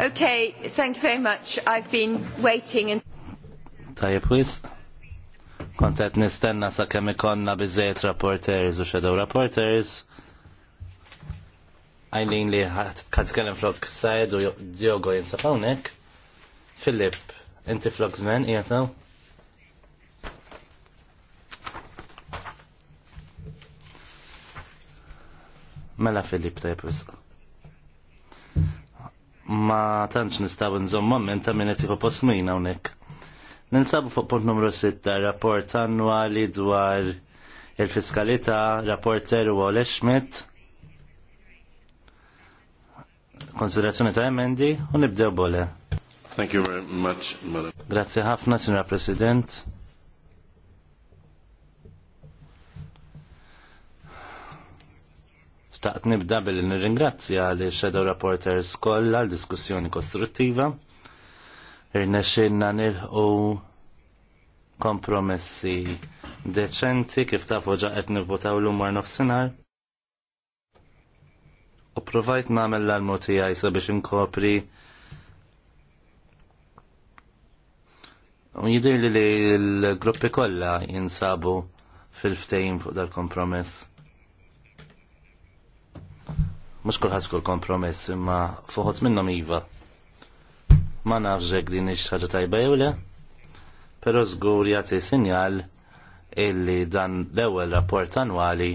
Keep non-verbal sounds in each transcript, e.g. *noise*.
Okay, thank you very much. I've been waiting and... Tajib wis? Kontet nistenna sa kemm ikonna biżejt rapporters u shadow rapporters. Eileen li ħat flok Saed u Diogo jinsab Filip, inti flok żmen qiegħed Mela Filip tajb ma tantx nistaw nżomm moment ta' qed iħu posmin hawnhekk. Ninsabu fuq punt numru 6, rapport annwali dwar il-fiskalità, rapporter u Ole Schmidt, konsiderazzjoni ta' emendi u nibdew bole. Thank you very much, Madam. Grazie ħafna, Sinra President. Taqt nibda billi nirringrazzja li Shadow Reporters kollha l-diskussjoni kostruttiva. Irnexxinna nilħu kompromessi deċenti kif tafu qed nivvotaw l-umar nofsinhar. U provajt nagħmel l-almu tiegħi sabiex inkopri U jidir li l-gruppi kolla jinsabu fil-ftejn fuq dal-kompromess. Mux kullħat kull kompromess, imma fuħot minnom Iva. Ma nafżek din ix ħaġa tajba jewle, pero zgur jati sinjal illi dan l-ewel rapport annwali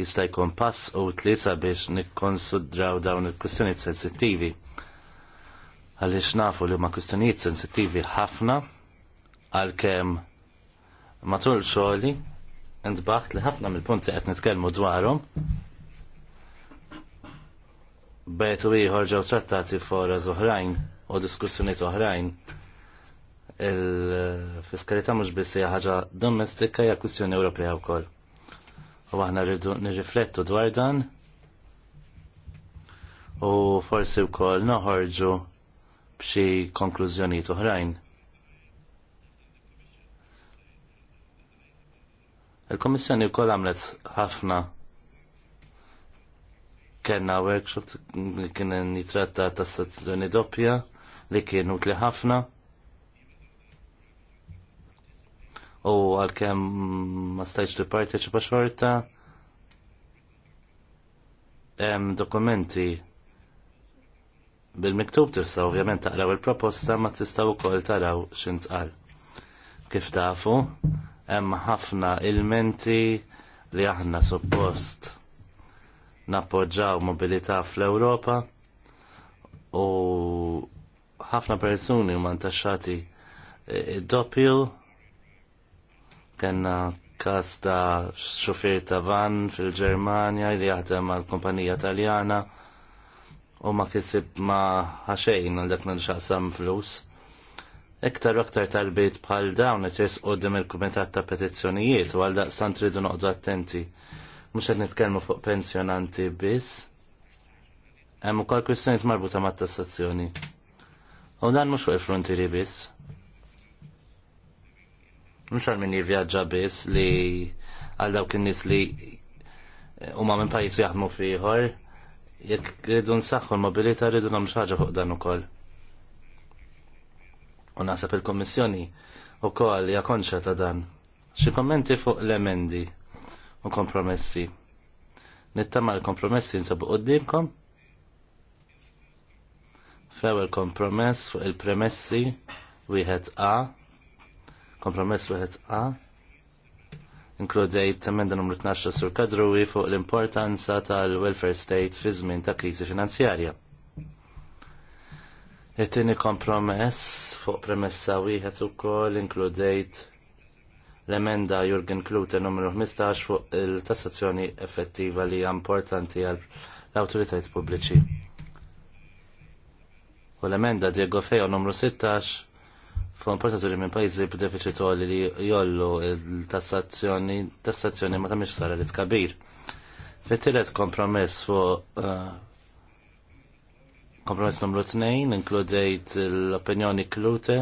jista' jkun pass u tlisa biex nikkonsidraw dawn il-kwistjonijiet sensittivi. Għaliex nafu li ma kwistjonijiet sensittivi ħafna għalkemm matul xogħli intbaħt li ħafna mill-punti qed nitkellmu dwarhom bejt u ieħor ġew trattati fora oħrajn u diskussjonijiet oħrajn il-fiskalità eh, mhux biss hija ħaġa domestika hija kwistjoni Ewropea wkoll. U aħna rridu nirriflettu dwar dan u forsi wkoll noħorġu b'xi konklużjonijiet oħrajn. Il-Kommissjoni wkoll għamlet ħafna kena workshop li kien nitratta ta' stazzjoni doppja li kien utli ħafna. U għal-kem ma stajx li parteċipa xorta. Em dokumenti bil-miktub tista' ovvjament taqraw il-proposta ma tistgħu wkoll taraw x'intqal. Kif tafu, hemm ħafna ilmenti li aħna suppost nappoġġaw mobilità fl-Ewropa u ħafna persuni huma ntaxxati e, e, doppju kellna każ ta' xufier ta' van fil-Ġermanja li jaħdem għal kumpanija Taljana u ma kisib ma ħaxejn għal dak nil flus. Iktar u aktar talbiet bħal dawn qed u il-Kumitat ta' Petizzjonijiet u għal daqsan tridu noqdu attenti mhux qed nitkellmu fuq pensjonanti biss. Hemm ukoll kwistjonijiet marbuta mat-tassazzjoni. U dan mhux fuq il-frontieri biss. Mhux għal min jivvjaġġa biss li għal dawk in-nies li huma minn pajjiż jaħdmu fiħor. jekk rridu nsaħħu l-mobilità rridu nagħmlu xi ħaġa fuq dan ukoll. U naħseb il-Kommissjoni u kol jakonċa ta' dan. Xi kommenti fuq l-emendi u kompromessi. Nittama l-kompromessi nsabu qoddimkom. Fl-ewwel kompromess fuq il-premessi wieħed A. Kompromess wieħed A. Inkludejt temmenda numru 12 sur kadruwi fuq l-importanza tal-welfare state fi żmien ta' kriżi finanzjarja. It-tieni kompromess fuq premessa wieħed ukoll inkludejt l-emenda Jurgen Klute numru 15 fuq il-tassazzjoni effettiva li hija importanti għal l-autoritajt pubbliċi. U l-emenda Diego Feo numru 16 fuq importaturi minn pajzi b'deficit li jollu il-tassazzjoni tassazzjoni ma tamix sara li tkabir. Fittilet kompromess fuq eh, kompromess numru 2 inkludejt l-opinjoni Klute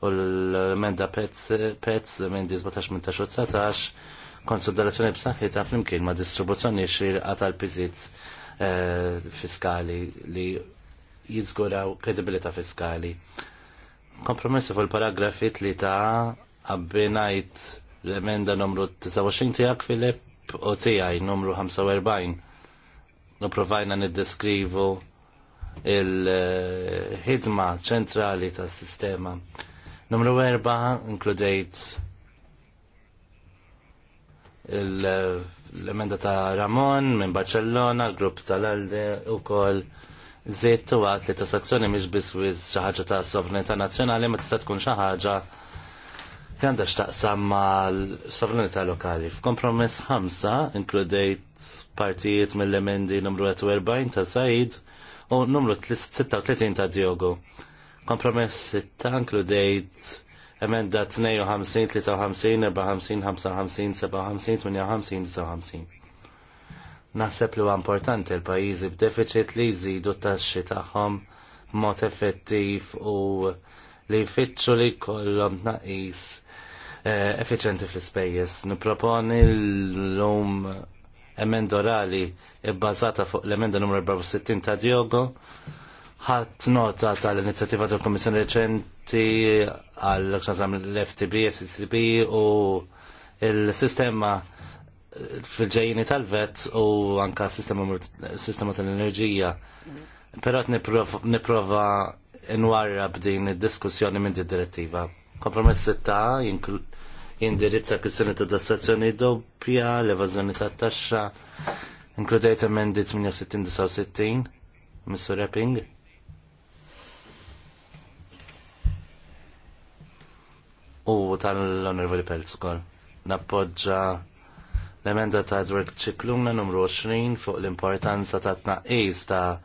u l-menda pezz minn 17-18 konsiderazzjoni ta flimkien ma' distribuzzjoni xir għatal pizit eh, fiskali li jizguraw kredibilità fiskali. Kompromessi fuq il-paragrafi li ta' għabbinajt l-emenda numru 29 tijak Filip u tijaj numru 45. Nuprovajna niddeskrivu il-ħidma ċentrali tas sistema Numru 4 inkludejt l-emenda ta' Ramon minn Barcellona, l-grupp tal-Alde u kol zittu għat li tassazzjoni miex biswiz xaħġa ta' sovranità nazjonali ma tista' tkun xaħġa li xtaqsam mal sovranità lokali. F'kompromess ħamsa inkludejt partijiet mill-emendi numru 40 ta' Said u numru 36 ta' Diogo. Kompromess ta' inkludejt emenda 52, 53, 54, 55, 58, 59. Naħseb li huwa importanti l-pajjiżi b'deficit li jżidu t-taxxi tagħhom b'mod effettiv u li jfittxu li jkollhom tnaqqis eh, effiċenti fl-ispejjeż. Nipproponi l-lum emendorali bbażata fuq l-emenda numru 64 ta' Diogo ħadd nota tal-inizjattiva tal kummissjoni reċenti għal xazam l-FTB, FCCB u il-sistema fil-ġejjini tal-vet u anka sistema tal-enerġija. Però niprofa nwarra b'din id-diskussjoni minn din direttiva. Kompromess ta' jindirizza kwistjoni ta' tassazzjoni doppja, l-evażjoni ta' taxxa, inkludejt emendi 68-69, Mr. Epping u tal-Onorevoli Pelz ukoll. Nappoġġa l-emenda ta' Edward Ċikluna numru 20 fuq l-importanza ta' tnaqqis ta'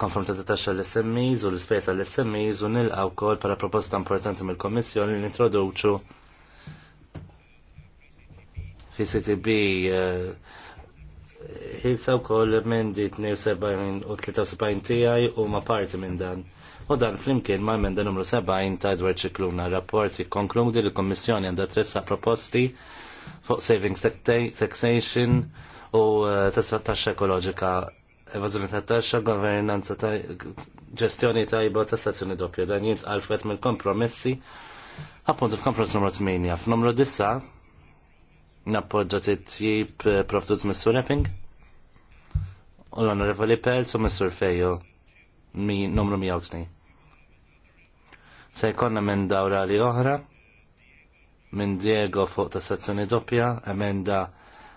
konformità ta' taxxa l-SMEs u l-ispejsa l-SMEs u nilqaw wkoll para proposta importanti mill-Kommissjoni li introduċu fi CTB eh, ħilsa wkoll emendi 72 u 73 tiegħi ma parti minn dan u dan flimkien ma' menda numru 70 ta' Edward Cicluna rapport jikkonkludi li l-Kommissjoni għandha tressa proposti fuq savings taxation u eh, tessa taxxa ekoloġika evażjoni ta' taxxa, governanza ta' ġestjoni tajba ta' stazzjoni doppja. Dan jintqal fwet mill-kompromessi appunto f'kompromess numru 8. F'numru 9 nappoġġa titjib eh, profdut mis-surfing u l-onorevoli Pelz u mis-surfejo mi numru 102. Se jkonna minn dawra li oħra minn Diego fuq ta' sezzjoni doppja, emenda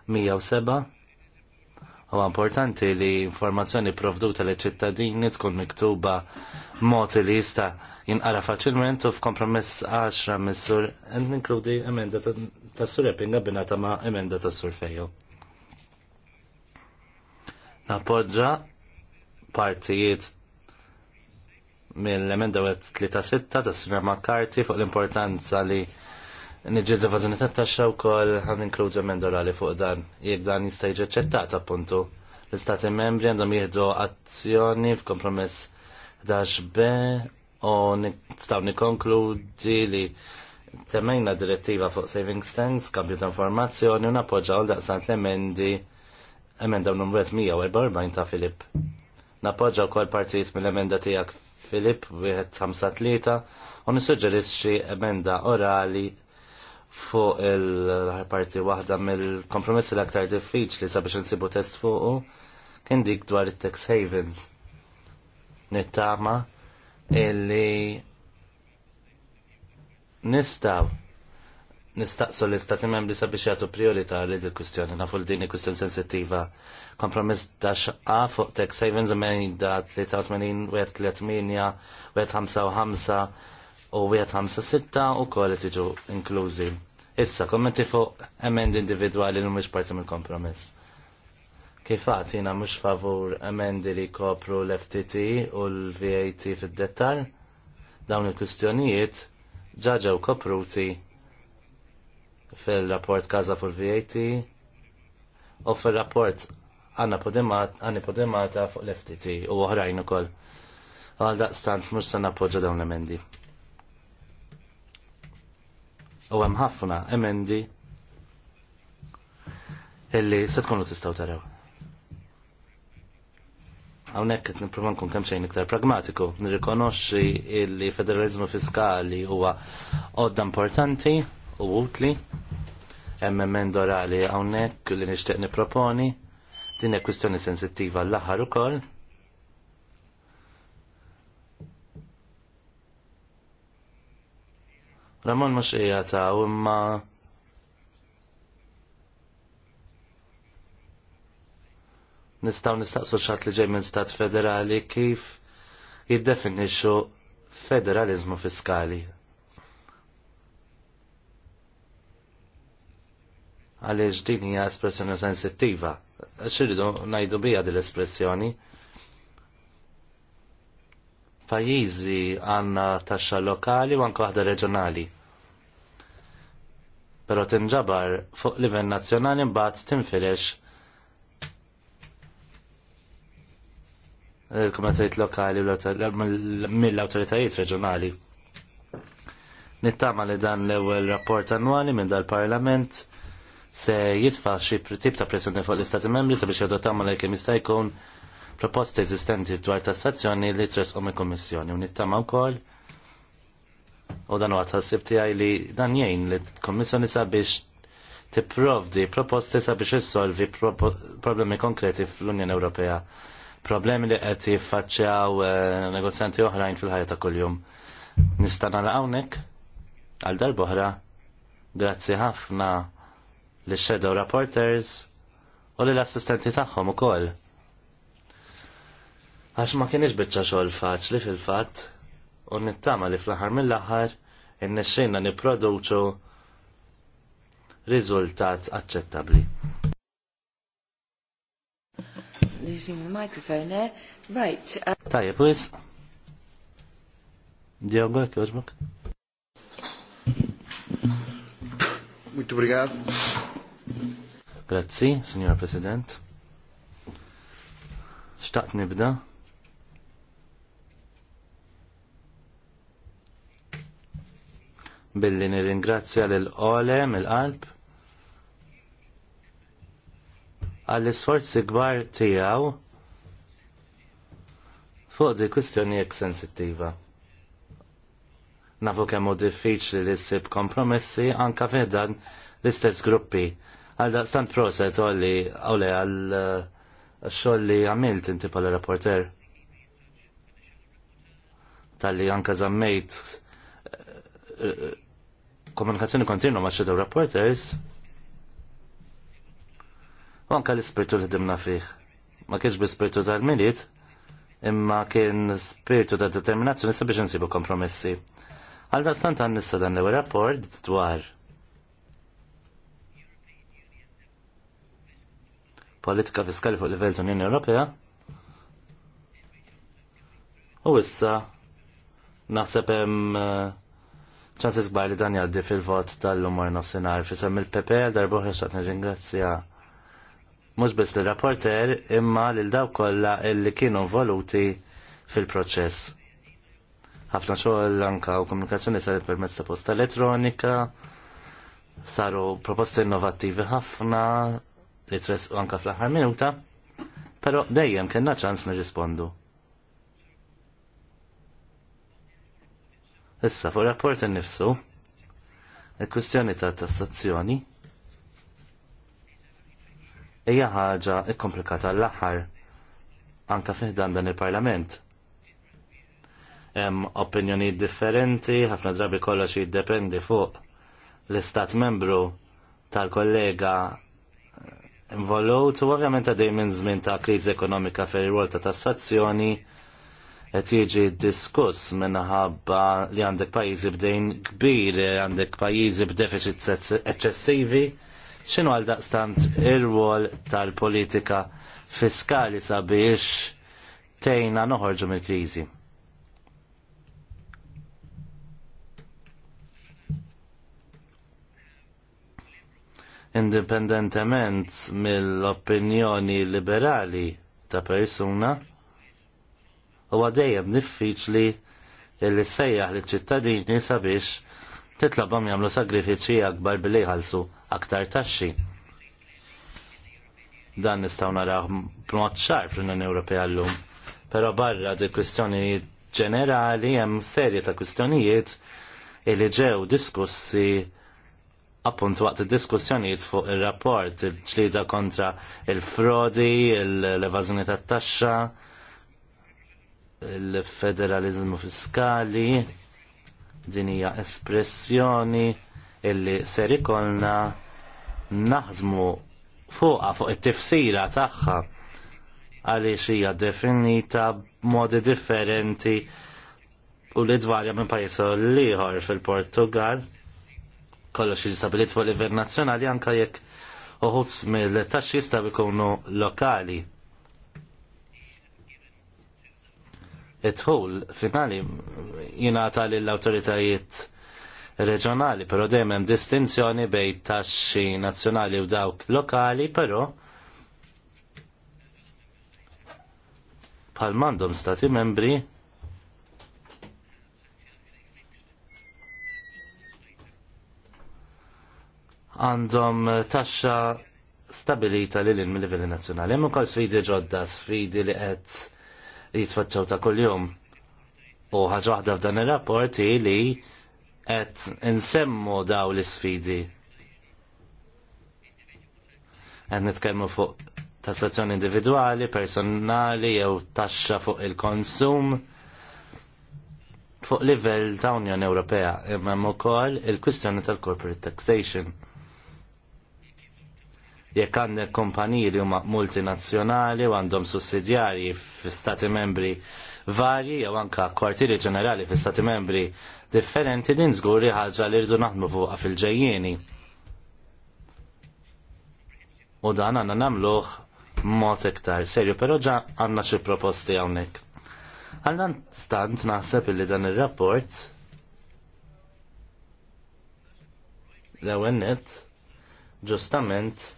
107. U importanti li informazzjoni provduta li ċittadini tkun miktuba mod li jista jinqara faċilment u f'kompromess 10 missur and inkludi emenda ta' sur Eppinga ma' emenda ta' surfejo. Napoġġa partijiet mill-emenda 36 ta' Sra. McCarthy fuq l-importanza li l fazzjoni ta' taxxa wkoll għan inkludu emenda orali fuq dan Jek dan jista' jiġi ċettat appuntu. L-Istati membri għandhom jieħdu azzjoni f'kompromess 11b u nistaw nikkonkludi li temmejna direttiva fuq saving tanks, kambju ta' informazzjoni u napoġġaw daqsant l-emendi emenda numru 144 ta' Filip. u wkoll partijiet mill-emenda tiegħek Filip wieħed ħamsa tlieta u nissuġġerixxi emenda orali fuq il-parti waħda mill-kompromessi l-aktar diffiċli sabiex insibu test fuq kien dik dwar it-tax havens. Nittama illi nistaw nistaqsu l-istati membri sabiex jagħtu priorità li dil kustjoni nafu din il kustjoni sensittiva. Kompromiss ta' xaqqa fuq tek savings da 83, 138, 55 u 156 u koll tiġu inklużi. Issa, kommenti fuq emendi individwali li mux parti mill kompromiss Kif Kifat jina mhux favur emendi li kopru l-FTT u l-VAT fil-detal? dawn il kustjonijiet ġaġaw kopruti fil-rapport Kaza fuq VAT u fil-rapport għanna għanni podimata fuq l-FTT u oħrajn ukoll. Għalda daqstant mhux se nappoġġa dawn l-emendi. U hemm ħafna emendi illi se tkunu tistgħu taraw. Hawnhekk qed nipprova nkun kemm xejn iktar pragmatiku, nirrikonoxxi illi federalizmu fiskali huwa għodda importanti u utli hemm emenda orali hawnhekk kulli nixtieq niproponi din hekk kwistjoni sensittiva l-aħħar ukoll. Ramon mhux hija ta' imma nistgħu nistaqsu xatt li ġej minn stat federali kif jiddefinixxu federalizmu fiskali. għaliex din hija espressjoni sensittiva. Xiridu ngħidu bija din l-espressjoni. Pajjiżi għandna taxxa lokali u anke waħda reġjonali. Però tinġabar fuq livell nazzjonali mbagħad tinfilex il-komitajt lokali mill-autoritajiet reġjonali. Nittama li dan l-ewwel rapport annwali minn dal-Parlament se jitfa' xi tip ta' pressjoni fuq l-Istati Membri sabiex jadottaw malajk jista' jkun proposti eżistenti dwar tassazzjoni li tres il-Kummissjoni u nittama wkoll u dan huwa tħassib tiegħi li dan jgħin li l-Kommissjoni sabiex tipprovdi proposti sabiex jissolvi problemi konkreti fl-Unjoni Ewropea. Problemi li qed jiffaċċjaw eh, negozjanti oħrajn fil-ħajja ta' kuljum. Nista' nagħlaq hawnhekk għal darba oħra. Grazzi ħafna li shadow rapporters u l-assistenti tagħhom ukoll. Għax ma kienx biċċa xogħol faċli fil-fatt u nittama li fl-aħħar mill-aħħar innexxejna nipproduċu riżultat aċċettabbli. Losing the microphone there. Right. Uh, wis. Diogo, Muito obrigado. Grazzi, Signora President. Xtaqt nibda. Billi nirringrazzja lil ole mill-qalb għall-isforzi kbar tiegħu fuq di kustjoni ek sensittiva. Nafu kemm hu diffiċli li ssib kompromessi anka fedan l-istess gruppi Għal process proset għalli għalli għal eh, xoll li għamilt inti pala rapporter. Tal-li għanka zammejt eh, komunikazzjoni kontinu ma' xedu reporters. U l-ispirtu li dimna fih. Ma kienx bi-spirtu tal-miliet, imma kien spirtu ta' determinazzjoni sabiex nsibu kompromessi. Għal da' stant għan nissa dan l-rapport dwar politika fiskali fuq livell tal-Unjoni Ewropea. U issa naħseb hemm eh, ċansi żgħar li dan jgħaddi fil-vot tal-lum nofsinhar fi il-PP darba oħra xaqt nirringrazzja mhux biss lir-rapporter imma lil dawk kollha illi kienu involuti fil-proċess. Ħafna xogħol anka u komunikazzjoni saret permezz ta' posta elettronika, saru proposti innovattivi ħafna, li tres anka fl-aħħar minuta, pero dejjem kena ċans nirrispondu. Issa, fuq rapport nifsu, il-kwestjoni ta' tassazzjoni, hija ħaġa ikkomplikata l-aħħar anka fiħdan dan il-parlament. Hemm opinjoni differenti, ħafna drabi kollox jiddependi fuq l-istat membru tal-kollega involut u ovvjament għadej minn żmien ta' kriżi ekonomika fer rwol ta' tassazzjoni qed jiġi diskuss minħabba li għandek pajjiżi b'dejn kbir, għandek pajjiżi b'deficit eċċessivi, x'inhu għal daqstant ir-rwol tal-politika fiskali sabiex tejna noħorġu mill-kriżi. indipendentement mill-opinjoni liberali ta' persuna u għadejjem diffiċli li sejjaħ li ċittadini sabiex titlabhom jagħmlu sagrifiċi akbar billi ħalsu aktar taxxi. Dan nistgħu naraw b'mod ċar fl-Unjoni Ewropea llum. Però barra di kwistjoni ġenerali hemm serje ta' kwistjonijiet li ġew diskussi appunt waqt id-diskussjonijiet fuq ir rapport il-ċlida kontra il-frodi, l-evażjoni il tat-taxxa, ta' tat taxxa il federalizmu fiskali, din hija espressjoni illi ser ikolna naħdmu fuqha fuq it-tifsira tagħha għaliex hija definita b'modi differenti u li dwarja minn pajjiż l ieħor fil-Portugal kollox jistabilit fuq livell nazzjonali anke jekk uħut mill-taxxi jistaw ikunu lokali. Itħul finali jingħata l awtoritajiet reġjonali, però dejjem hemm distinzjoni bejn taxxi nazzjonali u dawk lokali, però bħal mandom stati membri għandhom eh, taxxa stabilita li l-in mill-livelli nazjonali. Hemm ukoll sfidi ġodda, sfidi li qed jitfaċċaw ta' kuljum. U ħaġa waħda f'dan ir-rapport hi li qed insemmu daw l-isfidi. Qed nitkellmu fuq tassazzjoni individwali, personali jew taxxa fuq il-konsum fuq livell ta' Unjoni Ewropea imma hemm ukoll il-kwistjoni tal-corporate taxation jekk għandek kompaniji li huma multinazzjonali u għandhom sussidjarji f'stati membri varji jew anka kwartieri ġenerali fi membri differenti din żgur li ħaġa li rridu naħdmu fuqha fil-ġejjieni. U dan għandna nagħmluh mod iktar serju, però ġa għandna xi proposti hawnhekk. Għaldan stant naħseb li dan ir-rapport l-ewwel ġustament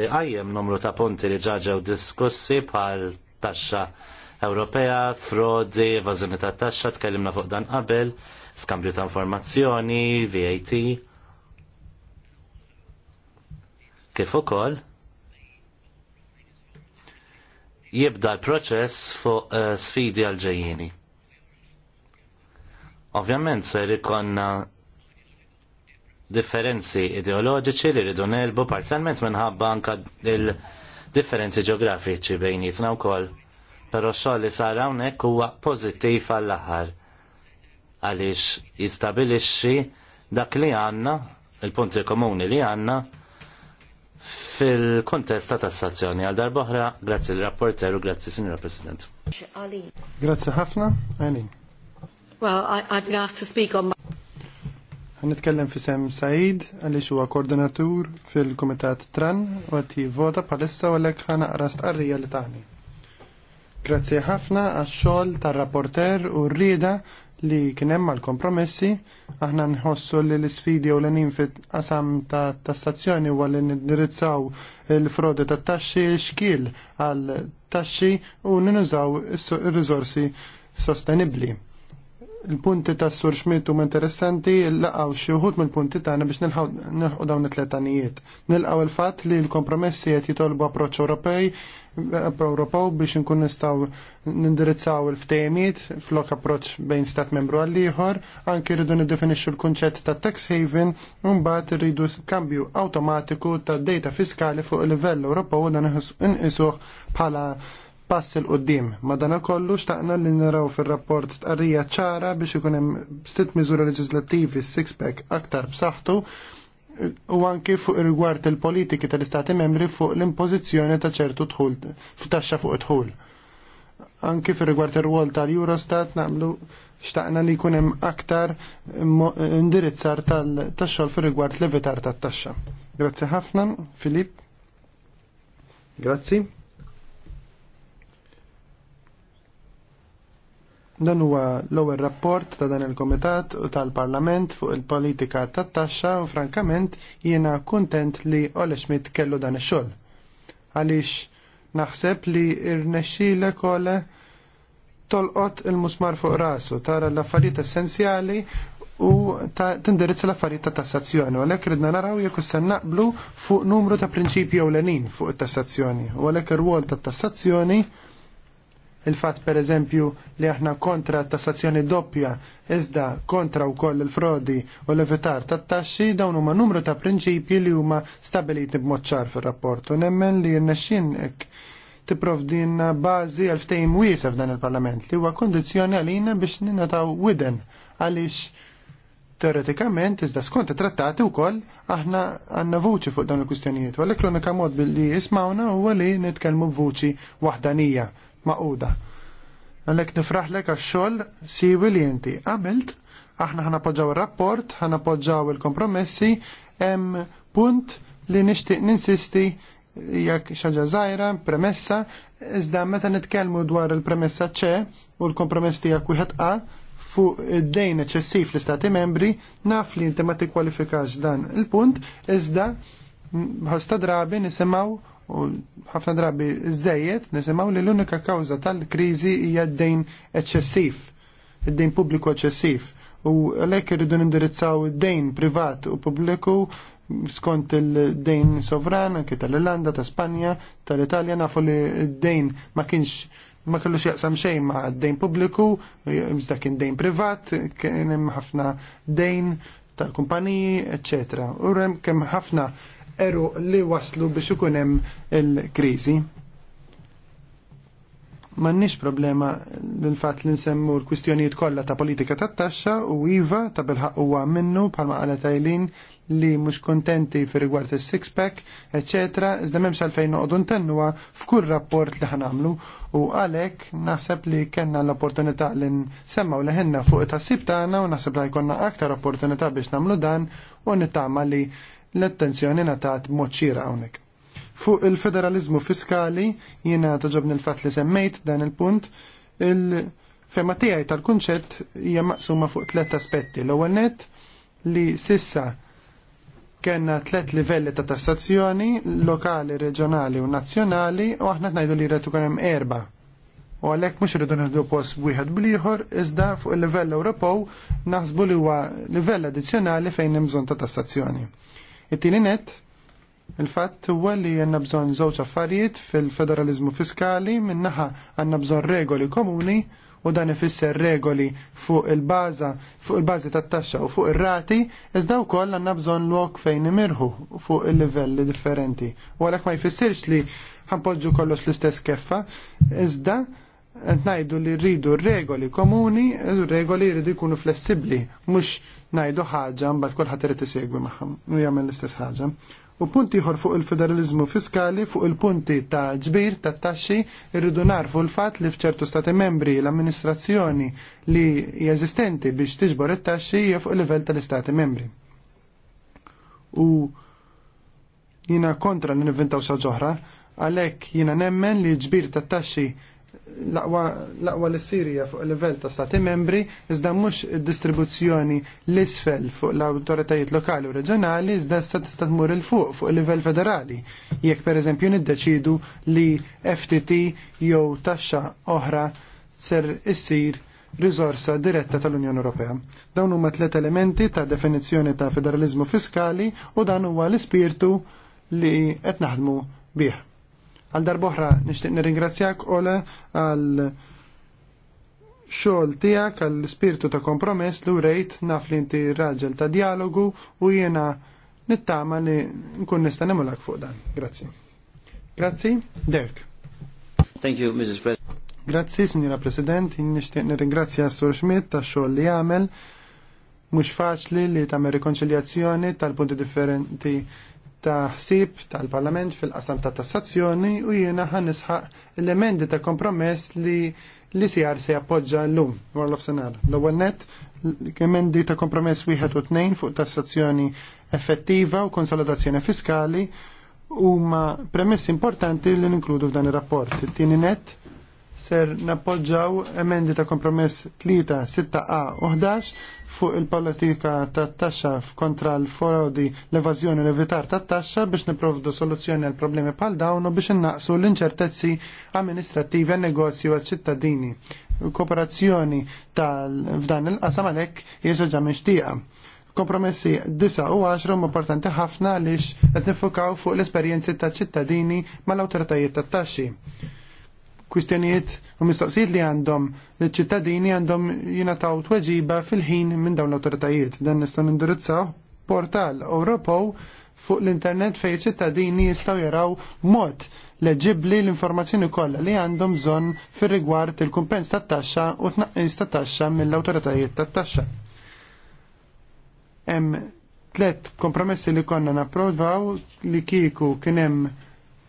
għajjem numru ta' punti li ġaġew diskussi bħal taxxa Ewropea, frodi, evażjoni ta' taxxa, tkellimna fuq dan qabel, skambju ta' informazzjoni, VAT. Kif ukoll? Jibda l-proċess fuq uh, sfidi għal-ġejjini. Ovvjament ser ikonna differenzi ideoloġiċi li rridu nelbu parzialment minħabba anka il-differenzi ġeografiċi bejnietna wkoll. Però Pero xogħol li sar hawnhekk huwa pożittiv għall-aħħar għaliex jistabilixxi dak li għandna, il-punti komuni li għandna, fil-kontest ta' tassazzjoni għal darboħra, grazzi l-rapporter u grazzi signora President. Grazzi ħafna, Well, I, I've been asked to speak on my... Nitkellem fi sem Said għaliex huwa koordinatur fil-Kumitat Tran u qed jivvota bħalissa u għalhekk ħa għarast stqarrija li taħni. Grazzi ħafna għax-xogħol tar-rapporter u rrieda li kien hemm għall-kompromessi aħna nħossu li l-isfidi u l fit qasam ta' tassazzjoni u li nindirizzaw il-frodi tat taxxi xkiel għal taxxi u ninużaw ir-riżorsi sostenibbli il-punti ta' Sur Schmidt huma interessanti laqgħu xi wħud mill-punti tagħna biex nilħu dawn it-tletanijiet. Nilqaw il-fatt li l-kompromessi qed jitolbu approċċ Ewropej Ewropew biex nkun nistgħu nindirizzaw il ftejmiet flok approċċ bejn stat membru għal ieħor, anke rridu niddefinixxu l-kunċett ta' tax haven u mbagħad irridu kambju awtomatiku ta' data fiskali fuq il-livell Ewropew dan inqisuh bħala pass il qoddim Ma dan kollu xtaqna li naraw fil-rapport stqarrija ċara biex ikun hemm stit miżura leġislattivi six-pack aktar b'saħħtu u anki fuq rigward il-politiki tal-Istati membri fuq l-impożizzjoni ta' ċertu dħul f'taxxa fuq dħul. Anki fir rigward ir-rwol tal-Eurostat nagħmlu xtaqna li jkun hemm aktar indirizzar tax-xogħol fir rigward levitar tat-taxxa. Grazzi ħafna, Filip. Grazzi. Dan huwa l-ewwel rapport ta' dan il-Komitat u tal-Parlament fuq il-politika tat-taxxa u frankament jiena kuntent li Ole Schmidt kellu dan ix-xogħol. Għaliex naħseb li rnexxielek ukoll tolqot il-musmar fuq rasu, tara l-affarijiet essenzjali u tindirizza l-affarijiet ta' tassazzjoni. U għalhekk ridna naraw jekk se naqblu fuq numru ta' prinċipji ewlenin fuq it-tassazzjoni. U għalhekk ir-rwol tat-tassazzjoni il-fat per eżempju li aħna kontra tassazzjoni doppja iżda kontra u koll il-frodi u l-evitar ta' taxxi dawn huma numru ta' prinċipji li huma stabiliti b'moċċar fir-rapport u nemmen li rnexxinnek tipprovdinna bażi għal ftejm wisa f'dan il-Parlament li huwa kondizjoni għalina biex ninataw widen għaliex teoretikament, iżda skont trattati wkoll aħna għandna vuċi fuq dawn il-kustjonijiet. Għalhekk l-unika mod billi jismawna huwa li nitkellmu vuċi wahdanija maquda. Għalek nifraħlek għax-xogħol siwi li inti għamilt, aħna ħanapoġġaw il rapport poġġaw il-kompromessi, hemm punt li nixtieq ninsisti jekk xaġa żgħira, premessa, iżda meta nitkellmu dwar il-premessa ċe u l-kompromess tiegħek wieħed A fuq id-dejn eċessiv l-Istati membri, naf li inti ma tikkwalifikax dan il-punt, iżda bħasta drabi nisimgħu u ħafna drabi żejjed nisimgħu li l-unika kawża tal-kriżi hija d-dejn eċċessiv, id-dejn pubbliku eċċessiv. U għalhekk irridu nindirizzaw id-dejn privat u pubbliku skont il-dejn sovran anke tal-Irlanda, ta' Spanja, tal-Italja nafu li d-dejn ma kienx ma kellux jaqsam xejn ma' d dejn pubbliku, iżda kien dejn privat, kien hemm ħafna dejn tal-kumpaniji, eccetera. U hemm kemm ħafna eru li waslu biex ikun hemm il-kriżi. M'għandniex problema l-fatt li nsemmu l-kwistjonijiet kollha ta' politika tat-taxxa u iva ta' bilħaq huwa minnu bħalma qala tajlin li mhux kontenti fi rigward is-six pack, eċetera, iżda m'hemmx għalfejn noqogħdu ntennuha f'kull rapport li ħanamlu u għalhekk naħseb li kellna l-opportunità li nsemmaw leħenna fuq it-tassib tagħna u naħseb li jkollna aktar opportunità biex nagħmlu dan u nittama li l-attenzjoni natat mod xira hawnhekk. Fuq il-federalizmu fiskali jiena toġobni l-fatt li semmejt dan il-punt il-fema tiegħi tal-kunċett hija maqsuma fuq tliet aspetti. L-ewwel net li sissa kena tlet livelli ta' tassazzjoni, lokali, reġjonali u nazzjonali, u aħna tnajdu li rritu kunem erba. U għalek mux rridu nħeddu post wieħed bliħor, iżda fuq il-livell Ewropew naħsbu li huwa livell addizzjonali fejn hemm bżonn ta' tassazzjoni it tini net il-fatt huwa li għandna bżonn żewġ affarijiet fil-federalizmu fiskali minnaħa għandna bżonn regoli komuni u dan ifisser regoli fuq il baza fuq il-bażi tat-taxxa u fuq ir-rati iżda wkoll għandna bżonn lok fejn imirħu fuq il-livelli differenti. U għalhekk ma jfissirx li ħanpoġġu kollox l-istess keffa iżda ngħidu li rridu regoli komuni, regoli jridu jkunu flessibbli, mhux ngħidu ħaġa mbagħad kulħadd irid isegwi magħhom u jagħmel l-istess ħaġa. U punt ieħor fuq il-federalizmu fiskali fuq il-punti ta' ġbir ta' taxxi irridu narfu l-fatt li f'ċertu stati membri l-amministrazzjoni li jeżistenti biex tiġbor it-taxxi hija fuq il-livell tal-istati membri. U jina kontra li nivvintaw xi ġoħra, għalhekk jina nemmen li ġbir ta' taxxi L'aqwa aqwa l-Sirija fuq il-level ta' stati membri, iżda mhux distribuzzjoni l-isfel fuq l-autoritajiet lokali u reġjonali, iżda issa tista' tmur il fuq fuq il-level federali. Jekk pereżempju niddeċidu li FTT jew taxxa oħra ser issir risorsa diretta tal-Unjoni Ewropea. Dawn huma tliet elementi ta' definizzjoni ta' federalizmu fiskali u dan huwa l-ispirtu li qed naħdmu bih. Għal darboħra nixtieq nirringrazzjak Ola għal xogħol tiegħek għall spirtu ta' kompromess li urejt naf li inti raġel ta' dialogu u jiena nittama li nkun nista' nemulak fuq dan. Grazzi. Grazzi, Dirk. Thank you, Mrs. President. Grazzi, Signora President, nixtieq nirringrazzja Sur Schmidt tax xogħol li għamel mhux faċli li tagħmel rikonċiljazzjoni tal-punti differenti ta' ħsieb tal-Parlament fil-qasam ta' tassazzjoni u jiena ħan nisħaq l-emendi ta' kompromess li li sijar se jappoġġa l-lum, of senar. L-ewwel net, emendi ta' kompromess wieħed u tnejn fuq tassazzjoni effettiva u konsolidazzjoni fiskali huma premessi importanti li ninkludu f'dan ir-rapport. Tieni net, ser nappoġġaw emendi ta' kompromess 3, 6a u 11 fuq il-politika ta' taxxa kontra l-forodi l-evażjoni u l-evitar ta' taxxa biex niprovdu soluzzjoni għal problemi bħal dawn u biex innaqsu l-inċertezzi amministrativi għal negozju għal ċittadini. Kooperazzjoni f'dan il-qasam għalhekk hija ġa mixtieqa kompromessi 9 u 10 importanti ħafna għaliex qed nifukaw fuq l-esperjenzi ta' ċittadini mal-awtoritajiet tat-taxxi kwistjonijiet u mistoqsijiet li għandhom l-ċittadini għandhom jinataw tweġiba fil-ħin minn dawn l-autoritajiet. Dan nistgħu nindirizzaw portal Ewropew fuq l-internet fej ċittadini jistaw jaraw mod leġibli l-informazzjoni kollha li għandhom bżonn fir-rigward il-kumpens tat-taxxa u tnaqqis tat-taxxa mill-awtoritajiet tat-taxxa. Hemm tliet kompromessi li konna napprovaw li kieku kien hemm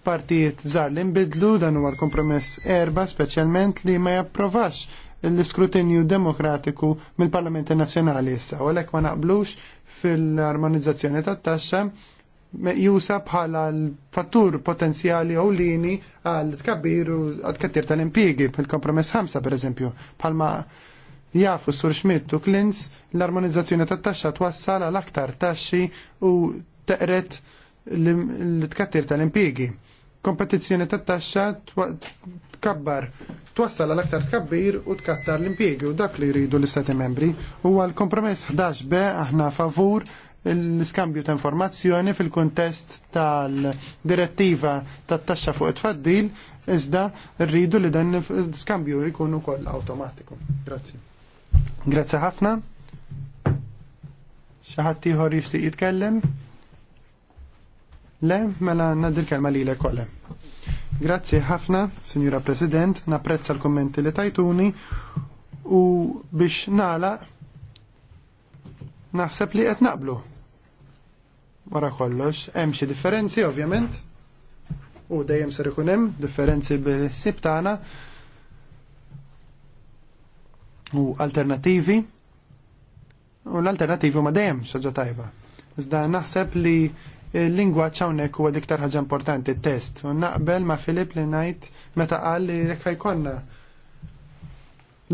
partijiet żgħar li nbidlu dan huwa l-kompromess erba speċjalment li ma japprovax l-iskrutinju demokratiku mill-Parlamenti Nazzjonali issa, u għalhekk ma naqblux fil-armonizzazzjoni tat-taxxa jusa bħala l-fattur potenzjali u lini għal u għad kattir tal-impiegi bil kompromess 5 per eżempju bħalma jafu sur Schmidt u Klins l-armonizzazzjoni tat taxxa twassal għal aktar taxxi u teqret l-tkattir tal-impiegi kompetizzjoni tat taxxa tkabbar twassal għal aktar tkabbir u tkattar l-impjegi u dak li jridu l-istati membri. U għal kompromess 11 b aħna favur l-iskambju ta' informazzjoni fil-kontest tal-direttiva tat taxxa fuq it-faddil iżda rridu li dan l-iskambju jkun ukoll awtomatiku. Grazzi. Grazzi ħafna. Xi ħadd ieħor jitkellem? Le, mela nadir kelma li le kolle. Grazzi ħafna, Signora President, napprezza l-kommenti li tajtuni u biex nala naħseb li qed naqblu. Wara kollox, hemm xi differenzi ovvjament. U dejjem ser ikun hemm differenzi bil-sib tagħna u alternattivi. U l-alternattivi ma dejjem xaġa tajba. Iżda naħseb li il-lingwa ċawnek huwa diktar ħaġa importanti, test. U naqbel ma' Filip li najt meta qal li rekka jkonna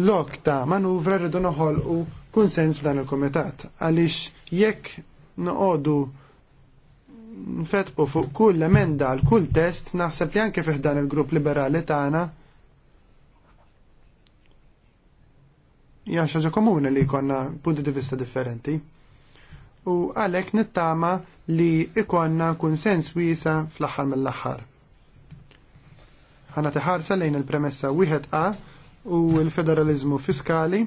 lok ta' manuvra rridu noħol u kunsens f'dan il-komitat. Għalix jekk noqodu nfetqu fuq kull emenda għal kull test, naħseb li anke fiħdan il-grupp liberali tagħna Ja xaġa komuni li konna punti di vista differenti u għalhekk nittama li ikonna kunsens wiesa fl-aħħar mill-aħħar. Ħana tiħarsa lejn il-premessa wieħed A u l-federalizmu fiskali.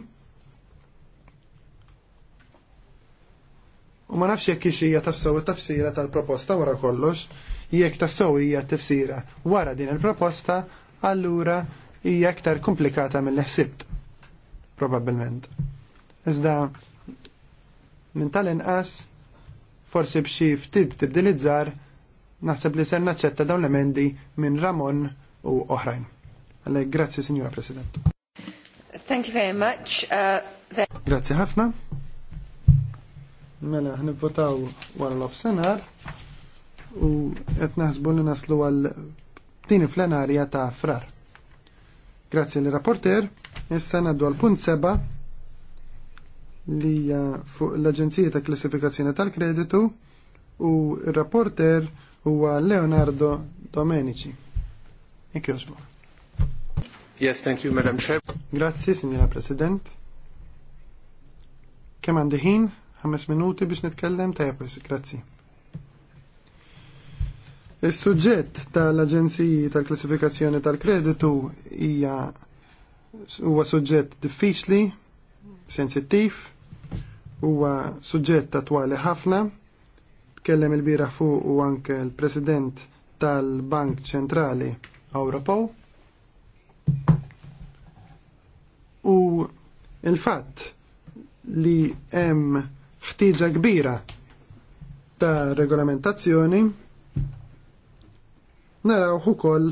U ma nafx jekk hija tafsaw tafsira tal-proposta wara kollox, jekk tassew hija t-tifsira wara din il-proposta, allura hija iktar komplikata mill-ħsibt. Probabbilment. Iżda Min tal-inqas forsi b'xi ftit tibdil iżgħar naħseb li ser naċċetta dawn l-emendi minn Ramon u oħrajn. Għalek, grazzi, Signora President. Thank you very much. Uh, Grazzi ħafna. Mela, nivvotaw wara l-offsenar u qed naħsbu li naslu għal tini plenarja ta' frar. Grazzi l rapporter issa naddu għal punt seba' li hija fuq l-Aġenzija ta' Klassifikazzjoni tal-Kreditu u r-rapporter huwa Leonardo Domenici. Ikjosbu. Yes, thank you, Madam Chair. Grazzi, Signora President. Kemm għandi ħin, ħames minuti biex nitkellem ta' pues, grazzi. Is-suġġett tal-Aġenziji tal-Klassifikazzjoni tal-Kreditu hija huwa suġġett diffiċli, sensittiv, huwa suġġett attwali ħafna. Tkellem il-bira fuq u anke l-President tal-Bank Ċentrali Ewropew. U il-fatt li hemm ħtiġa kbira ta' regolamentazzjoni naraw ukoll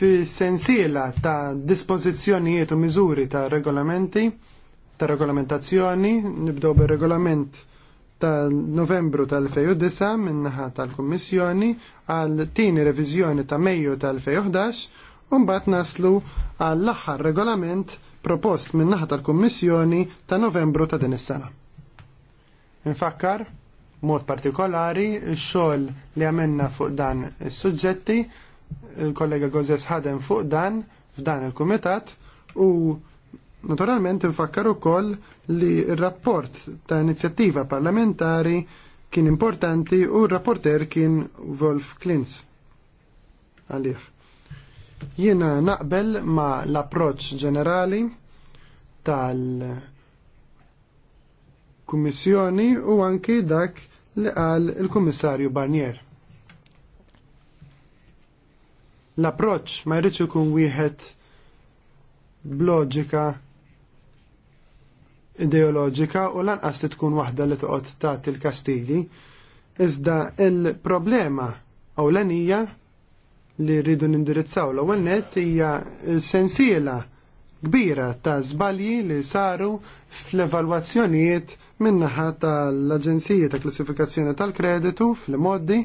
fi sensiela ta' dispożizzjonijiet u miżuri ta' regolamenti ta' regolamentazzjoni, nibdew bir-regolament ta' novembru tal-2009 minnaħa tal-Kummissjoni għal tieni reviżjoni ta' Mejju tal-2011 u mbagħad naslu għall aħħar regolament propost minnaħa tal-Kummissjoni ta' novembru ta' din is-sena. Infakkar mod partikolari x-xogħol li għamilna fuq dan is-suġġetti il-kollega Gozes ħadem fuq dan f'dan il-kumitat u naturalment infakkar ukoll li r-rapport ta' inizjattiva parlamentari kien importanti u r-rapporter kien Wolf Klintz. Għalih. Jiena naqbel ma' l-approċ ġenerali tal-Kummissjoni u anki dak li qal il-Kummissarju Barnier L-approċ ma jridx ikun wieħed bloġika ideoloġika u lanqas li tkun waħda li toqgħod tagħti l-kastigi. Iżda il-problema ewlenija li rridu nindirizzaw l-ewwel nett hija sensiela kbira ta' żbalji li saru fl-evalwazzjonijiet min-naħa tal-Aġenzija ta' Klassifikazzjoni tal-Kreditu fl-modi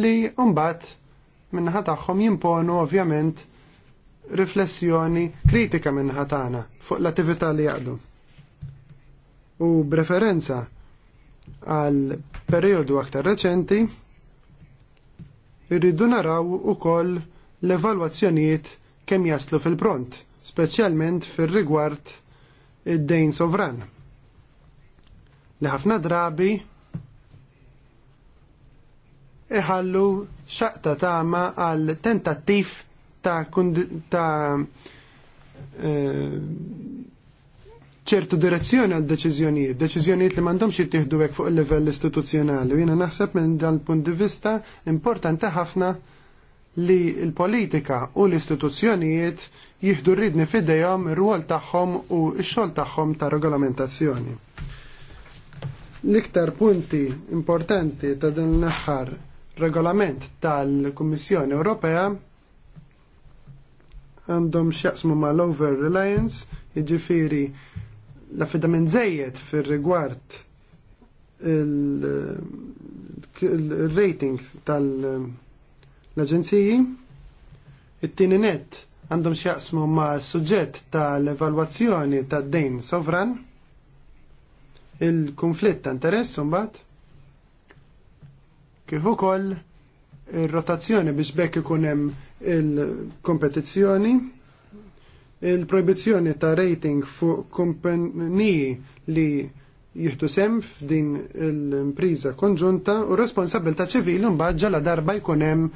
li mbagħad minnaħat tagħhom jimponu ovvjament riflessjoni kritika minnaħat tagħna fuq l-attività li jaqdu. U b'referenza għal periodu aktar reċenti irridu naraw ukoll l-evalwazzjonijiet kemm jaslu fil-pront, speċjalment fir-rigward id-dejn sovran. Li ħafna drabi iħallu xaqta tama għal tentattiv ta' ta' eh, ċertu direzzjoni għad deċiżjonijiet, deċiżjonijiet li m'għandhomx jittieħdu hekk fuq il-livell istituzzjonali. Jiena naħseb minn dan punt di vista importanti ħafna li l-politika u l-istituzzjonijiet jieħdu rridni fidejhom ir-rwol tagħhom u x-xogħol tagħhom ta' regolamentazzjoni. L-iktar punti importanti ta' din l-aħħar regolament tal-Kummissjoni Ewropea għandhom xjaqsmu ma l-over reliance, jiġifieri l-affidament żejjed fir-rigward il-rating tal-aġenziji. It-tieni net għandhom xjaqsmu ma suġġett tal-evalwazzjoni tad-dejn sovran, il-konflitt ta' interess mbagħad kif ukoll ir-rotazzjoni biex bekk ikun hemm il-kompetizzjoni, il-proibizzjoni ta' rating fuq kumpaniji li jihdu sem f'din l-impriża konġunta u responsabilta ċivili mbagħad ġala darba jkun hemm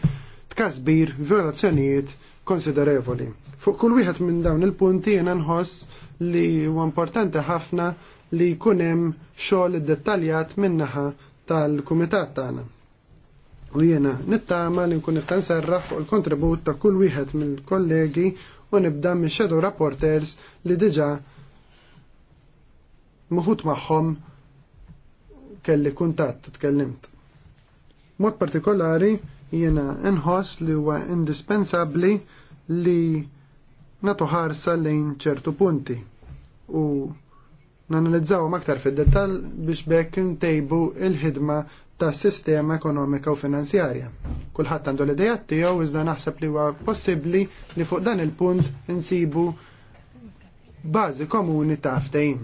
tkasbir violazzjonijiet konsiderevoli. Fuq kull wieħed minn dawn il-punti jiena nħoss li huwa importanti ħafna li jkun hemm xogħol iddettaljat min-naħa tal-kumitat tagħna u jiena nittama li nkun nista' nserraħ fuq il-kontribut ta' kull wieħed mill-kollegi u nibda minn shadow rapporters li diġà muħut magħhom kelli kuntatt u tkellimt. Mod partikolari jiena nħoss li huwa indispensabbli li natu ħarsa lejn ċertu punti u nanalizzawhom aktar fid-dettall biex bekk ntejbu il-ħidma tas sistema ekonomika u finanzjarja. Kulħadd għandu l-idea tiegħu iżda naħseb li huwa possibbli li fuq dan il-punt insibu bażi komuni ta' ftehim.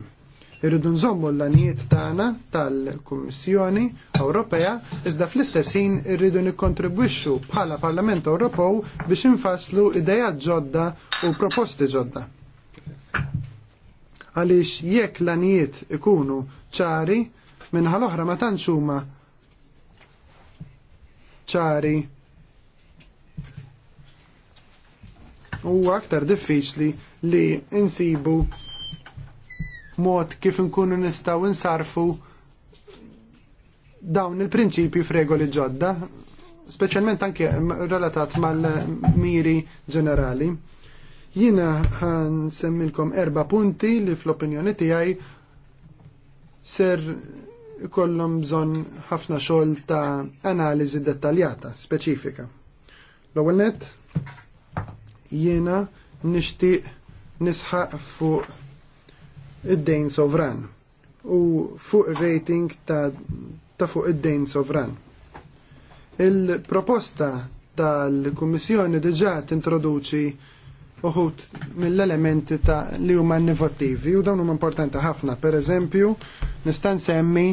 Irridu nżommu l-lanijiet tagħna tal-Kummissjoni Ewropea iżda fl-istess ħin irridu nikkontribwixxu bħala Parlament Ewropew biex infasslu idejat ġodda u proposti ġodda. Għaliex jekk l-lanijiet ikunu ċari minħal oħra ma tantx huma ċari huwa aktar diffiċli li insibu mod kif inkunu nistgħu insarfu dawn il prinċipju f'regoli ġodda, speċjalment anke relatat mal-miri ġenerali. Jina ħan semmilkom erba punti li fl-opinjoni tiegħi ser ikollhom bżonn ħafna xogħol ta' analiżi dettaljata, speċifika. L-ewwel nett jiena nixtieq nisħaq fuq id-dejn sovran u fuq rating ta', ta fuq id-dejn sovran. Il-proposta tal-Kummissjoni diġà tintroduċi uħut mill-elementi ta' li huma innovattivi u dawn huma importanti ħafna. Per eżempju, nista' nsemmi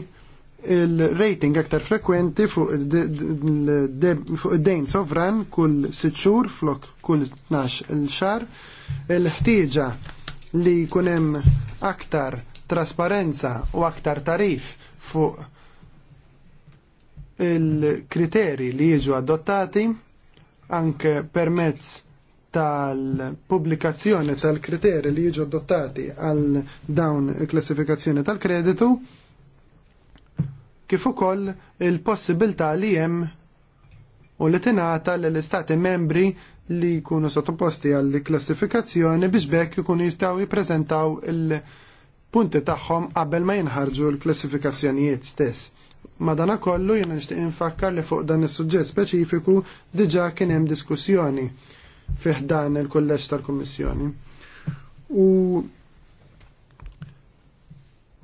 il-rating aktar frekwenti fuq id-dejn sovran kull 6 xhur flok kull 12 il-xar, il-ħtieġa li kunem aktar trasparenza u aktar tarif fuq il-kriteri li jiġu adottati anke permezz tal-pubblikazzjoni tal-kriteri li jiġu adottati għal dawn il-klassifikazzjoni tal-kreditu kif ukoll il-possibilità li hemm u li tingħata lill istati membri li jkunu sottoposti għall klassifikazzjoni biex bekk ikunu jistgħu jippreżentaw il-punti tagħhom qabel ma jinħarġu l-klassifikazzjonijiet stess. Madana kollu jena nishtiq infakkar li fuq dan is-suġġett speċifiku diġà kien hemm diskussjoni fih dan il-kulleġġ tal-Kummissjoni. U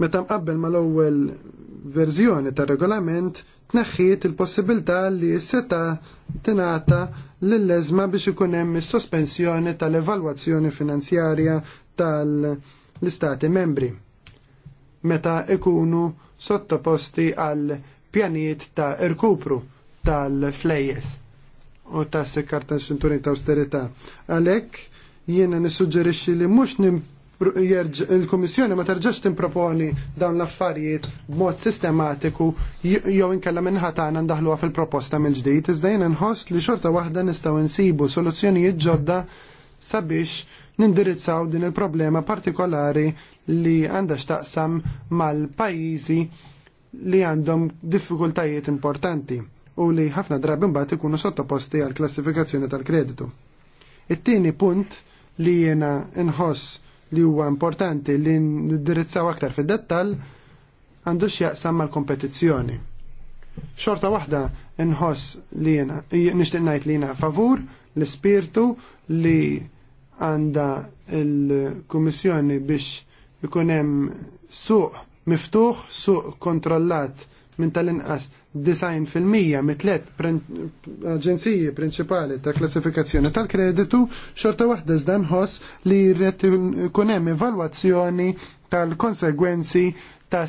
meta mqabbel mal-ewwel verżjoni tar regolament tneħħiet il-possibilità li seta tingħata lill eżma biex ikun hemm is-sospensjoni tal-evalwazzjoni finanzjarja tal-istati membri meta ikunu sottoposti għal pjanijiet ta' irkupru tal-flejjes u ta' sekkarta xinturi ta' austerità. Għalhekk jiena nissuġġerixxi li mhux il-Kummissjoni ma terġax timproponi dawn l-affarijiet b'mod sistematiku jew inkella minnħatana ndaħluha fil-proposta minn ġdid, iżda jien inħoss li xorta waħda nistgħu insibu soluzzjonijiet ġodda sabiex nindirizzaw din il-problema partikolari li għandha x'taqsam mal-pajjiżi li għandhom diffikultajiet importanti u li ħafna drabi mbagħad ikunu sottoposti għal klassifikazzjoni tal-kreditu. It-tieni punt li jena nħoss li huwa importanti li ndirizzaw aktar fid-dettall għandu x'jaqsam mal-kompetizzjoni. Xorta waħda nħoss li jena, nishtiq ngħid li jena favur l-ispirtu li għanda l-Kummissjoni biex ikun hemm suq miftuħ, suq kontrollat minn tal-inqas fil-mija mit-tlet aġenziji prinċipali ta' klassifikazzjoni tal-kreditu, xorta waħda zdan nħoss li jrid ikun hemm evalwazzjoni tal-konsegwenzi ta'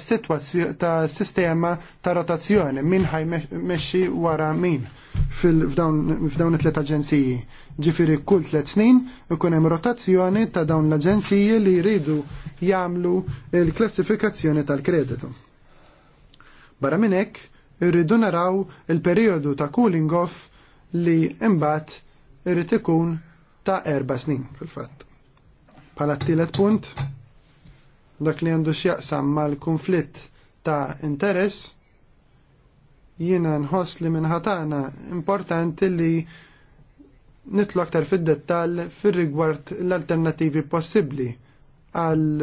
ta' sistema ta' rotazzjoni min ħaj meċi wara min f'dawn it-tlet aġenziji. Ġifiri kull tlet snin ikun hemm rotazzjoni ta' dawn l-aġenziji li jridu jagħmlu l-klassifikazzjoni tal-kreditu. Barra minn hekk irridu naraw il-periodu ta' cooling off li imbat irrid ikun ta' erba' snin fil-fatt. Pala t-tielet punt, dak li għandu x'jaqsam mal-konflitt ta' interess, jiena nħoss li minħatana importanti li nitlu aktar fid-dettall fir-rigward l-alternativi possibbli għal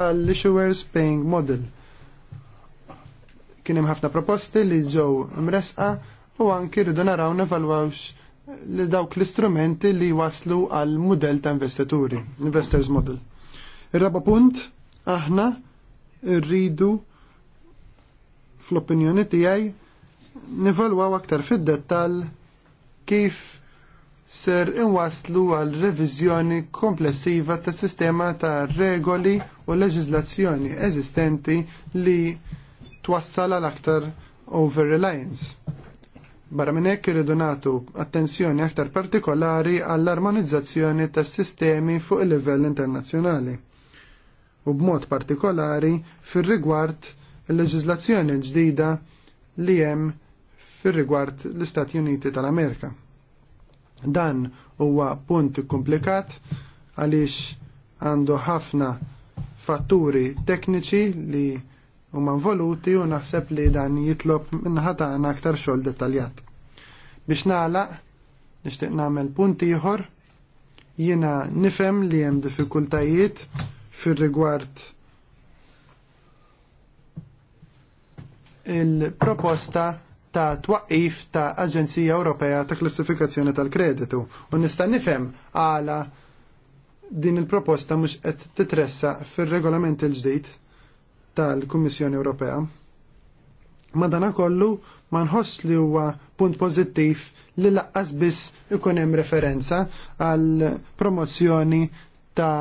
għall-issuers paying model. Kien hemm ħafna proposti li ġew mresqa u anki rridu naraw nevalwawx li dawk l-istrumenti li waslu għal model ta' investituri, investors model. Ir-raba punt, aħna rridu fl-opinjoni tiegħi nivalwaw aktar fid-dettall kif ser inwaslu għal reviżjoni komplessiva tas sistema ta' regoli u leġiżlazzjoni eżistenti li twassal għal aktar over-reliance. Barra minn hekk irridu nagħtu attenzjoni aktar partikolari għall armonizzazzjoni tas sistemi fuq il-livell internazzjonali. U b'mod partikolari fir-rigward il-leġiżlazzjoni ġdida li hemm fir-rigward l-Istati Uniti tal-Amerika. Dan huwa punt komplikat għaliex għandu ħafna fatturi tekniċi li huma involuti u naħseb li dan jitlob minnaħata għana aktar xogħol dettaljat. Biex nagħlaq, nixtieq nagħmel punt ieħor, jiena nifhem li hemm diffikultajiet fir-rigward il-proposta ta' twaqif ta' Aġenzija Ewropea ta' Klassifikazzjoni tal-Kreditu u nista' nifhem għala din il-proposta mhux qed titressa fir-regolament il-ġdid tal-Kummissjoni Ewropea. Madana kollu ma nħoss li huwa punt pożittiv li laqqas biss ikun hemm referenza għal promozzjoni ta'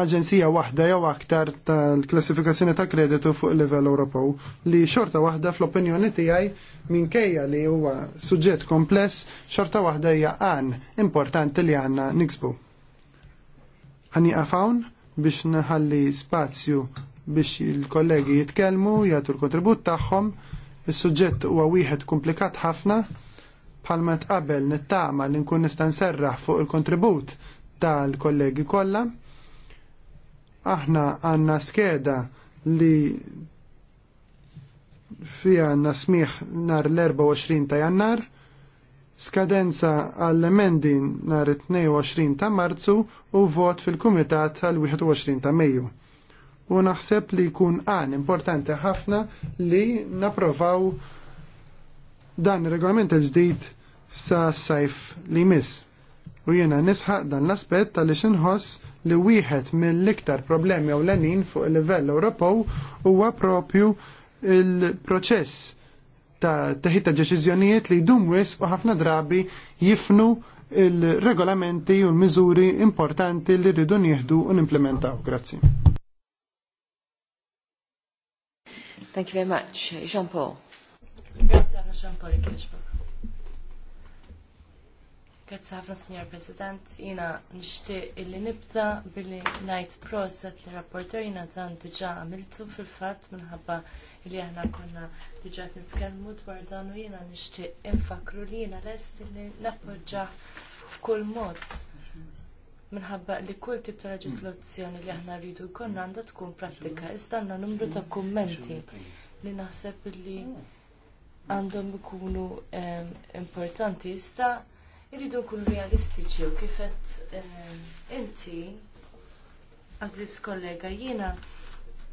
aġenzija waħda jew aktar tal-klassifikazzjoni ta' kreditu fuq livell Ewropew li xorta waħda fl-opinjoni tiegħi minkejja li huwa suġġett kompless xorta waħda hija għan importanti li għandna niksbu. Ħani hawn biex nħalli spazju biex il-kollegi jitkellmu jagħtu l-kontribut tagħhom. Is-suġġett huwa wieħed komplikat ħafna bħalma tqabel nittama li nkun nista' nserraħ fuq il-kontribut tal-kollegi kollha aħna għanna skeda li fija nasmiħ nar l-24 ta' jannar, skadenza għall-emendi nar 22 ta' marzu u vot fil-kumitat għal-21 ta' meju. U naħseb li jkun għan importanti ħafna li naprovaw dan il-regolament il-ġdid sa' sajf li miss u jiena nisħaq dan l-aspett għaliex inħoss li wieħed mill-iktar problemi ewlenin fuq il-livell Ewropew huwa propju il-proċess ta' teħita ta' deċiżjonijiet li jdum wisq u ħafna drabi jifnu il-regolamenti u l-miżuri importanti li rridu nieħdu u nimplementaw. Grazzi. Thank you very much, Jean-Paul. Grazie, Jean-Paul e Grazie ħafna, Signor President. Jina nixtieq illi nibda billi ngħid proset li rapporter jina dan diġà għamiltu fil-fatt minħabba li aħna konna diġà nitkelmu dwar dan u jiena nixtieq infakru li jiena lest li nappoġġa f'kull mod minħabba li kull tip ta' leġislazzjoni li aħna rridu jkollna għandha tkun prattika. Iżda għandna numru ta' kummenti li naħseb li għandhom ikunu ehm, importanti. Iżda Irridu kun realistiċi u kif qed eh, inti għaziz kollega, jiena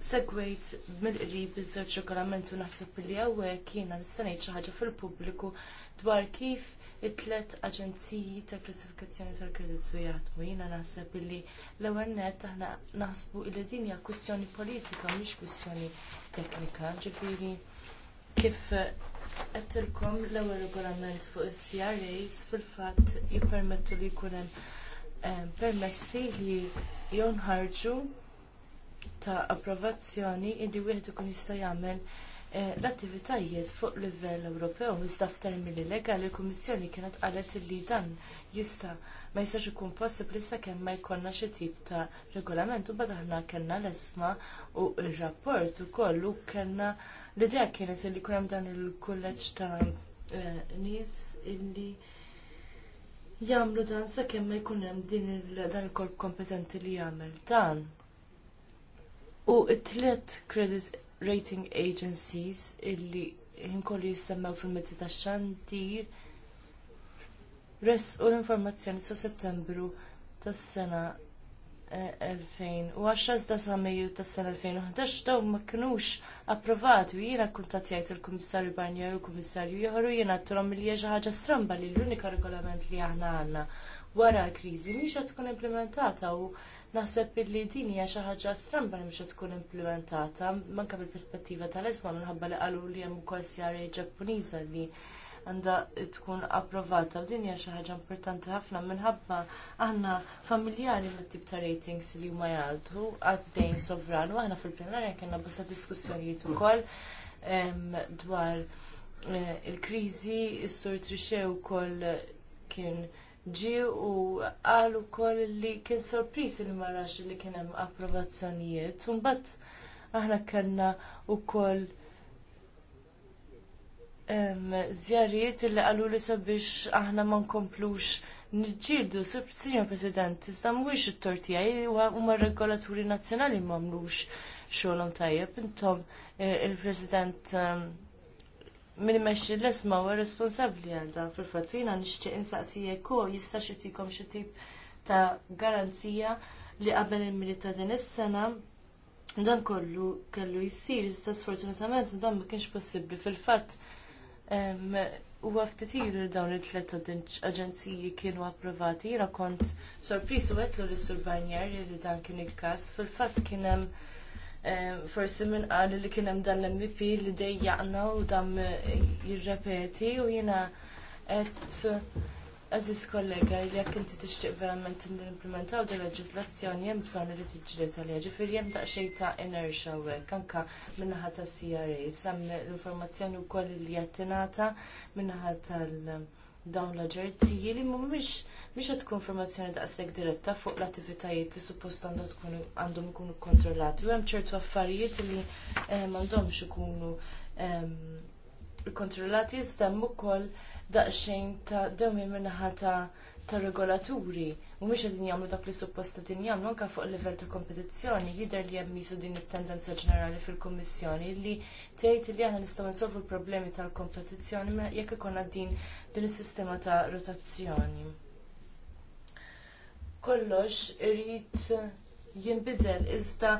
segwejt mill-qrib iż-żewġ regolamentu naħseb li għawek jiena nista' ngħid xi ħaġa fil-pubbliku dwar kif it-tlet aġenziji ta' klassifikazzjoni tal-kreditu jaħdmu. Jiena naħseb li l-ewwel taħna aħna naħsbu li din hija kwistjoni politika mux kwistjoni teknika, ġifiri kif Għattilkom l-ewwel regolament fuq is-CRAs fil-fatt jippermettu li jkun hemm eh, permessi li jonħarġu ta' approvazzjoni li wieħed ikun jista' jagħmel eh, l-attivitajiet fuq livell Ewropew iżda f'termini legali l-Kummissjoni kienet qalet li dan jista' ma jistax ikun possibbli sakemm ma jkollna xi tip ta' regolament u bad aħna kellna l-esma u r-rapport ukoll u kellna L-idea kienet li kunem dan il-kulleġġ ta' eh, nis illi jagħmlu dan sakemm ma jkun hemm din dan il-korp kompetenti li jagħmel dan. U t-tliet credit rating agencies illi jinkolli jissemmew fil-mezzi tax xandir res u l-informazzjoni sa' settembru tas sena 2010 da sa tas-sena 2011 daw ma kinux approvati u jiena kuntatjajt il-Kummissarju Barnier u Kummissarju u jiena għattilhom li hija xi ħaġa stramba li l-unika regolament li aħna għandna wara l-kriżi mhix qed tkun implementata u naħseb li din hija xi ħaġa stramba li mhix qed tkun implementata manka bil perspettiva tal-esma minħabba li qalu li hemm ukoll CRA Ġappuniża li għandha tkun approvata. Din hija xi ħaġa importanti ħafna minħabba aħna familjari mit-tip ta' ratings li huma jgħaltu għaddejn sovran u aħna fil-plenarja kellna bosta diskussjonijiet ukoll dwar eh, il-kriżi, s sur trixew ukoll kien ġi u qal ukoll li kien sorpriż li ma rax li kien hemm approvazzjonijiet. Mbagħad aħna kellna wkoll zjarijiet li qalu li sabiex aħna ma nkomplux nġildu, Sinjor President, iżda mhuwiex it-tortija, huma r-regolaturi nazzjonali ma mlux xogħolhom tajjeb. Intom eh, il-President min meċi l-isma u responsabli għalda. Fil-fat, jina nixtieq insaqsija ko jista' xi tikom xi tip ta' garanzija li qabel il-mili ta' din is-sena dan kollu kellu jsir, iżda sfortunatament dan ma kienx possibbli fil-fatt U għaftitiru dawn il-tlet aġenziji kienu approvati, jina kont sorpris u għetlu l sur Barnier li dan kien il-kas. Fil-fat kienem forsi minn għal li kienem dan l mvp li dejjaqna u dam jirrepeti u jina għet Aziz kollega, li jekk inti tixtieq verament implementaw din leġislazzjoni hemm bżonn li t-ġri tal Ġifieri hemm jem ta' inertia u anke min-naħa ta' cra sam l-informazzjoni wkoll li qed tingħata min-naħa tal-dawn l-aġerziji li mhumiex biex qed tkun informazzjoni daqshekk diretta fuq l-attivitajiet li suppost għandhom ikunu kontrollati. U hemm ċertu affarijiet li eh, m'għandhomx ikunu ehm, kontrollati jistemmu hemm daqsxejn ta' dewmi minnaħa ta' regolaturi u mhux qegħdin jagħmlu dak li supposta din jagħmlu anke fuq livell ta' kompetizzjoni jidher li hemm misu din it-tendenza ġenerali fil-Kummissjoni li tgħid li aħna nistgħu nsolvu l-problemi tal-kompetizzjoni mela jekk ikollna din din is-sistema ta' rotazzjoni. Kollox irid jinbidel iżda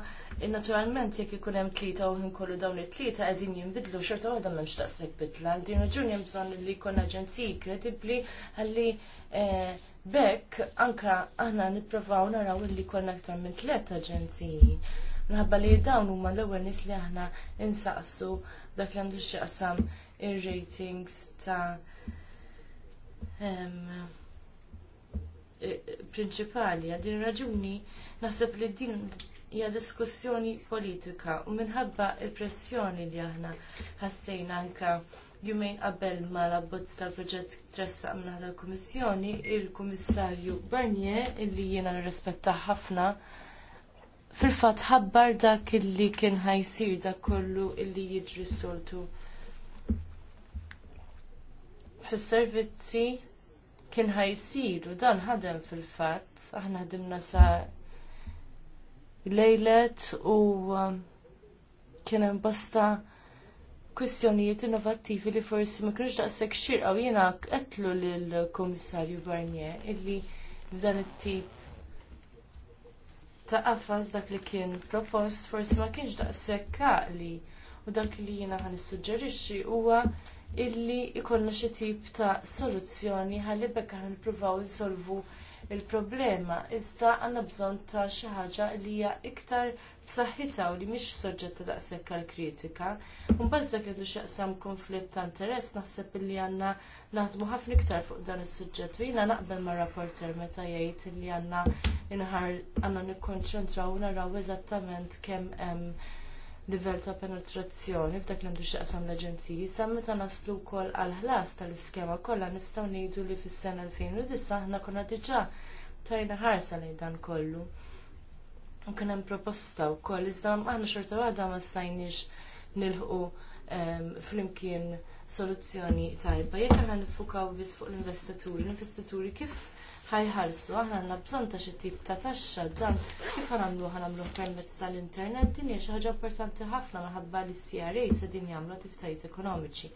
Naturalment jekk ikun hemm tlieta u kollu dawn it-tlieta qegħdin jinbidlu xorta waħda m'hemmx taqseb bidla. Din raġuni hemm bżonn li jkun aġenziji kredibbli ħalli eh, bekk anka aħna nipprovaw naraw li jkollna aktar minn tliet aġenziji. Minħabba li dawn huma l-ewwel nies li aħna insaqsu dak li għandu x'jaqsam ir-ratings ta' eh, eh, prinċipali għad din raġuni naħseb li din hija diskussjoni politika u minħabba l pressjoni li aħna ħassejna anke jumejn qabel ma l-abbozz tal-proġett tressaq minn tal kummissjoni il-Kummissarju Barnier illi jiena nirrispetta ħafna fil-fatt ħabbar dak illi kien ħajsir dak kollu illi jiġri soltu fis-servizzi kien ħajsir u dan ħadem fil-fatt aħna ħadimna sa' lejlet u um, kien hemm bosta kwistjonijiet innovattivi li forsi ma kienx daqshekk xirqaw jiena qedtlu lill kummissarju Barnier illi dan it-tip ta' qafas dak li kien propost forsi ma kienx daqshekk għaqli u dak li jiena ħan nissuġġerixxi huwa illi ikollna xi tip ta' soluzzjoni ħalli bekk ħan nippruvaw insolvu il-problema, iżda għandna bżonn ta' xi ħaġa li hija iktar b'saħħitha u li mhix soġġett daqshekk għal kritika. Mbagħad dak li xaqsam konflitt ta' interess naħseb li għandna naħdmu ħafna iktar fuq dan is-suġġett u jiena naqbel ma' rapporter meta jgħid li għandna inħar għandna nikkonċentraw naraw eżattament kemm hemm livell ta' penetrazzjoni f'dak li għandu x'aqsam l-aġenziji, sa meta naslu wkoll għal ħlas tal-iskema kollha nistgħu ngħidu li fis-sena 2009 aħna konna diġà tajna ħarsa lejn dan kollu. U kien hemm proposta wkoll iżda aħna xorta waħda ma stajniex nilħqu ehm, flimkien soluzzjoni tajba. Jekk aħna nifukaw biss fuq l-investituri, l-investituri kif ħajħalsu. Aħna għandna bżonn ta' xi tip ta' taxxa dan kif ħanamlu nagħmlu permezz tal-internet din hija xi ħaġa importanti ħafna minħabba li CRA se din jagħmlu attivitajiet ekonomiċi.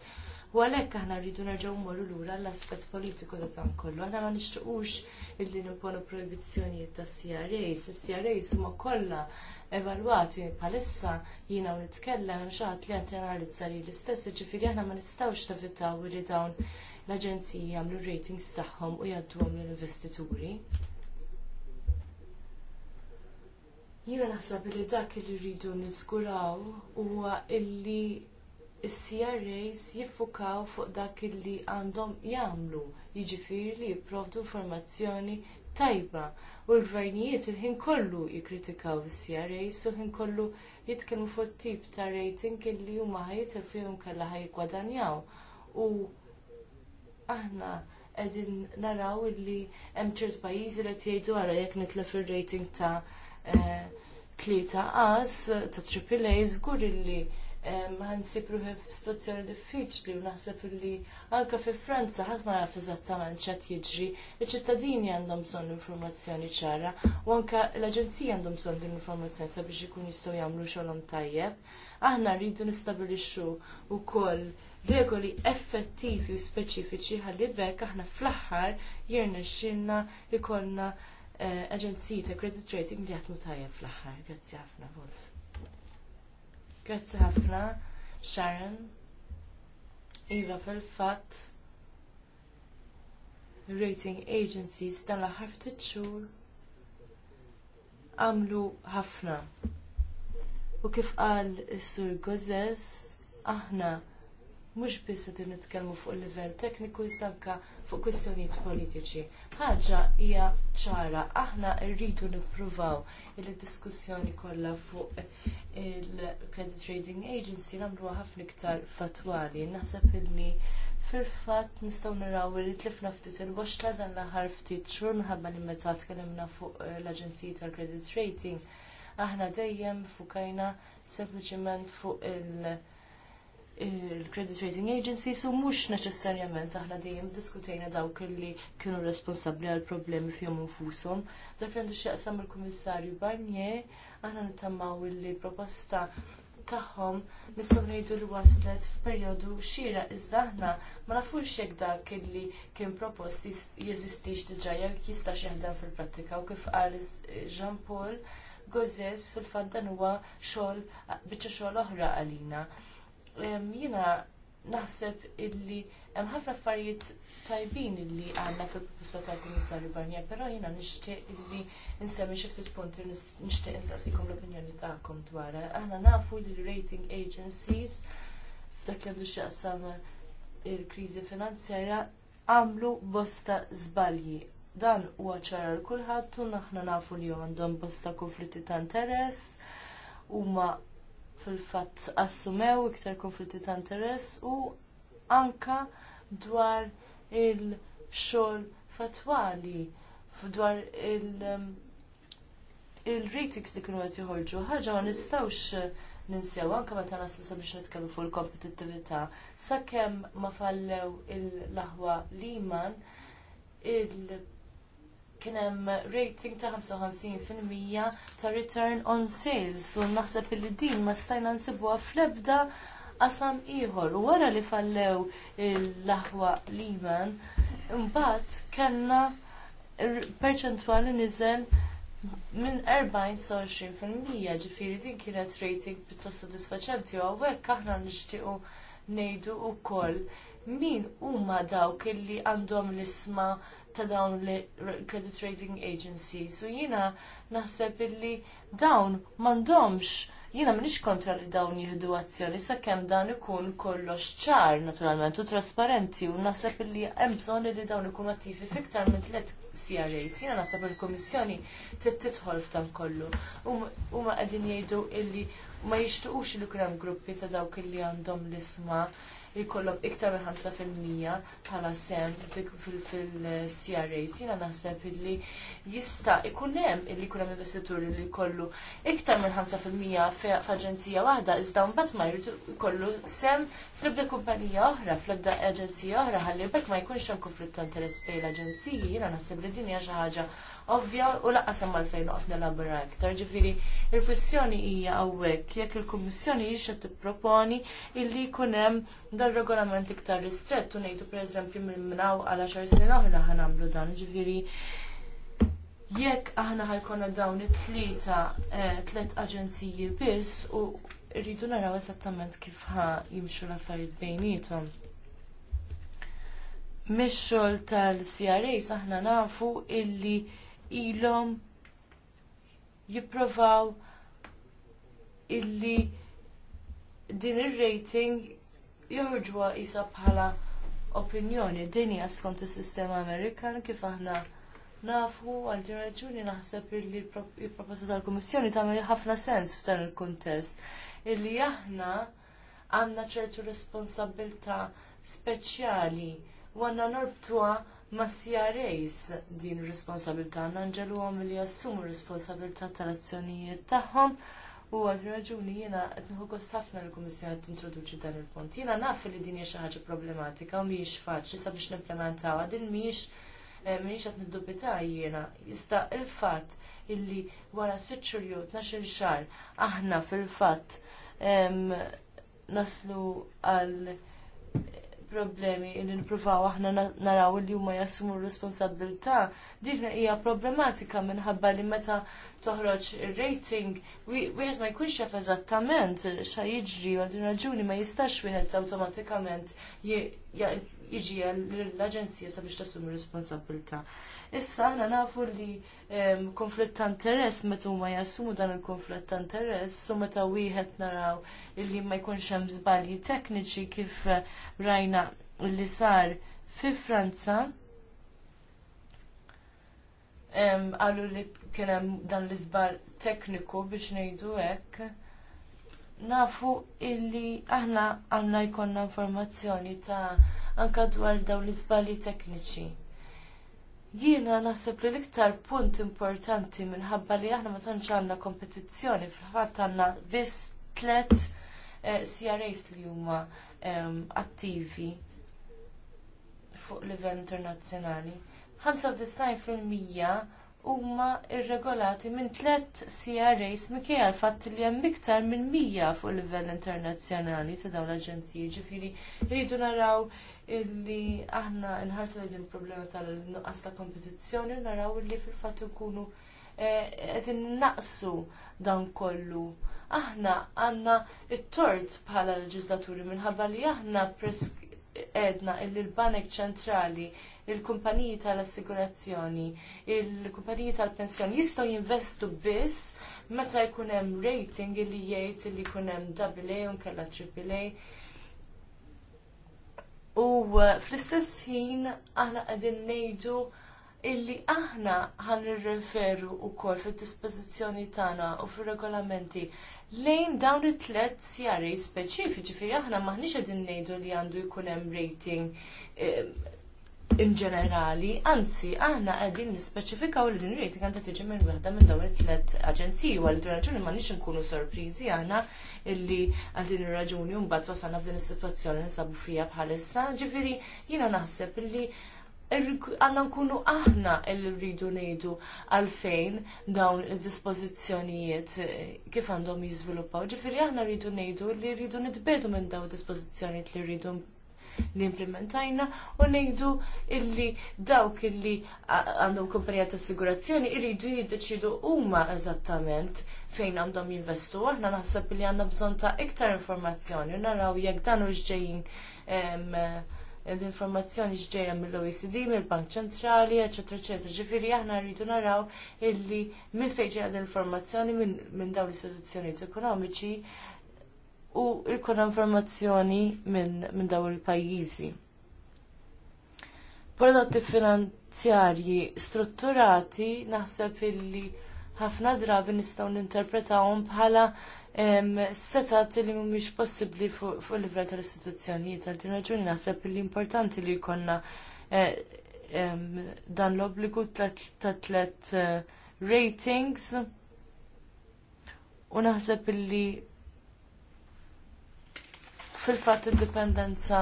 U għalhekk aħna rridu nerġgħu mmorru lura l-aspett politiku ta' dan kollu. Aħna ma nixtiequx illi nimponu proibizzjonijiet ta' CRAs. Is-CRAs huma kollha evalwati bħalissa jiena u nitkellem xaħat li għantenalizza li l-istess ġifiri aħna ma nistawx tavitaw li dawn l-aġenziji jagħmlu ratings tagħhom u jgħadduhom lill-investituri. Jiena naħseb li dak li rridu niżguraw huwa illi is-CRAs jiffukaw fuq dak li għandhom jagħmlu, jiġifieri li jipprovdu informazzjoni tajba u l-gvernijiet il-ħin kollu jikkritikaw is-CRAs u ħin kollu jitkellmu fuq tip ta' rating illi huma fihom kellha ħajgwadanjaw u aħna qegħdin naraw illi hemm ċert pajjiżi li qed jgħidu ara jekk nitlef ir-rating ta' eh, tlieta qas ta' triple A żgur illi eh, ħansib ruħi f'sitwazzjoni diffiċli u naħseb illi anke fi Franza ħadd ma jaf eżattament x'qed jiġri, iċ-ċittadini għandhom bżonn informazzjoni ċara u anke l-aġenzija għandhom bżonn din l-informazzjoni sabiex ikun jistgħu jagħmlu xogħolhom tajjeb. Aħna rridu nistabilixxu wkoll regoli effettivi u speċifiċi ħalli bekk aħna fl-aħħar jirna xilna ikollna eh, aġenziji ta' credit rating li jaħdmu tajjeb fl-aħħar. Grazzi ħafna, Wolf. Grazzi ħafna, Sharon. Iva fil-fatt rating agencies dan l-aħħar ftit xhur għamlu ħafna. U kif qal is-Sur Gozes, aħna mhux biss qed nitkellmu fuq il-livell tekniku iżda anke fuq kwistjonijiet politiċi. Ħaġa hija ċara, aħna rridu nippruvaw il-diskussjoni kollha fuq il-Credit Rating Agency nagħmluha ħafna iktar fatwali. Naħseb illi fil-fatt nistgħu naraw li tlifna ftit il-waxla dan l-aħħar ftit xhur minħabba li meta tkellimna fuq l-Aġenziji tal-Credit Rating. Aħna dejjem fukajna sempliċement fuq il- il-credit rating agencies su mhux neċessarjament aħna dejjem diskutejna dawk li kienu responsabbli għal problemi fihom infushom. Dak li għandu x'jaqsam il-Kummissarju Barnier aħna nitammaw li proposta tagħhom nistgħu ngħidu li waslet f'perjodu xira iżda aħna ma nafux jekk dak li kien propost jeżistix diġà jekk jistax jaħdem fil-prattika u kif qal Jean Paul Gozes fil-fatt dan huwa xogħol biċċa xogħol oħra għalina Jiena naħseb illi hemm ħafna affarijiet tajbin illi għandna fil-proposta tal-Kummissarju Barnier, però jiena nixtieq illi nsemmi xi ftit punti nixtieq insaqsikom l-opinjoni tagħkom dwar. Aħna nafu li rating agencies f'dak li għandu x'aqsam il-kriżi finanzjarja għamlu bosta żbalji. Dan huwa ċara l kulħadd u aħna nafu li għandhom bosta konflitti ta' interess huma fil-fatt assumew iktar konflitti ta' interess u anka dwar il-xogħol fatwali dwar il- um, ratings li kienu qed joħorġu ħaġa ma nistgħux ninsew anke meta naslu sabiex nitkellmu fuq il-kompetittività sakemm ma fallew il-laħwa liman il kien hemm rating ta' 55% ta' return on sales u naħseb li din ma stajna nsibuha fl-ebda qasam ieħor u wara li fallew l-aħwa Liman imbagħad kellna perċentwali niżel minn 40 sa 20% ġifieri din kienet rating pjuttost sodisfaċenti u hawnhekk aħna nixtiequ ngħidu wkoll min huma dawk illi għandhom l-isma' ta' dawn l-credit rating agencies. So jiena naħseb illi dawn m'għandhomx jiena m'iniex kontra li dawn jieħdu azzjoni sakemm dan ikun kollox ċar naturalment u trasparenti u naħseb illi hemm bżonn li dawn ikun attivi fiktar minn tliet CRAs. Jiena naħseb il komissjoni trid tidħol f'dan kollu. Huma għedin jgħidu illi ma jixtuqux li krem gruppi ta' dawk illi għandhom l-isma' jkollhom iktar minn 5% bħala sem fil-CRAs. Jiena naħseb illi jista' ikunem hemm illi jkun hemm investitur li jkollu iktar minn 5% f'aġenzija waħda iżda mbagħad ma jrid ikollu sem fl kumpanija oħra, fl agenzija aġenzija oħra, ħalli bekk ma jkunx hemm konflitt ta' interess bejn l-aġenziji, jiena naħseb li din hija xi ħaġa ovvja u laqqas hemm għalfejn noqgħod nelabora iktar. Ġifieri il-kwistjoni hija hawnhekk jekk il-Kummissjoni hix tipproponi illi jkun hemm dan regolament iktar ristrett u ngħidu pereżempju minn minnaw għal xar snin oħra ħan nagħmlu dan. Ġifieri jekk aħna ħajkonna dawn it-tlieta eh, tliet aġenziji biss u rridu naraw eżattament kif ħa jimxu l-affarijiet bejnietom. Mix-xogħol tal-CRA aħna nafu illi ilhom jipprovaw illi din ir-rating joħorġuha isa bħala opinjoni din hija skont is-sistema Amerikan kif aħna nafu għal din raġuni naħseb illi l-proposta tal-Kummissjoni tagħmel ħafna sens f'dan il-kuntest illi aħna għandna ċertu responsabilta speċjali u għandna norbtuwa ma' CRAs din ir responsabilità għandna għam li jassumu r responsabilità tal-azzjonijiet tagħhom U għad raġuni jena nħu ħafna l-Komissjoni t-introduċi dan il-punt. Jena naf li din xi ħaġa problematika u miex faċli sabiex nimplementaw, din miex eh, miex għat niddubita jena. jista' il-fat illi wara sitt xhur jew il xahar aħna fil-fatt naslu għal problemi li nippruvaw aħna naraw li huma jassumu r-responsabilità, dik hija problematika minħabba li meta toħroġ ir-rating wieħed ma jkunx jaf eżattament xa jiġri għal din raġuni ma jistax wieħed awtomatikament iġi l-Aġenzija sabiex tassum responsabilta. Issa aħna nafu li konflitt ta' interess meta huma jassumu dan il-konflitt ta' interess u meta wieħed naraw li ma jkunx hemm żbalji tekniċi kif rajna li sar fi Franza għallu li kien hemm dan l iżbal tekniku biex ngħidu hekk nafu illi aħna għanna jkonna informazzjoni ta' anke dwar dawn l-iżbalji tekniċi. Jiena naħseb li l-iktar punt importanti minħabba li aħna ma tantx għandna kompetizzjoni fil-fatt għandna biss tliet eh, CRAs li huma ehm, attivi fuq livell internazzjonali. 95% huma irregolati minn tliet CRAs minkejja l-fatt li hemm iktar minn 100 fuq livell internazzjonali ta' dawn l-aġenziji. Ġifieri rridu naraw illi aħna nħarsu li din problema tal-nuqqas ta' kompetizzjoni naraw illi fil-fatt ikunu eh, qed naqsu dan kollu. Aħna għandna it-tort bħala leġislaturi minħabba li aħna edna illi l-Banek ċentrali, il-kumpaniji tal-assigurazzjoni, il-kumpaniji tal-pensjoni jistgħu jinvestu biss meta jkun hemm rating illi jgħid illi jkun hemm AA u nkella AAA U uh, fl-istess ħin aħna qegħdin ngħidu illi aħna ħan nirreferu wkoll fid-dispożizzjoni tagħna u fir-regolamenti lejn dawn it tliet CRA speċifiċi ġifieri aħna maħniex qegħdin ngħidu li għandu jkun hemm rating ehm, inġenerali, anzi, aħna qegħdin nispeċifikaw li din rating għandha tiġi minn waħda minn dawn it-tlet aġenziji, għal din raġuni nix nkunu sorpriżi aħna illi għal din ir-raġuni mbagħad wasalna f'din is-sitwazzjoni li nsabu fija bħalissa, ġifieri jiena naħseb illi għanna nkunu aħna illi rridu nejdu għalfejn dawn il-dispozizjonijiet eh, kif għandhom jizviluppaw. Ġifiri aħna rridu nejdu li rridu nitbedu minn dawn il-dispozizjonijiet li rridu li implementajna u ngħidu illi dawk illi għandhom kumpanija ta' assigurazzjoni iridu jiddeċidu huma eżattament fejn għandhom jinvestu. Aħna naħseb li għandna bżonn ta' iktar informazzjoni u naraw jekk dan u ġejjin l-informazzjoni ġdeja mill-OECD, mill-Bank Ċentrali, eċetera, eċetera. Ġifieri aħna rridu naraw illi minn fejn ġejja l-informazzjoni minn dawn l istituzzjoni ekonomiċi u jkollna informazzjoni minn min dawn il-pajjiżi. Prodotti finanzjarji strutturati naħseb illi ħafna drabi nistgħu ninterpretawhom bħala setat li mhumiex possibbli fuq livell tal-istituzzjonijiet għal din raġuni naħseb illi importanti li jkollna eh, dan l-obbligu ta' tliet eh, ratings u naħseb illi fil-fatt id-dipendenza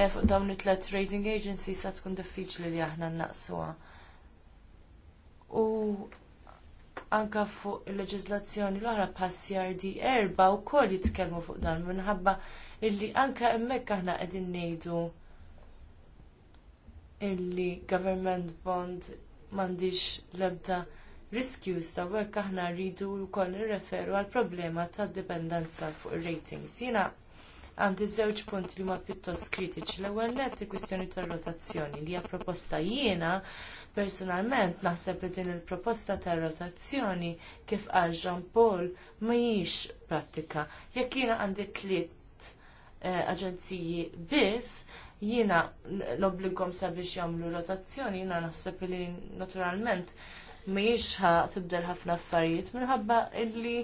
eh, fuq dawn it-tlet rating agencies sa tkun diffiċli li aħna naqsuha. U anka fuq il-leġizlazzjoni l-oħra passi CRD erba u koll jitkellmu fuq dan minħabba illi anka hemmhekk aħna qegħdin ngħidu illi government bond m'għandix l-ebda riskju sta aħna rridu wkoll nirreferu għall problema tad dipendenza fuq ir ratings Jiena għandi żewġ punti li huma pjuttost kritiċi. L-ewwel nett il-kwistjoni tar-rotazzjoni li hija proposta jiena personalment naħseb li din il-proposta tar-rotazzjoni kif qal Jean Paul mhijiex prattika. Jekk jiena għandi tliet eh, aġenziji biss, jiena l-obbligom sabiex jagħmlu rotazzjoni, jiena naħseb li naturalment mhijiex tibdel ħafna affarijiet minħabba illi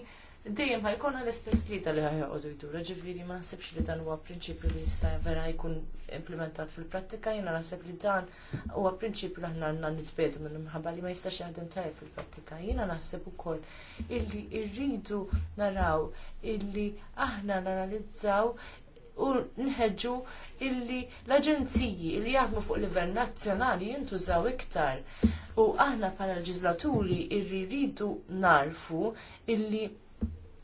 dejjem ħajkun l-istess lita li ħajħodu jduru, ġifiri ma nsibx li dan huwa prinċipju li jista' vera jkun implementat fil-prattika, jiena naħseb li dan huwa prinċipju li aħna għandna nitbedu minn imħabba li ma jistax jaħdem tajjeb fil-prattika. Jiena naħseb ukoll illi rridu naraw illi aħna nanalizzaw u nħedġu illi l-aġenziji illi jaħdmu fuq livell nazzjonali jintużaw iktar. U aħna bħala leġislaturi irridu narfu illi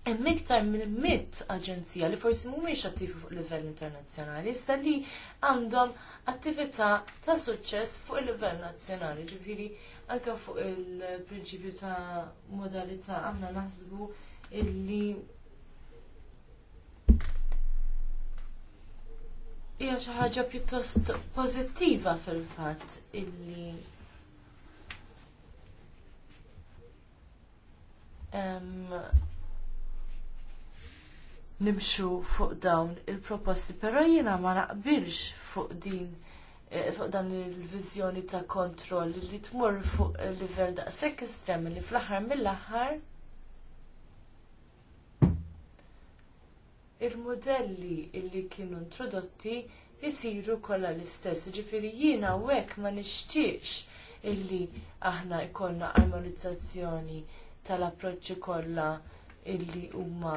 hemm iktar minn mitt aġenzija li forsi mhumiex attivi fuq livell internazzjonali, iżda li għandhom attività ta' suċċess fuq il-livell nazzjonali, ġifieri anke fuq il-prinċipju ta' modalità aħna naħsbu illi hija xi ħaġa pjuttost pożittiva fil-fatt illi um, nimxu fuq dawn il-proposti, però jiena ma naqbilx fuq din eh, fuq dan il-vizjoni ta' kontroll li tmur fuq il-livell daqshekk estrem li fl-aħħar mill-aħħar il-modelli li kienu introdotti jisiru kollha l-istess. Ġifiri jiena u hekk ma nixtiex illi aħna jkollna armonizzazzjoni tal-approċċi kollha illi huma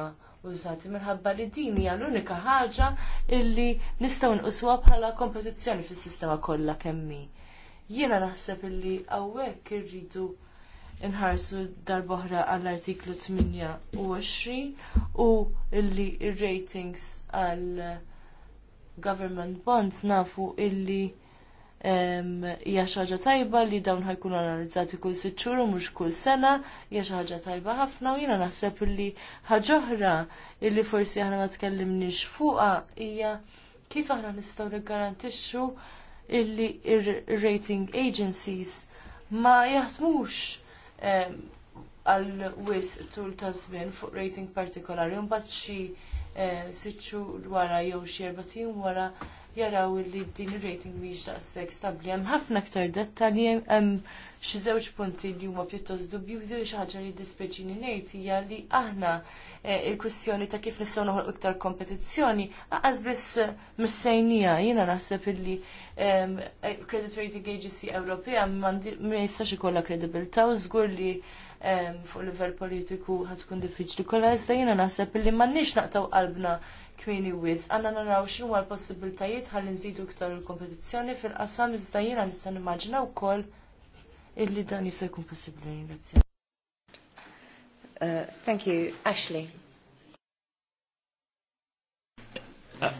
użati minħabba li din hija l-unika ħaġa illi nistgħu nqusuha bħala kompetizzjoni fis-sistema kollha kemmi. Jiena naħseb illi hawnhekk irridu nħarsu darb'oħra għall-artiklu 28 u illi r ratings għal government bonds nafu illi hija xi ħaġa tajba li dawn ħajkunu analizzati kull sitt xhur u mhux kull sena, hija xi ħaġa tajba ħafna u jiena naħseb li ħaġa oħra illi forsi aħna ma tkellimniex fuqha hija kif aħna nistgħu niggarantixxu illi ir-rating agencies ma jaħdmux għal wis tul ta' żmien fuq rating partikolari u mbagħad xi eh, siċċu wara jew xi erba' wara jaraw li din ir-rating mhix daqshekk stabbli. Hemm ħafna aktar dettalji hemm xi żewġ punti li huma pjuttost dubjużi u xi ħaġa li dispeċini ngħid hija li aħna eh, il-kwistjoni ta' kif nistgħu noħolqu iktar kompetizzjoni aqas biss missejnija jiena naħseb illi Credit Rating Agency Ewropea ma jistax ikollha kredibilità u żgur li fuq livell politiku ħatkun diffiċli kollha iżda jiena naħseb illi m'għandniex naqtaw qalbna kmini wis. Għanna naraw xinu għal possibiltajiet għal nżidu ktar il kompetizjoni fil-qasam iżda jiena nista' nimmaġina wkoll illi dan jisaj jkun possibbli. Ringrazzja. Uh, thank you, Ashley. Uh,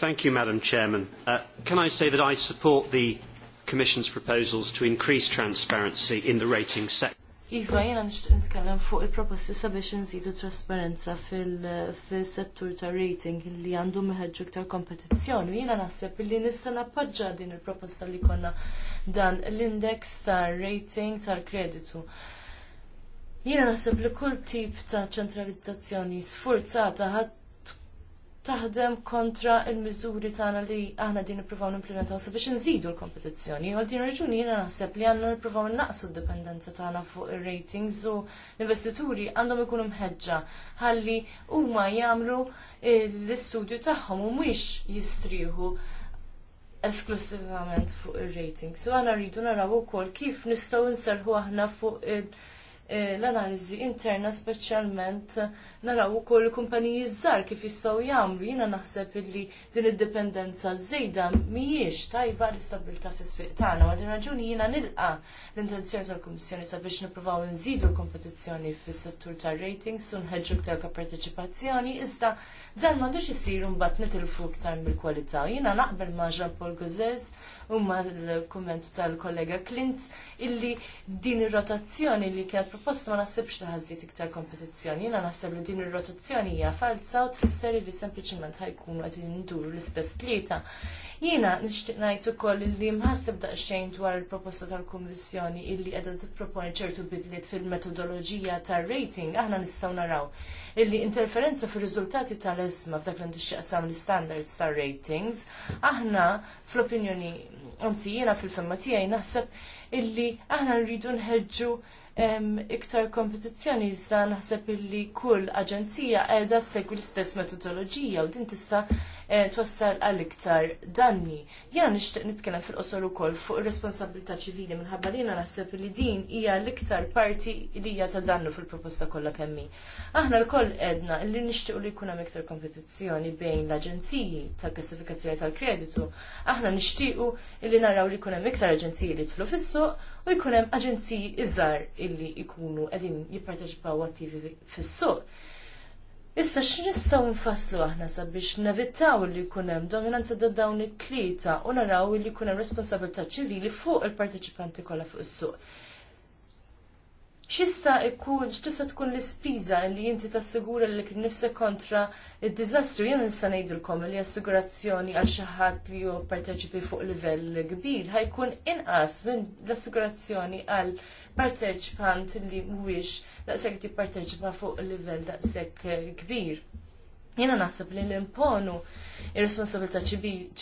thank you, Madam Chairman. Uh, can I say that I support the Commission's proposals to increase transparency in the rating sector? Iva, jena nishtiq nitkellem fuq il-proposti sabiex nżidu trasparenza fil-settur ta' rating li għandu meħġu iktar kompetizzjoni. Jena naħseb li nista' nappoġġa din il-proposta li konna dan l-index ta' rating tal-kreditu. Jena naħseb li kull tip ta' ċentralizzazzjoni sfurzata ħadd taħdem kontra il-miżuri tagħna li aħna din nippruvaw nimplementaw sabiex nżidu l-kompetizzjoni. Għal din raġuni jiena naħseb li għandna nippruvaw naqsu d-dipendenza tagħna fuq ir-ratings u l-investituri għandhom ikunu mħeġġa ħalli huma jagħmlu l-istudju tagħhom u mhuwiex jistrieħu esklusivament fuq ir ratings So għana rridu naraw ukoll kif nistgħu nserħu aħna fuq il- Eh, l-analiżi interna speċjalment naraw ukoll kumpaniji żgħar kif jistgħu jagħmlu. Jiena naħseb li din id dependenza żejda mhijiex tajba l istabilta fis-swieq tagħna. Għal din raġuni jiena nilqa l-intenzjoni tal-Kummissjoni sabiex nippruvaw nżidu l-kompetizzjoni fis-settur tar-ratings u nħeġġu ktar kapparteċipazzjoni iżda dan m'għandux isir mbagħad nitilfu ktar mill-kwalità. Jiena naqbel ma' Jean Paul Gozes huma l-kumment tal-kollega Klintz illi din ir-rotazzjoni li kienet proposta ma naħsibx li ħażiet iktar kompetizzjoni. Jiena naħseb li din ir-rotazzjoni hija falsa u tfisser li sempliċement ħajkunu qed induru l-istess tlieta. Jiena nixtieq ngħid ukoll li mħasseb daqsxejn dwar il-proposta tal-Kummissjoni illi qiegħda tipproponi ċertu bidliet fil-metodoloġija tar-rating aħna nistgħu naraw illi interferenza fir-riżultati tal-isma f'dak l-indixxaqsam l-standards tar-ratings aħna fl-opinjoni anzi jiena fil-femma tiegħi naħseb illi aħna rridu nħeġġu iktar kompetizzjoni iżda naħseb li kull aġenzija qiegħda ssegwi l-istess metodoloġija u din tista' eh, twassal għal iktar danni. Jiena nixtieq nitkellem fil-qosor ukoll fuq ir-responsabilità ċivili minħabba li naħseb li din hija l-iktar parti li hija ta' dannu fil-proposta kollha kemm hi. Aħna lkoll qedna li nixtiequ li jkun hemm iktar kompetizzjoni bejn l-aġenziji tal-klassifikazzjoni tal-kreditu. Aħna nixtiequ li naraw li jkun hemm iktar aġenziji li jidħlu fis-suq u jkun hemm aġenziji iżgħar illi jkunu qegħdin jipparteċipaw attivi fis-suq. Issa x'nistgħu nfasslu aħna sabiex nevitaw li jkun hemm dominanza da dawn it-tlieta u naraw li jkun hemm responsabilità ċivili fuq il-parteċipanti kollha fuq is-suq xista ikkun, xtista tkun l-ispiża li jinti tassigura li kien kontra il-dizastru. Jien nista' ngħidilkom li assigurazzjoni għal xi ħadd li ju parteċipi fuq livell kbir ħajkun inqas minn l-assigurazzjoni għal parteċipant li mhuwiex daqshekk parteċipa fuq livell daqshekk kbir. Jiena naħseb li l-imponu ir-responsabilità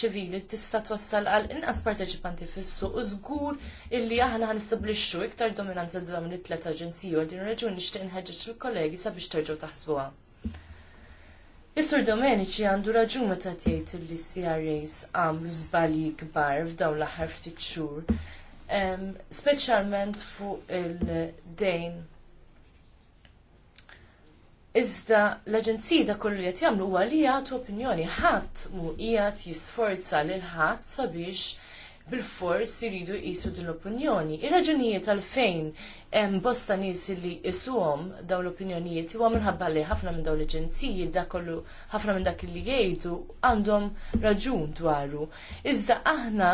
ċivili tista' twassal għal inqas parteċipanti fis-suq u żgur illi aħna ħanistabbilixxu iktar dominanza dawn it-tlet aġenziji u din raġuni nixtieq inħeġġeġ lill-kollegi sabiex terġgħu taħsbuha. Is-Sur Domenici għandu raġun meta tgħid li CRAs għamlu żbalji kbar f'dawn l-aħħar ftit xhur, speċjalment fuq il-dejn Iżda l-aġenziji da kollu qed jagħmlu huwa li jagħtu opinjoni ħadd mu qiegħed jisforza lil ħadd sabiex bil-fors iridu jqisu din l-opinjoni. Ir-raġunijiet għalfejn hemm bosta nies li isuhom dawn l-opinjonijiet huwa minħabba li ħafna minn dawn l-aġenziji da kollu ħafna minn dak li jgħidu għandhom raġun dwaru. Iżda aħna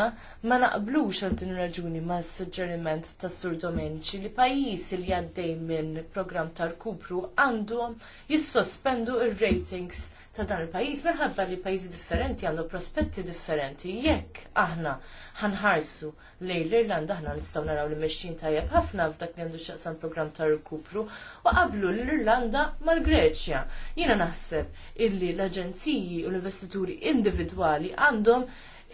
ma naqblux għal din raġuni ma' suġġeriment tas Sur Domenċi li pajjiż li għaddej minn programm tal kubru għandhom jissospendu ir-ratings ta' dan il-pajjiż minħabba li pajjiżi differenti għandhom prospetti differenti. Jekk aħna ħanħarsu lejn l-Irlanda aħna nistgħu naraw li mexxin tajjeb ħafna f'dak li għandu x'jaqsam programm ta' rikupru u qablu l-Irlanda mal-Greċja. Jiena naħseb illi l-aġenziji u l-investituri individwali għandhom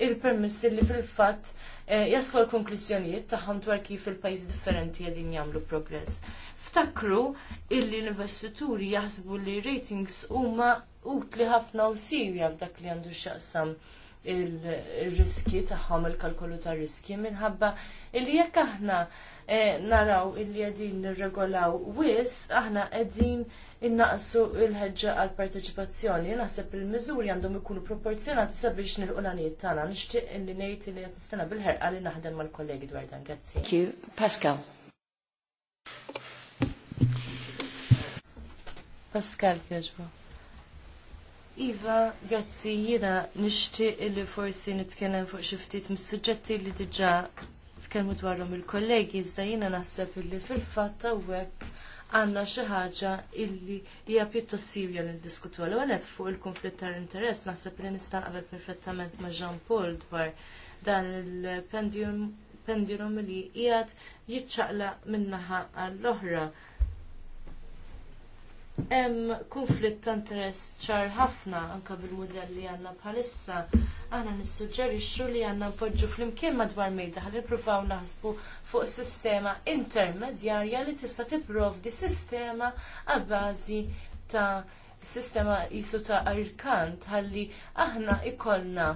il-permessi li fil-fatt eh, jaslu l-konklusjonijiet tagħhom dwar kif il pajjiżi differenti qegħdin jagħmlu progress. Ftakru illi l-investituri jaħsbu li ratings huma utli ħafna u sirja f'dak li għandu x'jaqsam il-riski tagħhom il-kalkolu tar riski minħabba li jekk aħna eh, naraw illi qegħdin nirregolaw wisq aħna qegħdin innaqsu il-ħeġġa għal parteċipazzjoni. Naħseb il-miżuri għandhom ikunu proporzjonati sabiex nilqu tagħna. Nixtieq illi ngħid li qed nistenna bil-ħerqa li naħdem mal-kollegi dwar dan. Grazzi. Thank you. Pascal. Pascal kieġbu. Iva, grazzi jiena nixtieq li forsi nitkellem fuq xi ftit mis-suġġetti li diġà tkellmu dwarhom il-kollegi iżda jiena naħseb illi fil-fatt hawnhekk għandna xi ħaġa illi hija pjuttost sirja li ndiskutu għal fuq il-konflitt tal-interess naħseb li nista' naqbel perfettament ma' Jean Paul dwar dan il-pendulum li qiegħed jiċċaqla min-naħa għall-oħra hemm konflitt ta' interess ċar ħafna anke bil-mudell li għandna bħalissa. Aħna nissuġġerixxu li għandna fl flimkien madwar mejda ħalli pruvaw naħsbu fuq sistema intermedjarja li tista' tipprovdi sistema għabbażi ta' sistema qisu ta' arkant ħalli aħna ikollna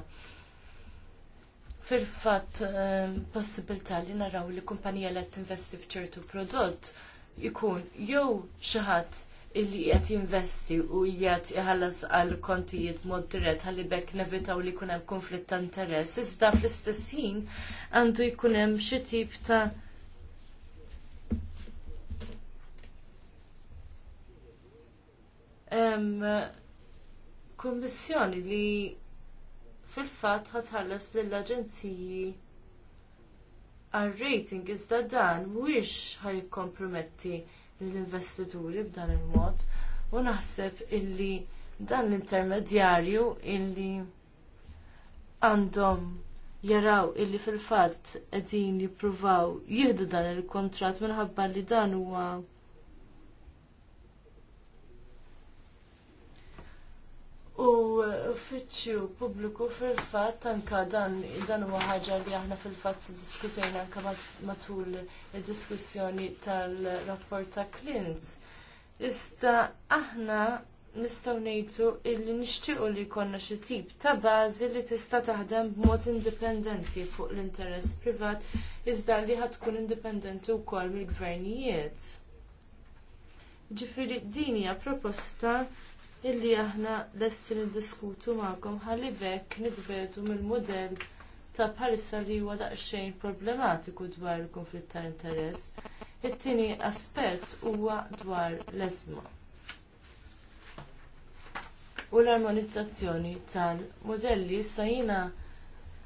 fil-fatt ehm, possibilità li naraw li kumpanija li tinvesti f'ċertu prodott ikun jew xi ħadd illi qed jinvesti u qed jħallas għal kontijiet mod dirett ħalli bekk nevitaw li jkun hemm konflitt ta' interess. Iżda fl-istess ħin għandu jkun hemm xi tip ta' kommissjoni kummissjoni li fil-fatt ħatħallas lill-aġenziji għal rating iżda dan mhuwiex ħaj komprometti l-investituri b'dan il-mod u naħseb illi dan l-intermedjarju illi għandhom jaraw illi fil fatt qegħdin jippruvaw jieħdu dan il kuntratt minħabba li dan huwa u uffiċċju pubbliku fil-fatt anka dan dan huwa ħaġa li aħna fil-fatt diskutejna anka matul id-diskussjoni tal-rapport ta' Klintz. Iżda aħna nistgħu ngħidu illi nixtiequ li jkollna xi tip ta' bażi li tista' taħdem b'mod indipendenti fuq l-interess privat iżda li ħad tkun indipendenti wkoll mill-gvernijiet. Ġifieri din hija proposta illi aħna lesti niddiskutu magħkom ħalli bekk nitbedu mill-modell ta' bħalissa li huwa daqsxejn problematiku dwar il-konflitt ta' interess. It-tieni aspett huwa dwar l-eżma. U l-armonizzazzjoni tal-modelli issa jiena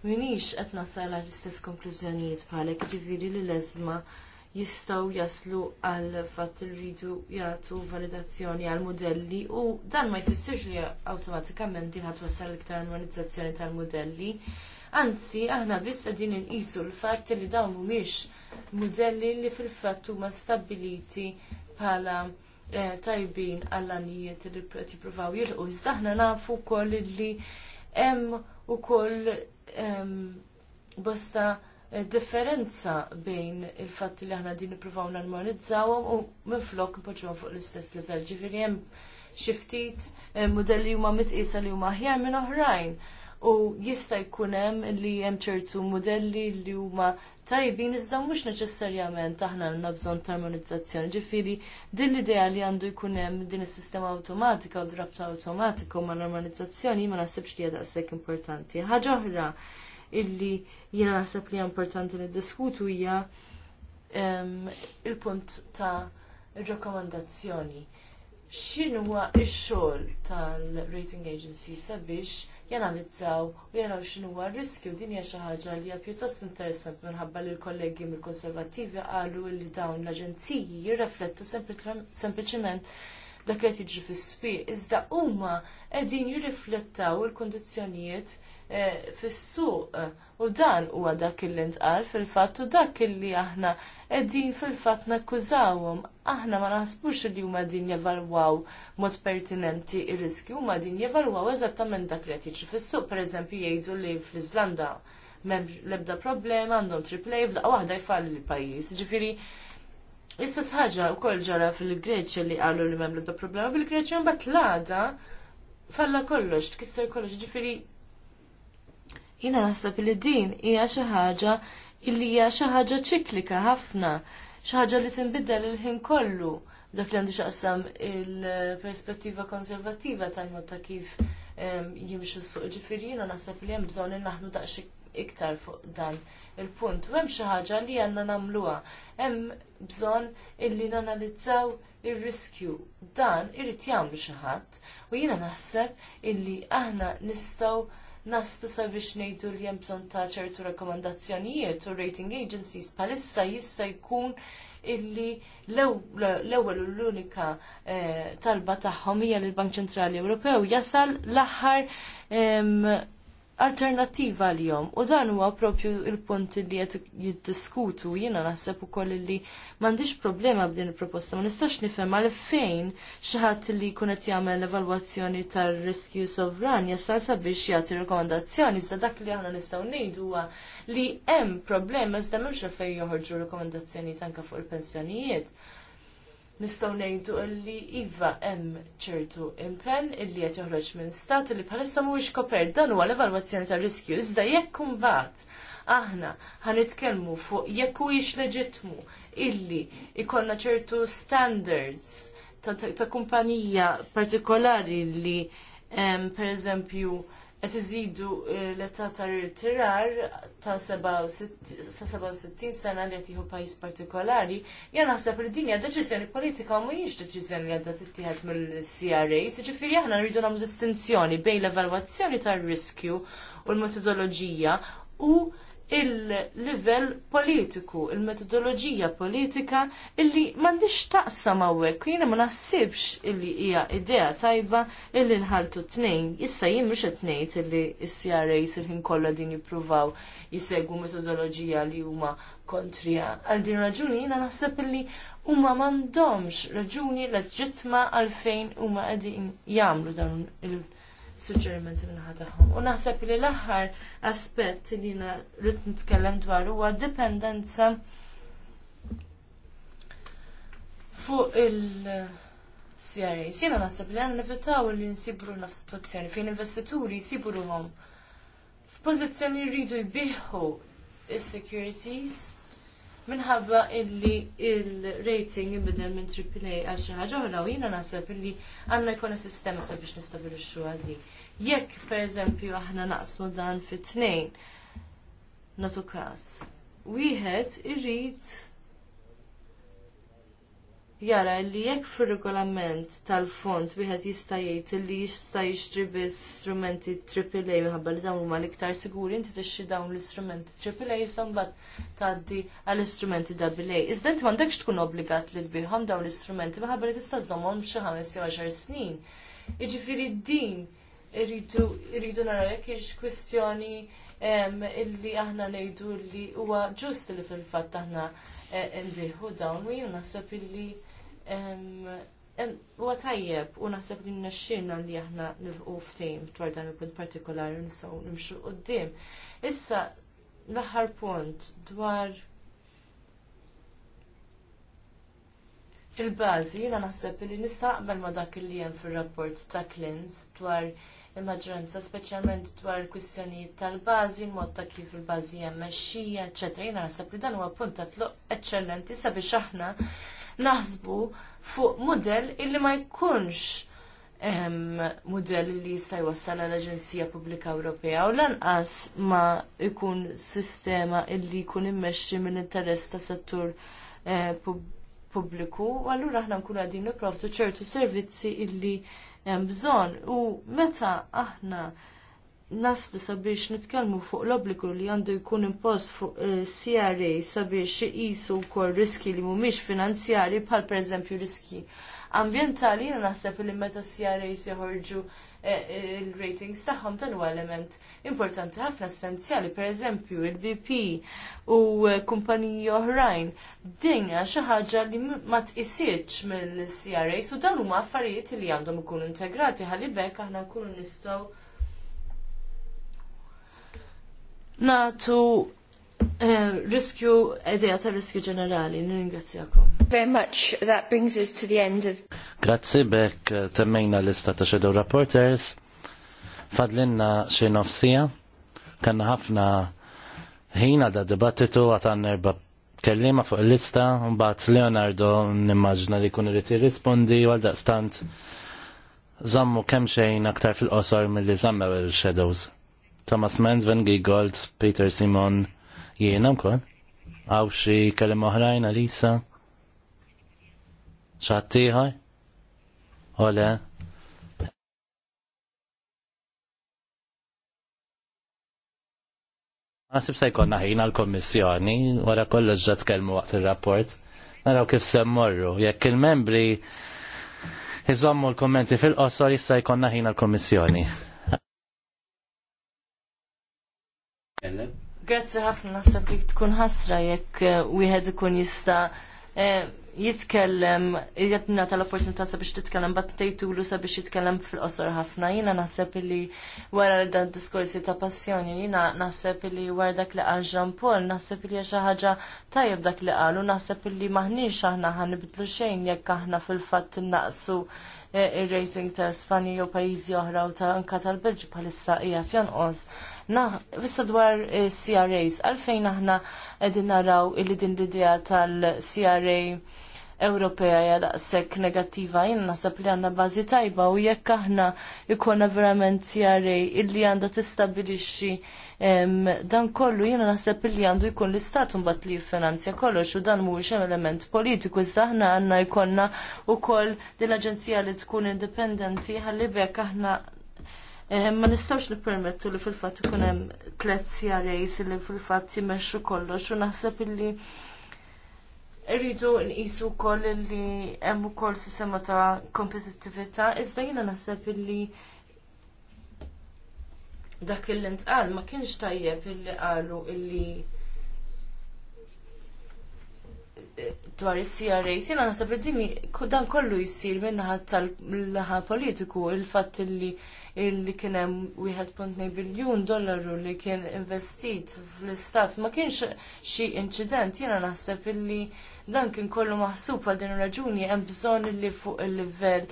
minix qed nasal għall-istess konklużjonijiet bħalek ġifieri li l-eżma jistgħu jaslu għal fatt irridu jagħtu validazzjoni għal mudelli u dan ma jfissirx li awtomatikament din ħadd l iktar armonizzazzjoni tal-mudelli. Anzi, aħna biss qegħdin inqisu l-fatt li dawn mhumiex mudelli li fil-fatt huma stabbiliti bħala eh, tajbin għall-anijiet li jippruvaw jilqu. Iżda aħna nafu wkoll li hemm ukoll ehm, bosta differenza bejn il-fatt li aħna din nippruvaw narmonizzawhom u minflok npoġġuhom fuq l-istess livell. Ġifieri hemm xi ftit eh, modelli huma mitqisa li huma aħjar minn oħrajn. U jista' jkun hemm li hemm ċertu modelli li huma tajbin iżda mhux neċessarjament aħna għandna bżonn tarmonizzazzjoni. Ġifieri din l-idea li għandu jkun hemm din is-sistema awtomatika u drabta awtomatiku ma' normalizzazzjoni ma nasibx li hija daqshekk importanti. Ħaġa oħra illi jiena naħseb li importanti li diskutu hija il-punt ta' rakkomandazzjoni. X'inhu huwa x-xogħol tal-rating agency sabiex janalizzaw u jaraw x'inhu huwa r-riskju din hija xi ħaġa li hija pjuttost interessant minħabba li l-kollegi mill-Konservattivi qalu li dawn l-aġenziji jirreflettu sempliċement dak li qed jiġri fis-swieq iżda huma qegħdin jirriflettaw il-kondizzjonijiet Eh, fis-suq eh, u dan huwa dak li ntqal fil-fatt u dak illi aħna qegħdin fil-fatt nakkużawhom. Aħna ma naħsbux li huma din jevalwaw mod pertinenti r riski huma din jevalwaw eżattament dak li qed jiġri fis-suq, pereżempju jgħidu li fl-Iżlanda l-ebda problema, għandhom triplej A, f'daqqa waħda jfalli l-pajjiż. Ġifieri Issa sħaġa wkoll ġara fil-Greċja li qalu li m'hemm lebda problema bil-Greċja mbagħad l-għada falla kollox, tkisser kollox, ġifieri Jiena naħseb li din hija xi ħaġa illi hija xi ħaġa ċiklika ħafna, xi ħaġa li tinbidel il-ħin kollu dak li għandu xaqsam il-perspettiva konservativa tal-mod ta' kif jimxu s-suq. Ġifieri jiena naħseb li hemm bżonn li naħnu daqsxejn iktar fuq dan il-punt. U hemm xi ħaġa li għandna nagħmluha. Hemm bżonn illi nanalizzaw ir-riskju. Dan irid jagħmlu xi ħadd u jiena naħseb illi aħna nistgħu naslu sabiex ngħidu li hemm bżonn ta' ċertu rakkomandazzjonijiet u rating agencies bħalissa jista' jkun illi l-ewwel u l-unika eh, talba tagħhom hija lill l-Bank Ċentrali Ewropew jasal l-aħħar alternativa li jom. U dan huwa propju il-punt li qed jiddiskutu jiena naħseb ukoll li m'għandix problema b'din il-proposta, ma nistax nifhem għal fejn xi ħadd li jkun qed jagħmel evalwazzjoni tar-riskju sovran jasal sabiex jagħti rekomendazzjoni iżda dak li aħna nistgħu ngħidu huwa li hemm problema iżda m'hemmx fejn joħorġu rekomendazzjoni tanka fuq il-pensjonijiet nistgħu ngħidu li iva hemm ċertu impenn illi qed joħroġ minn stat li bħalissa mhuwiex kopert dan huwa l-evalwazzjoni tar-riskju iżda jekk imbagħad aħna ħanitkellmu fuq jekk huwiex leġittmu illi ikollna ċertu standards ta', ta, kumpanija partikolari li per eżempju qed iżidu eh, l-età ta' ritirar ta' 67 sena li qed jieħu pajjiż partikolari, jien naħseb li din hija deċiżjoni politika u mhijiex deċiżjoni li għadha tittieħed mill-CRA, jiġifieri aħna rridu nagħmlu distinzjoni bejn l-evalwazzjoni tar-riskju u l-metodoloġija u il-livell politiku, il-metodoloġija politika illi m'għandix taqsam hawnhekk, jiena ma naħsibx illi hija idea tajba illi nħaltu tnejn. Issa jissa mhux qed ngħid illi s-CRAs il-ħin kollha din jippruvaw jisegwu metodoloġija li huma kontrija. Għal din raġuni jiena naħseb illi huma m'għandhomx raġuni leġitma għalfejn huma qegħdin jagħmlu dan il- suġġerimenti minnaħa tagħhom. U naħseb li l-aħħar aspett li jiena rrid nitkellem dwar huwa dipendenza fuq il-CRA. Jiena naħseb li għanna nivitaw li nsibru nafs pozzjoni fejn investituri jsiburuhom f'pożizzjoni jridu jbiħħu is-securities minħabba illi il-rating imbidel minn AAA għal xi ħaġa oħra u jiena naħseb illi għandna jkun sistema sabiex nistabilixxu għadi. Jekk pereżempju aħna naqsmu dan fit-tnejn natu każ. Wieħed irrid jara li jekk fir-regolament tal-fond wieħed jista' jgħid li jista' jixtri biss strumenti AAA minħabba li dawn huma l-iktar siguri inti tixtri dawn l-istrumenti AAA iżda mbagħad tgħaddi għall-istrumenti AA. Iżda inti m'għandekx tkun obbligat li tbihom dawn l-istrumenti minħabba li tista' żommhom xi ħames jew għaxar snin. Jiġifieri din irridu naraw jekk hiex kwistjoni illi aħna ngħidu li huwa ġust li fil-fatt aħna eh, nbiħu dawn u jien naħseb illi Huwa tajjeb u naħseb li nixxirna li aħna nilħu f-tejm dwar dan il-punt partikolari nistgħu nimxu d-dim. Issa l-aħħar punt dwar il-bażi jiena naħseb li nistaqbel ma dak li hemm fir-rapport ta' Klins dwar il-maġġoranza, speċjalment dwar kwistjonijiet tal-bażi, mod ta' kif il-bażi jemmexxija, mexxija, Jiena naħseb li dan huwa punt tluq eċċellenti sabiex aħna naħsbu fuq mudell illi ma jkunx ehm, mudell li jista' jwassal l Aġenzija Pubblika Ewropea u lanqas ma jkun sistema illi jkun immexxi mill-interess ta' settur eh, pubbliku u allura aħna nkunu qegħdin nipprovdu ċertu servizzi illi hemm bżonn u meta aħna naslu sabiex nitkellmu fuq l-obbligu li għandu jkun impost fuq eh, CRA sabiex jisu wkoll riski li mhumiex finanzjarji bħal pereżempju riski ambjentali jiena naħseb li meta CRA joħorġu si Eh, eh, il-ratings tagħhom dan huwa element importanti ħafna essenzjali, pereżempju il-BP u eh, kumpaniji oħrajn din xi ħaġa li ma tqisitx mill-CRA u dan huma affarijiet li għandhom ikunu integrati ħalli bekk aħna nkunu nistgħu natu Eh, riskju, edija ta' riskju ġenerali, ringrazzjakom. Very much, that brings us to the end of... Grazzi bek, temmejna l-lista ta' Shadow Reporters. Fadlinna xie nofsija, kanna ħafna ħina da' dibattitu għatan erba kellima fuq il-lista, mbagħad Leonardo nimmaġna li kun irid jirrispondi għal daqstant zammu kemm xejn aktar fil-qosor milli zammew il-shadows. Thomas Mendven, Gold, Peter Simon, Jiena mkoll. Għaw xi kellem oħrajn Alisa. Xaħat Ola. Ole. Għasib se jkollna ħin għall-Kommissjoni wara kollu ġġat kelmu waqt ir-rapport. Naraw kif semmorru. Jekk il-membri jizommu l-kommenti fil-qosor jista' jkollna ħin għall-Kommissjoni. Grazzi ħafna nasab li tkun ħasra jekk eh, wieħed ikun jista' eh, jitkellem, jatna tal-opportunità sabiex titkellem, bat tejtulu sabiex jitkellem fil-qosor ħafna. Jina naħseb li wara li dan diskorsi ta' passjoni, jina naħseb li wara dak li qal Jean Paul, naħseb li xi ħaġa tajjeb dak li qalu, naħseb li maħniex aħna ħanibdlu xejn jekk aħna fil-fatt innaqsu eh, ir-rating ta' Spanja jew pajjiżi oħra u ta' anka tal-Belġi bħalissa qiegħed jonqos. Vissa dwar eh, CRAs, għalfejn aħna qegħdin naraw li din l-idea tal-CRA Ewropea hija daqshekk negattiva jien naħseb li għandna bażi tajba u jekk aħna jkollna verament CRA illi għandha tistabbilixxi dan kollu jiena naħseb li għandu jkun l istatum mbagħad li jiffinanzja kollox u dan mhuwiex element politiku iżda aħna għandna jkollna wkoll din dil aġenzija li tkun indipendenti ħalli bekk aħna Eh, ma nistawx nippermettu li fil-fatt ikun hemm tliet CRAs li fil-fatt jimexxu kollox u naħseb illi rridu nqisu wkoll li hemm ukoll sistema ta' kompetittività, iżda jiena naħseb illi dak il ntqal ma kienx tajjeb illi qalu illi dwar is-CRA, jiena naħseb li din dan kollu jsir minnaħa tal-laħa politiku il-fatt illi illi kien hemm 1.2 biljun dollaru li kien investit fl-istat ma kienx xi incident jiena naħseb illi dan kien kollu maħsub għal din raġuni hemm bżonn li fuq il-livell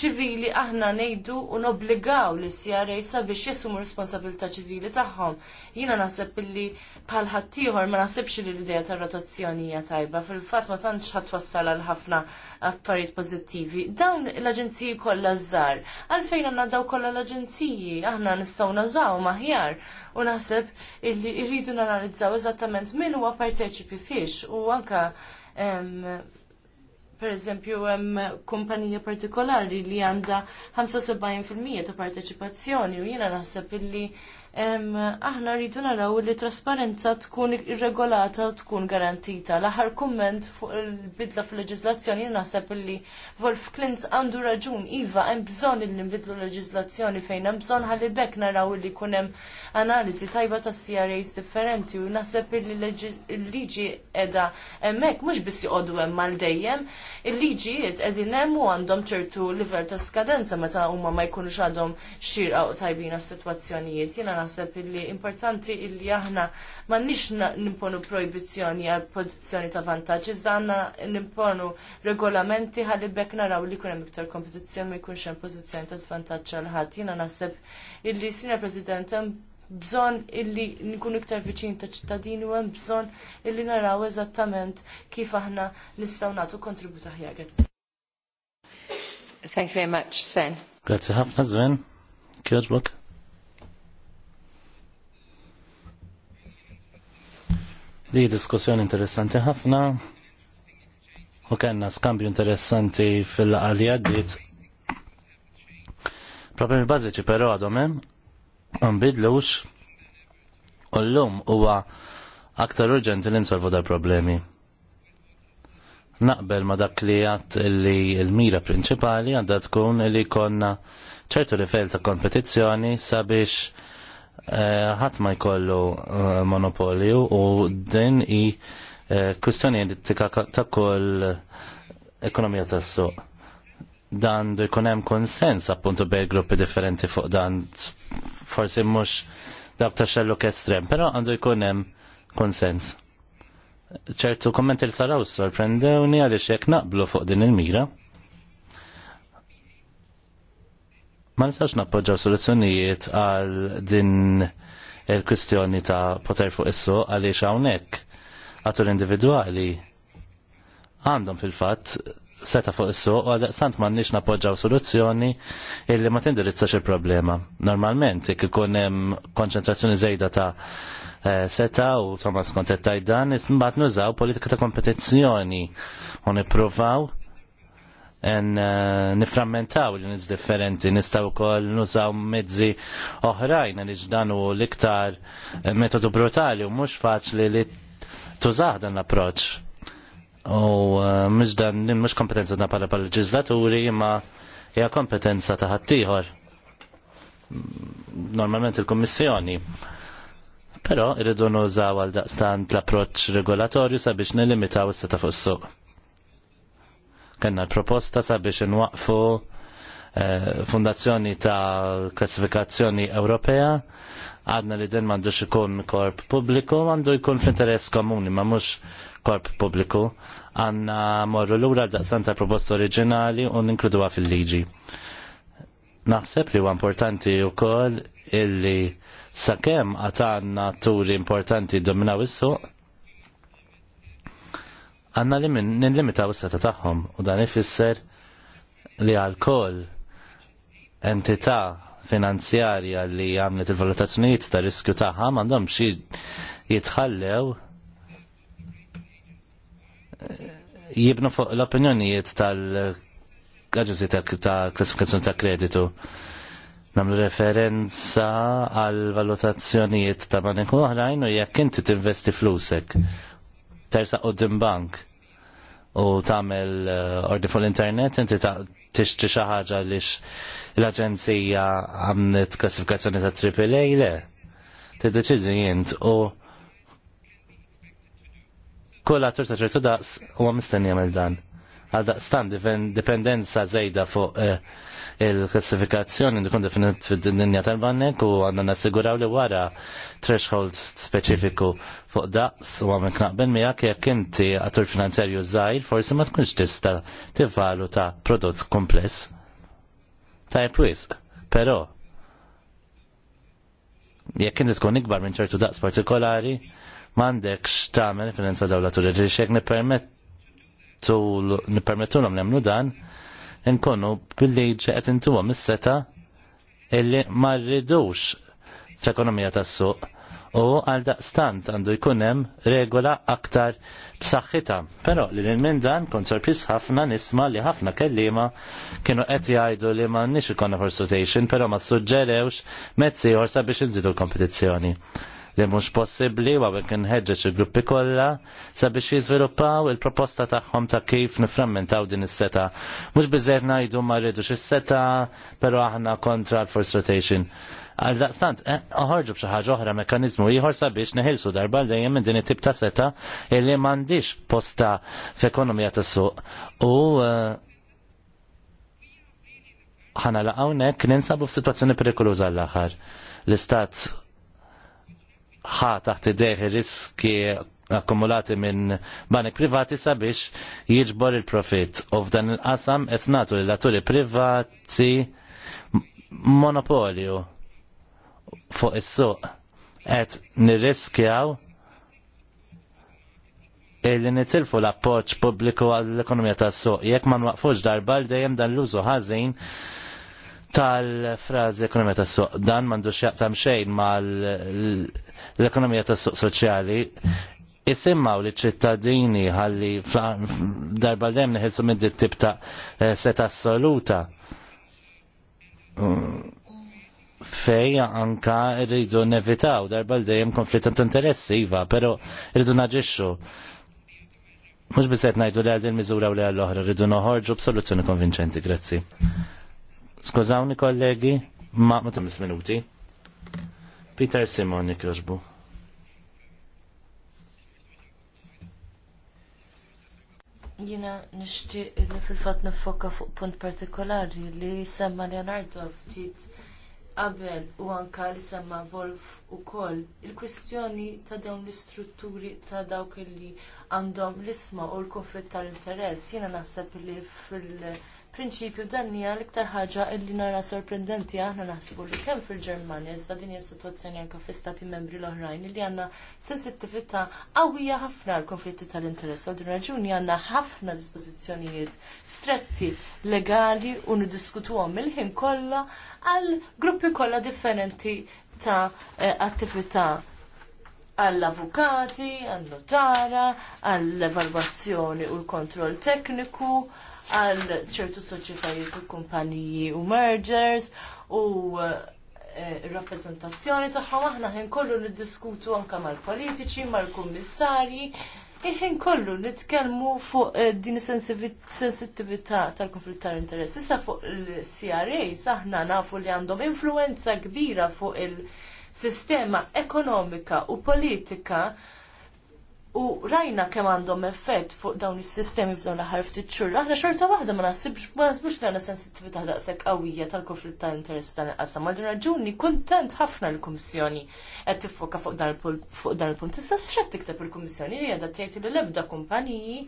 ċivili aħna nejdu u nobligaw li CRA sabiex jessumu responsabilità ċivili tagħhom. Jiena naħseb illi bħal ħaddieħor ma nasibx li l-idea ta' rotazzjoni hija tajba, fil-fatt ma tantx ħatwassal għal ħafna affarijiet pozittivi. Dawn l-aġenziji kollha żgħar, għalfejn għandna daw kollha l-aġenziji, aħna nistgħu nażaw maħjar u naħseb illi rridu nanalizzaw eżattament min huwa parteċipi fiex u anka per eżempju hemm kumpanija partikolari li għandha 75% ta' parteċipazzjoni u jiena naħseb illi aħna rridu naraw li trasparenza tkun irregolata u tkun garantita. L-aħħar kumment fuq il-bidla fil-leġizlazzjoni naħseb li Wolf Klintz għandu raġun, iva, hemm bżonn li nbidlu leġizlazzjoni fejn hemm bżonn ħalli bekk naraw li kun hemm analiżi tajba ta' CRAs differenti u naħseb li l-liġi qiegħda hemmhekk mhux biss joqogħdu hemm mal dejjem, il-liġijiet qegħdin hemm u għandhom ċertu livell ta' skadenza meta huma ma jkunux għadhom xirqa u tajbin s-sitwazzjonijiet. Jiena naħseb illi importanti illi aħna m'għandniex nimponu projbizzjoni għal pozizjoni ta' vantaġġ, iżda għandna nimponu regolamenti ħalli bekk naraw li jkun hemm iktar kompetizzjoni ma jkunx hemm pożizzjoni ta' svantaġġ għal ħadd. Jiena naħseb illi Sinja President hemm bżon illi nkun iktar viċin ta' ċittadini u hemm bżon illi naraw eżattament kif aħna nistgħu nagħtu kontribut aħjar. Thank you very much, Sven. Grazzi ħafna, Sven. Kjoġbok. Di diskussjoni interessanti ħafna u kellna skambju interessanti fil-laqa li għaddiet. Problemi bażiċi però għadhom hemm ma nbidlux u llum huwa aktar urġenti li nsolvu dal-problemi. Naqbel ma dak li għat li l-mira prinċipali għandha tkun li konna ċertu livell ta' kompetizzjoni sabiex Eh, ħadd ma jkollu eh, monopolju u din hi eh, kwistjoni ta' kull ekonomija tas s Dan jkun hemm konsens appuntu bej gruppi differenti fuq dan forsi mhux dak ta' xelluk estrem, però għandu jkun hemm konsens. ċertu kommenti li saraw sorprendewni għaliex jek naqblu fuq din il-mira. Ma nistax nappoġġaw soluzzjonijiet għal din il-kwistjoni ta' poter fuq issu għaliex hawnhekk għatur individwali għandhom fil-fatt seta fuq issu u għal sant ma nix napoġġaw soluzzjoni illi ma tindirizzax il-problema. Normalment, jek ikun hemm konċentrazzjoni żejda ta' eh, seta u Thomas kontet tajdan, ismbat nużaw politika ta' kompetizzjoni u nippruvaw Eh, niframmentaw li nis differenti, nistaw kol nusaw mezzi oħrajn li ġdanu l-iktar eh, metodu brutali u mux faċli li tużaħ dan l-approċ. U eh, mux dan, mux kompetenza dan pala pal leġislaturi imma hija kompetenza ta' ħaddieħor. Mm, normalment il-Kommissjoni. Però irridu nużaw għal daqstant l-approċ regolatorju sabiex nilimitaw is-seta fuq suq kena l-proposta sabiex nwaqfu eh, fundazzjoni ta' klassifikazzjoni Ewropea għadna li din mandu ikun korp pubbliku, għandu jkun fl-interess komuni, ma mux korp pubbliku, għanna morru l-ura daqsan ta' proposta oriġinali u ninkluduha fil-liġi. Naħseb li huwa importanti wkoll illi sakemm għatanna turi importanti dominaw is-suq, għanna li ninlimitaw s-seta taħħom u dan ifisser li għal-koll entità finanzjarja li għamlet il-valutazzjonijiet ta' riskju taħħa għandhom xie jitħallew eh, jibnu fuq l-opinjonijiet tal-għagġizi ta' klassifikazzjoni ta' kreditu. Namlu referenza għal valutazzjonijiet ta' maniku oħrajn u jekk inti tinvesti flusek tersa u bank u tagħmel eh, ordi fuq l-internet inti tixtri xi ħaġa lix l-aġenzija għamnet klassifikazzjoni ta' AAA le. Tiddeċiżi jint u kull attur ta' ċertu daqs u mistenni għamil dan. Għal-daqstan dipendenza zejda fuq eh, il-klassifikazzjoni nkun definit fid-dinja tal-bannek u għanna nassiguraw li wara threshold speċifiku fuq daqs u għamek naqben miegħek jekk inti għatur finanzjarju zaħir forsi ma tkunx tista' tivvalu ta' prodott kompless. ta' wisq, però jekk inti tkun ikbar minn ċertu daqs partikolari, x' tagħmel finanza dawla turi xek ne nippermett nipermettu l-om nemlu dan, nkunu billi ġeqet intuwa mis-seta illi ma rridux f'ekonomija tas-suq u għal daqstant għandu jkunem regola aktar b'saħħitha. Però li minn dan kont sorpris ħafna nisma li ħafna kellima kienu qed jgħidu li m'għandniex ikonna consultation, però ma suġġerewx mezzi ieħor biex inżidu l-kompetizzjoni li mhux possibbli u għawek nħeġġeġ il-gruppi kollha sabiex jiżviluppaw il-proposta tagħhom ta' kif niframmentaw din is-seta. Mhux biżejjed ngħidu ma rridux is-seta, però aħna kontra l-force rotation. Għal daqstant, eh, ħorġu b'xi ħaġa oħra mekkaniżmu ieħor sabiex neħilsu darba dejjem minn din it-tip ta' seta illi m'għandix posta f'ekonomija tas-suq. U eh, ħana laqawnek ninsabu f'sitwazzjoni perikoluża l-aħħar. L-istat ħa taħt ideħi riski akkumulati minn banek privati sabiex jiġbor il-profit. U f'dan il-qasam qed nagħtu l-atturi privati monopolju fuq is-suq qed nirriskjaw illi nitilfu l-appoġġ pubbliku għall-ekonomija tas-suq. Jekk ma nwaqfux darba l dejjem dan l-użu ħażin tal-frażi ekonomija tas-suq. Dan m'għandux jaqtam xejn mal l-ekonomija tas suq soċjali jisimmaw li ċittadini ħalli darba dem neħilsu minn dit tip ta' eh, set assoluta fej anka rridu nevitaw darba dejjem konflitt ta' interessi iva, pero rridu naġixxu. Mux biset najdu li għadil miżura u li għall-oħra, rridu noħorġu b'soluzzjoni konvinċenti, grazzi. Skużawni kollegi, ma' ma' 5 minuti. Peter Simon jikroġbu. Jina nishti li fil-fat nifoka fuq punt partikolari li semma Leonardo ftit qabel u anka li semma Wolf u koll. Il-kwistjoni ta' dawn l-istrutturi ta' dawk li għandhom l-isma u l-konflitt tal-interess. Jina naħseb li fil- prinċipju dan hija l-iktar ħaġa li nara sorprendenti aħna naħsibu li kemm fil-Ġermanja iżda din hija sitwazzjoni anke fl-istati membri l-oħrajn li għandna sensittività qawwija ħafna għall konflitti tal-interess għal din raġuni għandna ħafna dispożizzjonijiet stretti legali u niddiskutuhom il-ħin kollha għal gruppi kollha differenti ta' eh, attività għall-avukati, għall-notara, għall-evalwazzjoni u l-kontroll tekniku, għal ċertu soċjetajiet u kumpaniji u mergers u eh, rappresentazzjoni tagħhom aħna ħin kollu niddiskutu anke mal-politiċi, mal-kummissarji, il-ħin kollu nitkellmu fuq eh, din sensittività tal-konflitt tal-interess. Issa fuq il-CRA aħna nafu li għandhom influenza kbira fuq il-sistema ekonomika u politika U rajna kemm għandhom effett fuq dawn is-sistemi f'dawn l-aħħar ftit xhur. Aħna xorta waħda ma nasibx ma nasibx li għandna sensittività daqshekk qawwija tal-konflitt ta' interess tal qasam Għal din raġuni kuntent ħafna l-Kummissjoni qed tiffoka fuq dan il-punt. Issa x'qed tikteb il-Kummissjoni hija qed tgħid li l-ebda kumpaniji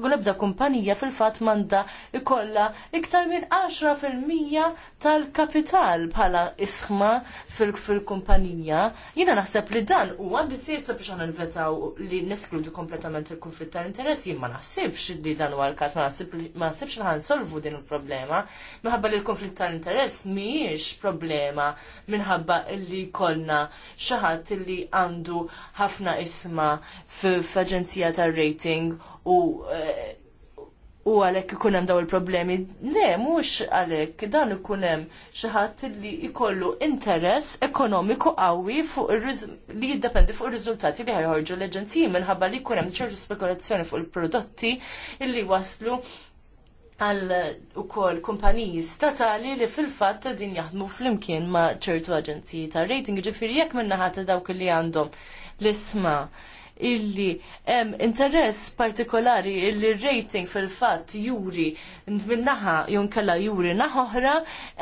l-ebda kumpanija fil-fat manda ikolla iktar minn 10% tal-kapital bħala isħma fil-kumpanija. Jina naħseb li dan huwa biżiet sabiex għan nvetaw li neskludu kompletament il-konflitt tal-interess, jien ma naħsibx li dan huwa l-każ, ma naħsibx li solvu din il-problema. Minħabba li l-konflitt tal-interess mhijiex problema minħabba li kolna xi ħadd li għandu ħafna isma f'aġenzija tar-rating u eh, u għalek ikunem daw il-problemi. Ne, mux għalek, dan ikunem xaħat li ikollu interess ekonomiku għawi fuq li jiddependi fuq il-rizultati li ħajħorġu l-agenziji minħabba li ikunem ċertu spekulazzjoni fuq il-prodotti illi waslu għal u kol kumpaniji statali li fil-fat din jaħdmu fl-imkien ma ċertu aġenziji ta' rating ġifiri jek minnaħat dawk li għandhom l-isma' illi hemm interess partikolari illi rating fil-fatt juri minnaħa jonkella juri naħoħra,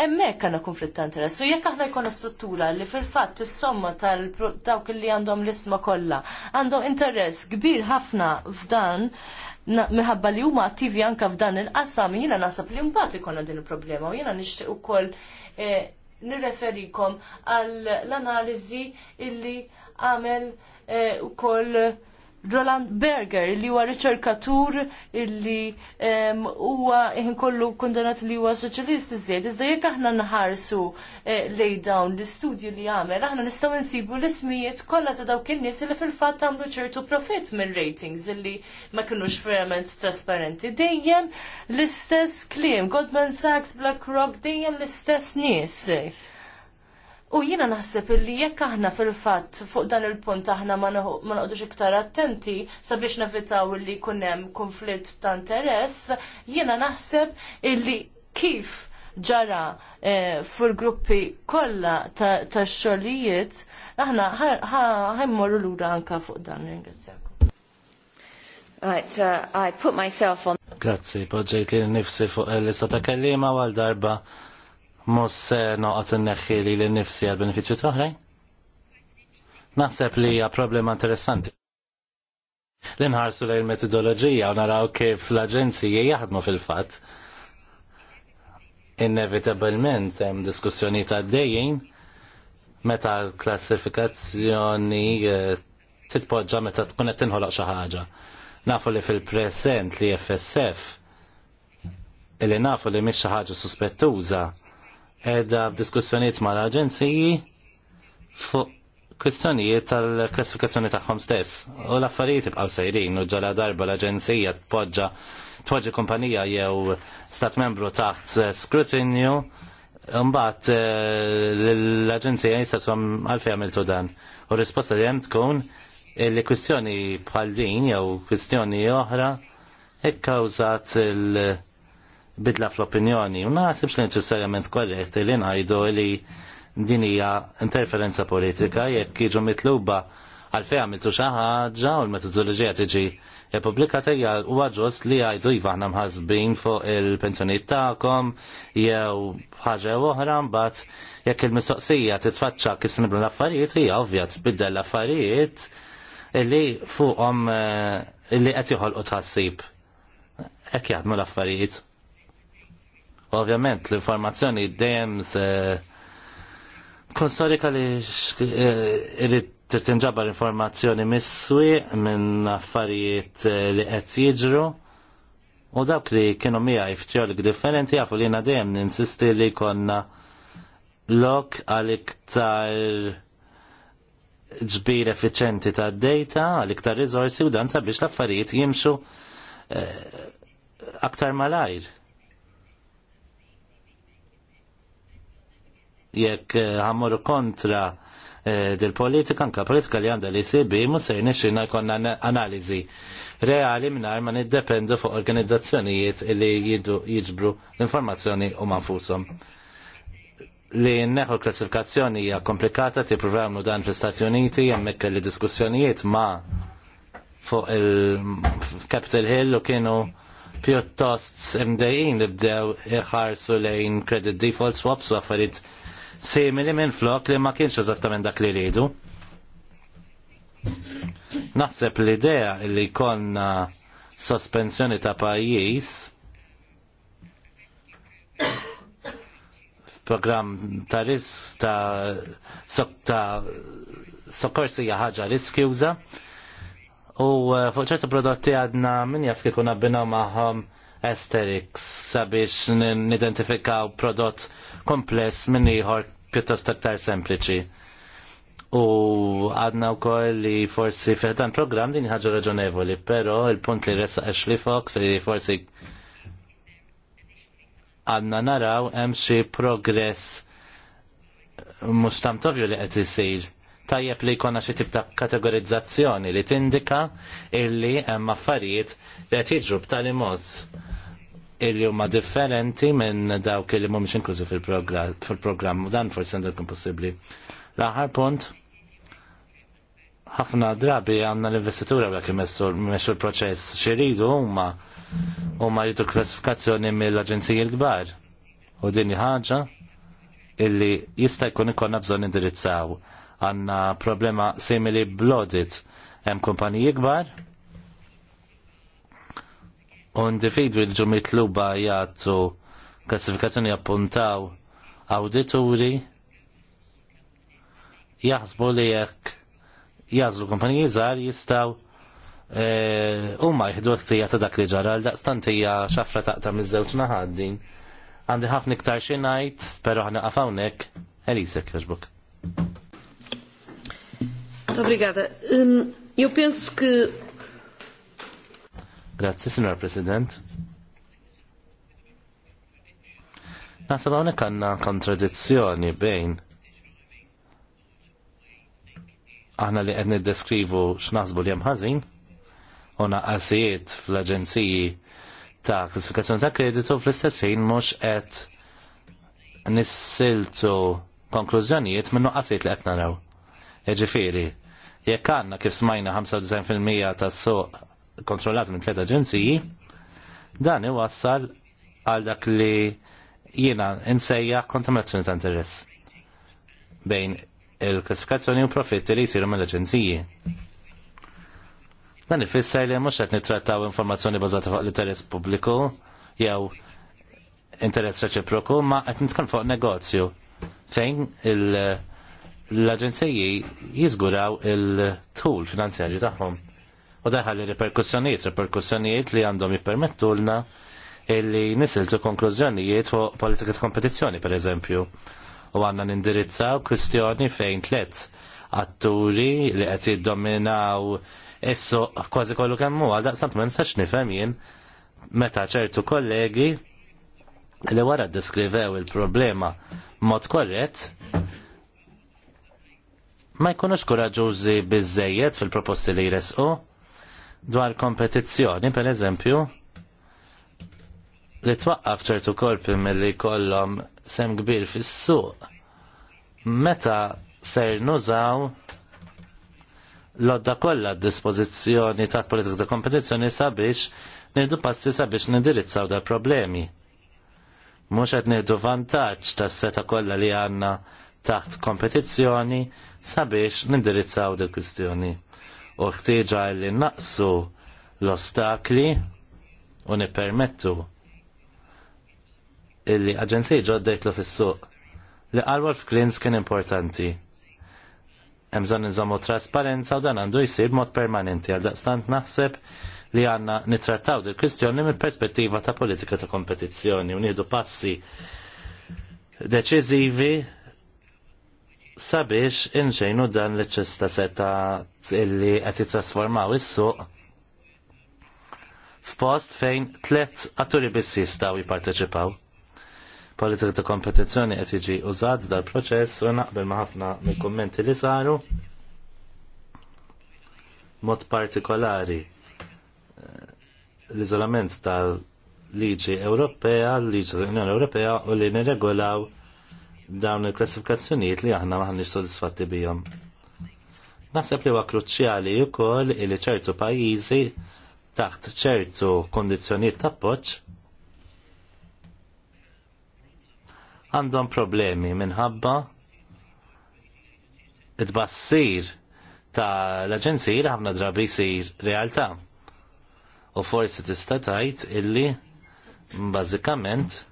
hemmhekk għandna konflitt ta' interess. U jekk aħna jkollna struttura li fil-fatt is-somma tal-dawk li għandhom l-isma kollha għandhom interess kbir ħafna f'dan minħabba li huma attivi anka f'dan il-qasam jiena nasab li mbagħad ikollna din il-problema u jiena nixtieq ukoll eh, nirreferikom għall l-analiżi illi għamel Eh, koll Roland Berger li huwa riċerkatur li huwa kollu kundanat li huwa soċjalisti żejt. Iżda jekk aħna nħarsu eh, lej dawn l-istudju li għamel, aħna nistgħu nsibu l-ismijiet kollha ta' dawk in-nies li fil-fatt għamlu ċertu profit mir-ratings illi ma kinux verament trasparenti. Dejjem l-istess kliem, Goldman Sachs, BlackRock, dejjem l-istess nies U jiena naħseb illi jekk aħna fil-fatt fuq dan il-punt aħna ma noqdux iktar attenti sabiex nevitaw illi jkun hemm konflitt ta' interess, jiena naħseb illi kif ġara eh, fil-gruppi kollha tax xogħlijiet aħna ħajmorru lura anke fuq dan ringrazzjak. Right, uh, I put myself on. Grazzi, poġġejt li nifsi fuq l-lista ta' kellima għal darba mos noqgħod inneħħi li l-nifsi għal benefiċċju oħrajn? Naħseb li hija problema interessanti. L-inħarsu l metodoloġija u naraw kif l-aġenziji jaħdmu fil-fatt. Inevitabilment hemm diskussjoni ta' dejjin meta l-klassifikazzjoni eh, titpoġġa meta tkun qed tinħoloq xi ħaġa. Nafu li fil-present li FSF illi nafu li mhix xi ħaġa suspettuża edha f'diskussjonijiet mal-aġenziji fuq kwistjonijiet tal-klassifikazzjoni tagħhom stess. U l-affarijiet ibqgħu sejrin u ġala darba l-aġenzija tpoġġa tpoġġi kumpanija jew stat membru taħt skrutinju Mbagħad eh, l-aġenzija jistaqshom għalfejn għamiltu dan. U risposta li hemm tkun li kwistjoni bħal din jew kwistjoni oħra ikkawżat il- bidla fl-opinjoni. U naħsibx li neċessarjament korrekt li ngħidu li din hija interferenza politika jekk jiġu mitluba għal fejn għamiltu xi ħaġa u l-metodoloġija tiġi republikata hija huwa ġost li jgħidu iva aħna mħasbin fuq il-pensjonijiet tagħkom jew ħaġa oħra mbagħad jekk il-mistoqsija titfaċċa kif se nibru l-affarijiet hija ovvja tbiddel l-affarijiet illi fuqhom eh, illi qed joħolqu tħassib. Hekk jaħdmu l-affarijiet. Ovvjament, l-informazzjoni dejjem se tkun storika li eh, irrid tinġabar informazzjoni misswi minn affarijiet eh, li qed jiġru u dawk li kienu mija jiftriolik differenti jafu li jina dejjem ninsisti li konna lok għal iktar ġbir effiċenti ta' data għal iktar rizorsi u dan sabiex l-affarijiet jimxu eh, aktar malajr. jekk eh, ħammur kontra eh, del politika anka politika li għandha li sibi sejni xina jkollna analiżi reali mingħajr ma niddependu fuq organizzazzjonijiet li jiġbru l-informazzjoni u manfusom Li neħu klassifikazzjoni hija komplikata tipprovamlu dan fl-Istati Uniti hemmhekk li diskussjonijiet ma fuq il-Capitol Hill u kienu pjuttost imdejjin li bdew iħarsu lejn credit default swaps u affarijiet simili minn flok li ma kienx eżattament dak li rridu. Naħseb l-idea li konna sospensjoni ta' pajjiż program ta' ris ta' sok ta' ħaġa riskjuża u eh, fuq ċertu prodotti għadna minn jaf kif binom magħhom Asterix sabiex nidentifikaw prodott kompless minn ieħor pjuttost aktar sempliċi. U għadna u koll li forsi fiħdan program din ħagġa raġonevoli, pero il-punt li resa Ashley Fox li forsi għadna naraw hemm xi progress mhux tamtovju li qed isir tajjeb li jkollna xi tip ta' kategorizzazzjoni li tindika illi hemm affarijiet li qed jiġru b'tali imoz illi huma differenti minn dawk illi mhumiex inklużi fil-programm dan forsi għandu jkun possibbli. L-aħħar punt ħafna drabi għandna l-investitura jekk imexxu l-proċess xiridu huma huma jridu klassifikazzjoni mill-aġenziji l-kbar. U din ħaġa illi jista' jkun ikollna bżonn indirizzaw. Għandna problema simili blodit hemm kumpaniji kbar individwi li ġu mitluba jgħattu klassifikazzjoni appuntaw awdituri jaħsbu li jekk jazlu kumpaniji żgħar jistgħu eh, huma jieħdu ktija ta' dak li ġara għal daqstant hija xafra taqta' miż-żewġ naħaddin. Għandi ħafna iktar xi ngħid, però ħana qafawnek Elisek jaġbuk. Obrigada. Um, eu penso que Grazzi, Signor President. Nasab hawnhekk għandna kontradizzjoni bejn aħna li qed niddeskrivu x'naħsbu li hemm ħażin u naqqasijiet fl-aġenziji ta' klassifikazzjoni ta' kreditu fl-istess ħin mhux qed nissiltu konklużjonijiet minn nuqqasijiet li qed naraw. Jiġifieri, jekk għandna kif smajna 95% tas-suq kontrollat minn tliet aġenziji, dan iwassal għal dak li jiena insejja kontaminazzjoni ta' interess bejn il-klassifikazzjoni u profitti li jisiru mill-aġenziji. Dan ifisser li mhux qed nittrattaw informazzjoni bażata fuq l-interess pubbliku jew interess reċiproku, ma qed nitkun fuq negozju fejn l-aġenziji jiżguraw il-tul finanzjarju tagħhom. U daħal li reperkussjonijiet reperkussjonijiet li għandhom jippermettulna illi nisiltu konklużjonijiet fuq politika ta' kompetizzjoni, per eżempju. U għanna nindirizzaw kwistjoni fejn tlet atturi li qed jiddominaw issu kważi kollu kemm huwa daqsant ma nistax nifhem jien meta ċertu kollegi li wara deskrivew il-problema mod korrett ma jkunux kuraġużi biżejjed fil-proposti li jresqu dwar kompetizzjoni, per eżempju, li twaqqaf ċertu korpi mill-li kollom sem kbir fis-suq. Meta ser nużaw l-odda kollha d-dispożizzjoni ta' politika ta' kompetizzjoni sabiex nieħdu passi sabiex nindirizzaw da' problemi. Mhux qed nieħdu vantaġġ tas seta kollha li għandna taħt kompetizzjoni sabiex nindirizzaw da' kwistjoni u ħtieġa li naqsu l-ostakli u nipermettu illi aġenzija ġoddejt lo fis-suq li għalwa f'klins kien importanti. Hemm bżonn nżommu trasparenza u dan għandu jsir mod permanenti għal daqstant naħseb li għanna nitrattaw dil kwistjoni mill perspettiva ta' politika ta' kompetizzjoni u nieħdu passi deċiżivi sabiex inxejnu dan l-ċesta seta illi qed jitrasformaw is-suq f'post fejn tliet atturi biss jistgħu jipparteċipaw. Politika ta' kompetizzjoni qed jiġi użat dal-proċess u naqbel ma' ħafna mill-kummenti li saru mod partikolari eh, l-iżolament tal-liġi Ewropea, l-liġi tal-Unjoni Ewropea u li nirregolaw dawn il-klassifikazzjonijiet li aħna maħnix sodisfatti bijom. Naħseb li huwa kruċjali wkoll li ċertu pajjiżi taħt ċertu kondizzjonijiet ta' poċ għandhom problemi minħabba id bassir ta' l-aġenzija li ħafna drabi jsir realtà. U forsi tista' tgħid illi bażikament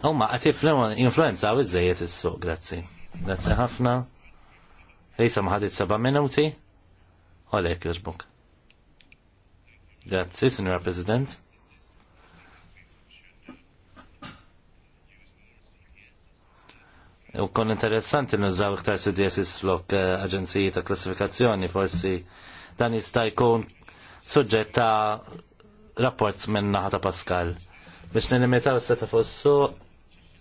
Huma qed influenza u iżejjed is-suq, grazzi. Grazzi ħafna. Ejsa ma ħadit seba' minuti. Għalek, jogħġbok. Grazzi, Signora President. U kon interessanti nużaw iktar CDS flok eh, aġenziji ta' klassifikazzjoni, forsi dan jista' jkun suġġett ta' rapport minn naħa ta' Pascal. Biex nilimitaw s-seta fossu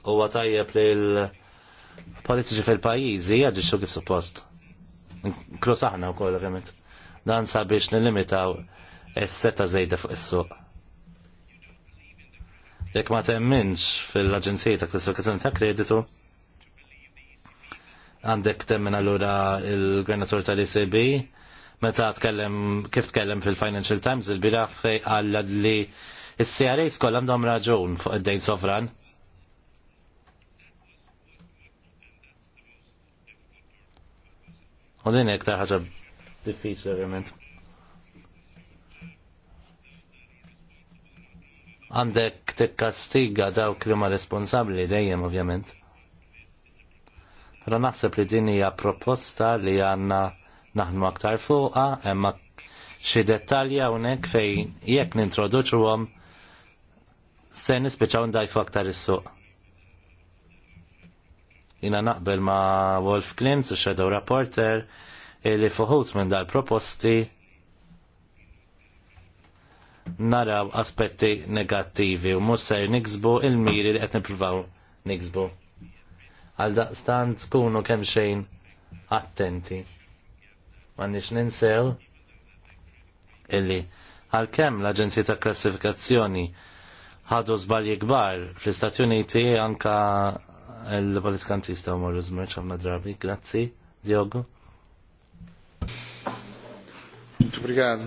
huwa tajjeb li l-politiċi fil-pajjiżi jaġixxu kif suppost. Inkluż aħna wkoll ovvjament. Dan sabiex nilimitaw s seta żejda fuq is-suq. Jekk ma temminx fil-Aġenzija ta' Klassifikazzjoni ta' Kreditu, għandek temmen allura il-Gvernatur tal-ECB, meta tkellem kif tkellem fil-Financial Times il-biraħ fej għalla li s-CRA skoll għandhom raġun fuq id-dejn sovran U din iktar ħaġa diffiċli ovvjament. Għandek tikkastiga dawk li ma responsabbli dejjem ovvjament. Però naħseb li din hija proposta li għandna naħdmu aktar fuqa, imma xi dettalji hawnhekk fejn jekk nintroduċuhom se nispiċaw ndajfu aktar is-suq. Jina naqbel ma' Wolf Klintz, Shadow Rapporter, li fuħut minn dal-proposti naraw aspetti negattivi u musser niksbu il-miri li qed nippruvaw niksbu. Għal daqstan tkunu kemm xejn attenti. M'għandniex ninsew illi għal kem l-Aġenzija ta' Klassifikazzjoni ħadu żbalji kbar fl-Istati Uniti anka l-politikanti jistaw morru zmerċ għamna drabi. Grazzi, Diogo. Muito brigad.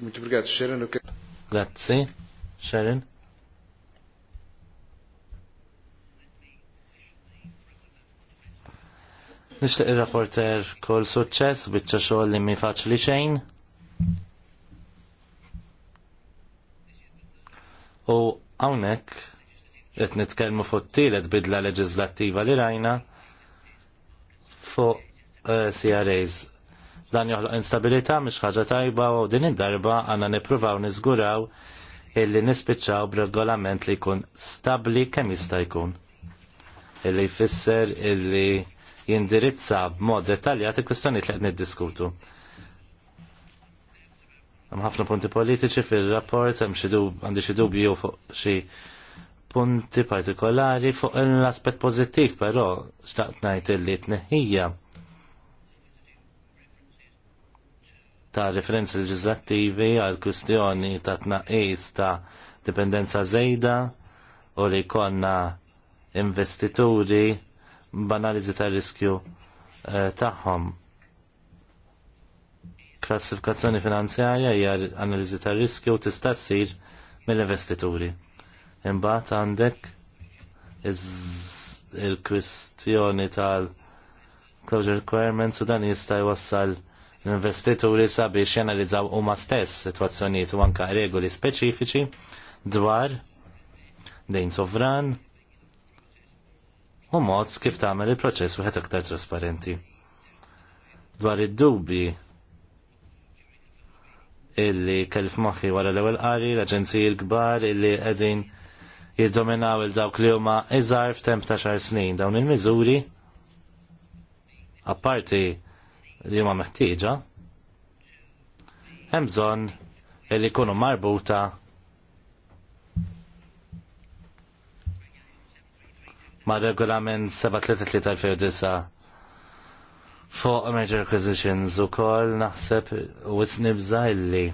Muito brigad, Sharon. Grazzi, Sharon. Nishtiq il-rapporter kol suċċess bieċa xoħ li mi faċ li xejn. U għawnek, qed nitkellmu fuq tielet bidla leġislattiva li rajna fuq uh, eh, CRAs. Dan joħloq instabilità mhix ħaġa tajba u din id-darba għandna nippruvaw niżguraw illi nispiċċaw b'regolament li jkun stabbli kemm jista' jkun. Illi jfisser illi jindirizza b'mod dettaljat il-kwistjonijiet li qed niddiskutu. Hemm ħafna punti politiċi fir-rapport hemm xi dubju fuq xi punti partikolari fuq l-aspet pozittiv, però xtaqt ngħid illi tneħħija ta' referenzi leġislattivi għal kwistjoni ta' tnaqqis ta' dipendenza żejda u li konna investituri b'analiżi ta' riskju eh, tagħhom klassifikazzjoni finanzjarja hija analiżi tar riskju tista' ssir mill-investituri. Imbagħad għandek il-kwistjoni tal-closure requirements u dan jista' jwassal l-investituri sabiex jenalizzaw huma stess sitwazzjonijiet u anke regoli speċifiċi dwar dejn sovran u mod kif tagħmel il-proċess wieħed aktar trasparenti. Dwar id-dubi illi kelf maħi wara l-ewwel qari l-aġenziji l-kbar illi qegħdin jiddominaw il-dawk li huma iżgħar f'temp ta' xar snin dawn il-miżuri apparti li huma meħtieġa hemm bżonn li jkunu marbuta ma' regolament 733 fuq major acquisitions u naħseb u snibza illi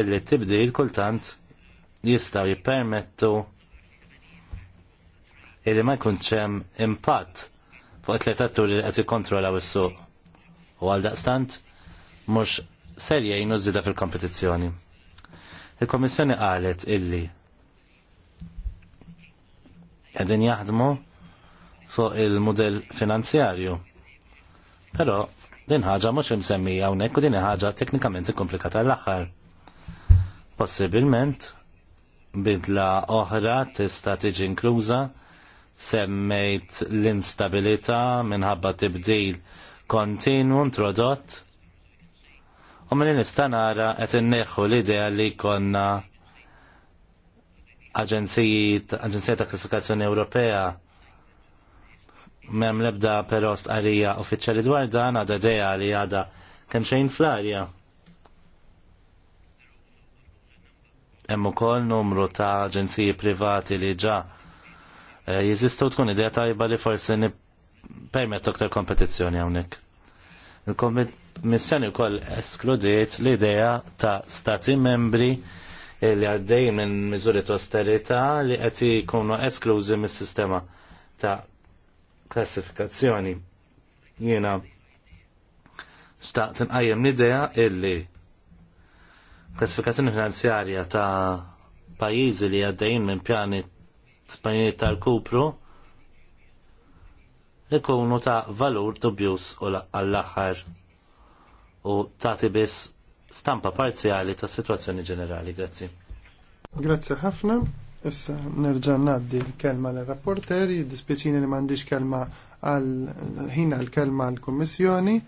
illi tibdil kultant jistaw jippermettu illi ma jkunx hemm impatt fuq it atturi li qed jikkontrollaw is-suq. U għal daqstant mhux ser jgħinu żida fil-kompetizzjoni. il komissjoni qalet illi qegħdin jaħdmu fuq il model finanzjarju. Però din ħaġa mhux imsemmija hawnhekk u din ħaġa teknikament komplikata l-aħħar. Possibilment bidla oħra tista' tiġi inkluża semmejt l-instabilità minħabba tibdil kontinu introdott u minn nista' nara qed inneħħu l-idea li konna aġenzija ta' klassifikazzjoni Ewropea mem lebda perost arija uffiċjali dwar dan għada deja li għada kemm xejn fl-arja. Hemm ukoll numru ta' aġenziji privati li ġa eh, jeżistu tkun idea tajba li forsi permett aktar kompetizzjoni hawnhekk. Il-Kommissjoni wkoll eskludiet l-idea ta' stati membri li għaddej minn miżuri ta' austerità li qed jkunu esklużi mis-sistema ta' klassifikazzjoni. Jiena staqt nqajjem l-idea illi klassifikazzjoni finanzjarja ta' pajjiżi li għaddejjin minn pjani spajniet tal-kupru ikunu ta' valur dubjus u għall-aħħar u tagħti biss stampa parzjali ta' situazzjoni ġenerali. Grazzi. Grazzi ħafna. Issa nerġa' ngħaddi kelma l-rapporteri, dispjaċini li m'għandix kelma għal ħin għall kelma għall kummissjoni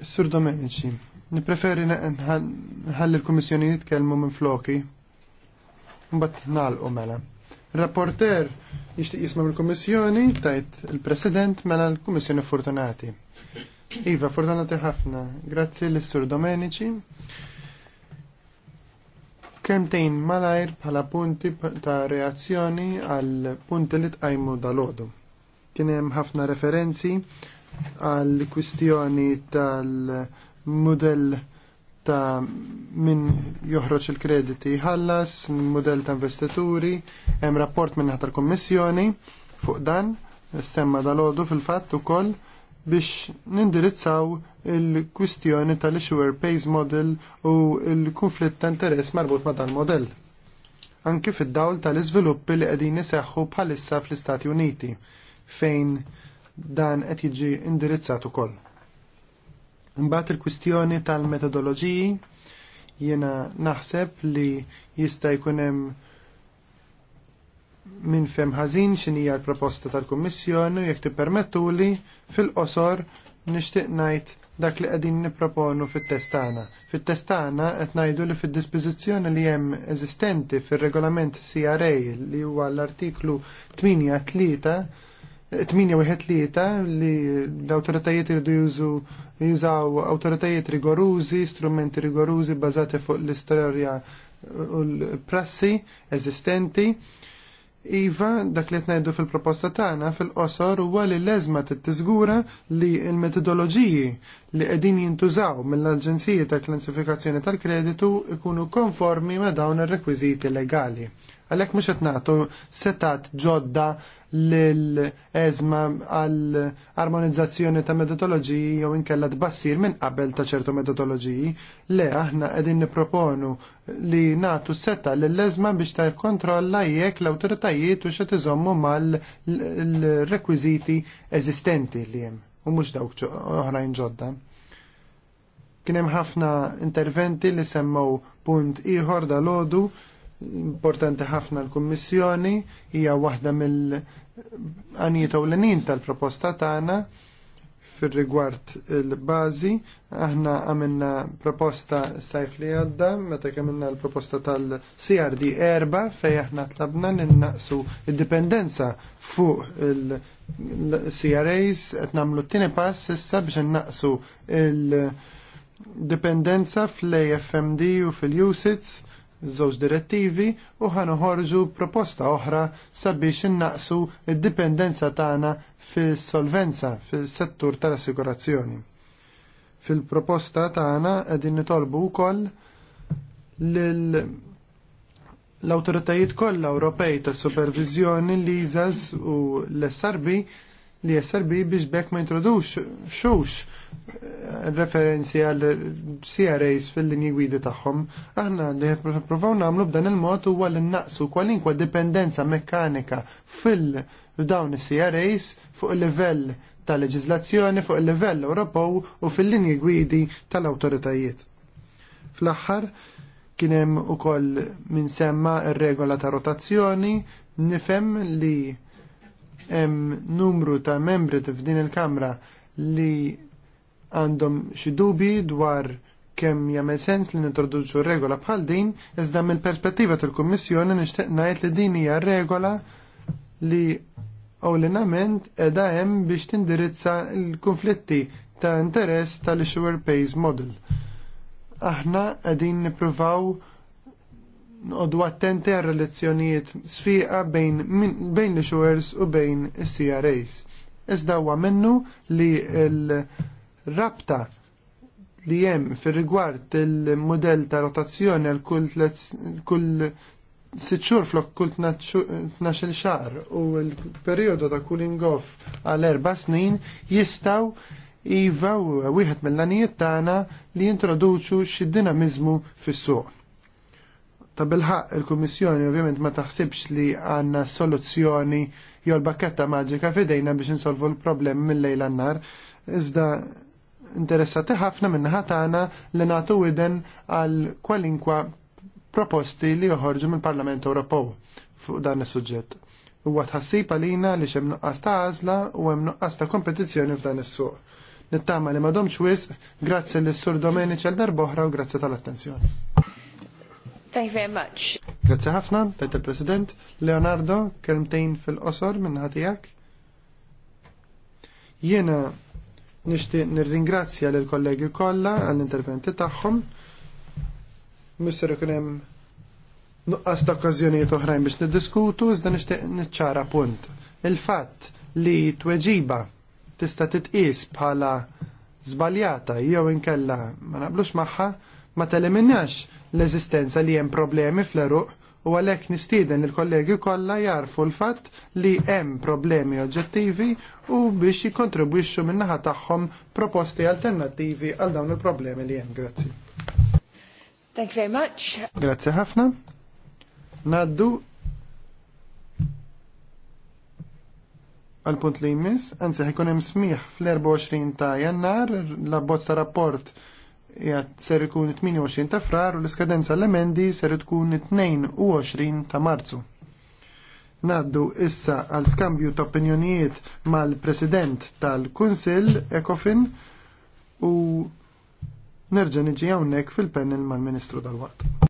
Sur Domenici, nipreferi nħalli l-Komissjoni jitkellmu minn floki. Mbagħad nagħlqu mela. Rapporter jixtieq jisma' mill-Kummissjoni tajt il-President mela l-Kummissjoni Fortunati. Iva, fortunati ħafna. Grazzi l-Sur Domenici. Kemtejn malajr bħala punti ta' reazzjoni għal punti li tqajmu dal-ħodu. Kien hemm ħafna referenzi għal kwistjoni tal-modell ta' min joħroġ il-krediti ħallas, modell ta' investituri, hemm rapport minn tal kommissjoni fuq dan, semma dal-ħodu fil-fatt ukoll biex nindirizzaw il-kwistjoni tal-issuer pays model u il-konflitt ta' interess marbut ma' dan model. Anki fid-dawl tal-iżviluppi li qegħdin iseħħu bħalissa fl-Istati Uniti fejn dan qed jiġi indirizzat ukoll. Imbagħad il-kwistjoni tal-metodoloġiji jiena naħseb li jista' jkun hemm minn fem ħażin x'inhija l-proposta tal-Kummissjoni u jekk tippermettuli fil-qosor nixtieq ngħid dak li qegħdin nipproponu fit-testana. Fit-testana qed ngħidu li fid-dispożizzjoni li hemm eżistenti fir-regolament CRA li huwa l-artiklu 8-3 lieta li l-autoritajiet iridu jużu jużaw autoritajiet rigorużi, strumenti rigorużi bazati fuq l-istorja u l-prassi eżistenti. Iva, dak li tnajdu fil-proposta tagħna fil-qosor huwa li l-eżma tittiżgura li l-metodoloġiji li qegħdin jintużaw mill-Aġenziji ta' Klassifikazzjoni tal-Kreditu ikunu konformi ma' dawn ir-rekwiżiti legali. Għalhekk mhux qed nagħtu setat ġodda l-ezma għal armonizzazzjoni ta' metodoloġiji jew inkella tbassir minn qabel ta' ċertu metodoloġiji, le aħna qegħdin nipproponu li nagħtu setta lill-eżma biex ta' kontrolla jekk l-awtoritajiet u xet iżommu mal-rekwiżiti eżistenti li hemm u mhux dawk oħrajn ġodda. Kien hemm ħafna interventi li semmew punt ieħor dal ħodu importanti ħafna l-Kummissjoni, hija waħda mill-għanijiet ewlenin tal-proposta tagħna fil-rigward il-bazi, aħna għamilna proposta sajf li għadda, meta għamilna l-proposta tal-CRD erba fej aħna tlabna n-naqsu id-dipendenza fuq il-CRAs, għet namlu t-tini pass issa biex n-naqsu il-dipendenza fl-AFMD u fil-USITS żewġ direttivi u ħanoħorġu proposta oħra sabiex innaqsu id-dipendenza tagħna fis-solvenza fis-settur tal-assikurazzjoni. Fil-proposta tagħna qegħdin nitolbu wkoll lil l awtoritajiet kollha Ewropej tas supervizjoni l-ISAS u l-SRB li SRB biex bekk ma introduċ xux eh, referenzi għal CRAs fil-linji gwidi tagħhom. Aħna li provaw namlu b'dan il-mod huwa li naqsu kwalinkwa dipendenza mekkanika fil-dawn is-CRAs fuq il-livell tal leġiżlazzjoni fuq il-livell Ewropew u fil-linji gwidi tal-awtoritajiet. Fl-aħħar kien hemm ukoll minn semma r-regola ta' rotazzjoni nifhem li hemm numru ta' membri ta' f'din il-Kamra li għandhom xi dubi dwar kemm jagħmel sens li nintroduċu regola bħal din, iżda mill-perspettiva tal-Kummissjoni nixtieq ngħid li din hija regola li ewlenament qiegħda hemm biex tindirizza l-konflitti ta' interess tal-issuer pays model. Aħna qegħdin nippruvaw noqdu attenti għal relazzjonijiet sfiqa bejn, bejn li xuers u bejn CRAs. Iżda huwa minnu li l-rabta li jem fil rigward il-modell ta' rotazzjoni għal kull sitxur flok kull 12 xar u l-periodu ta' cooling off għal erba snin jistaw jivaw wieħed mill-lanijiet tagħna li jintroduċu xi dinamizmu fis-suq Ta' bilħaq il-Kummissjoni ovvjament ma taħsibx li għanna soluzzjoni jew l-bakketta maġika fidejna biex insolvu l-problem mill-lejl għannar. Iżda interessati ħafna minna tagħna li nagħtu widen għal kwalinkwa proposti li joħorġu mill-Parlament Ewropew fuq dan is-suġġett. Huwa tħassib għalina li xem nuqqas ta' għażla u hemm nuqqas ta' kompetizzjoni f'dan is-suq. Nittama li madomx wisq, grazzi l-Sur Domenici għal darboħra u grazzi tal-attenzjoni. Thank you very much. Grazie ħafna, tajt il-President. Leonardo, kelmtejn fil-qosor minn ħatijak. Jena nishtiq nirringrazzja l kollegi kollha għall-interventi tagħhom. Misser ikun hemm nuqqas ta' okkażjonijiet oħrajn biex niddiskutu, iżda nixtieq niċċara punt. Il-fatt li tweġiba tista' titqis bħala żbaljata jew inkella ma naqblux magħha ma teliminax l-eżistenza li hemm problemi fl-eruq u għalhekk nistieden il-kollegi kollha jarfu l-fatt li hemm problemi oġġettivi u biex jikkontribwixxu min-naħa tagħhom proposti alternattivi għal dawn il-problemi li hemm. Grazzi. Thank you very much. Grazzi ħafna. Naddu għal-punt li jmiss, għanzi ħikun hemm smieħ fl-24 ta' jannar la bozza rapport jgħat ser ikun 28 ta' frar u l-iskadenza l-emendi ser tkun 22 ta' marzu. Naddu issa għal skambju ta' opinjonijiet mal-President tal-Kunsil Ekofin u nerġa' niġi hawnhekk fil-panel mal-Ministru tal-Waqt.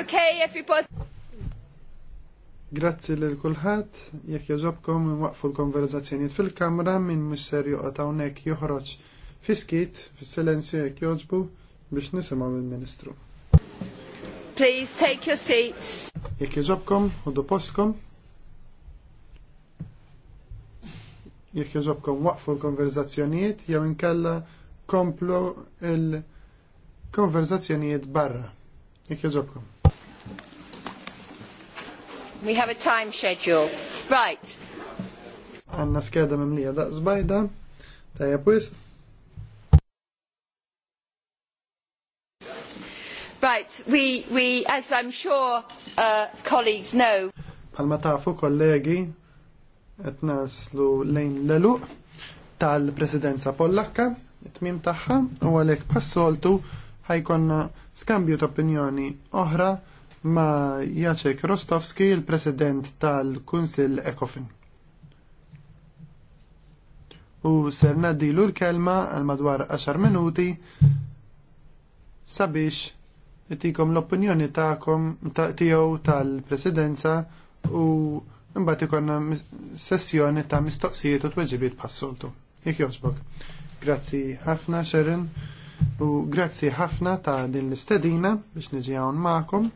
Okay, if you Grazzi lil kulħadd, jekk jogħġobkom waqfu l-konverzazzjonijiet fil-kamra minn misser joqgħod hawnhekk joħroġ fiskit fis-silenzju jekk jogħġbu biex nisimgħu mill-Ministru. Please take your seats. Jekk jogħġobkom, ħodu postkom. Jekk jogħġobkom waqfu l-konverzazzjonijiet jew inkella komplu l-konverzazzjonijiet barra. Jekk jogħġobkom. We have a time schedule. Right. Għanna skeda mimlija da' zbajda. Tajja pwis. Right, we, we, as I'm sure uh, colleagues know. Palma tafu kollegi, etnaslu lejn l tal-presidenza pollakka, it-mim taħħa, u għalek passoltu ħajkonna skambju ta' opinjoni oħra ma' Jacek Rostowski, il-President tal-Kunsil Ekofin. U ser naddilu l-kelma għal madwar 10 minuti sabiex jtikom l-opinjoni ta'kom tiegħu tal-Presidenza u mbagħad ikonna sessjoni ta' mistoqsijiet u tweġibiet passoltu. Jekk jogħġbok. Grazzi ħafna, Sharon. U grazzi ħafna ta' din l-istedina biex niġi hawn magħkom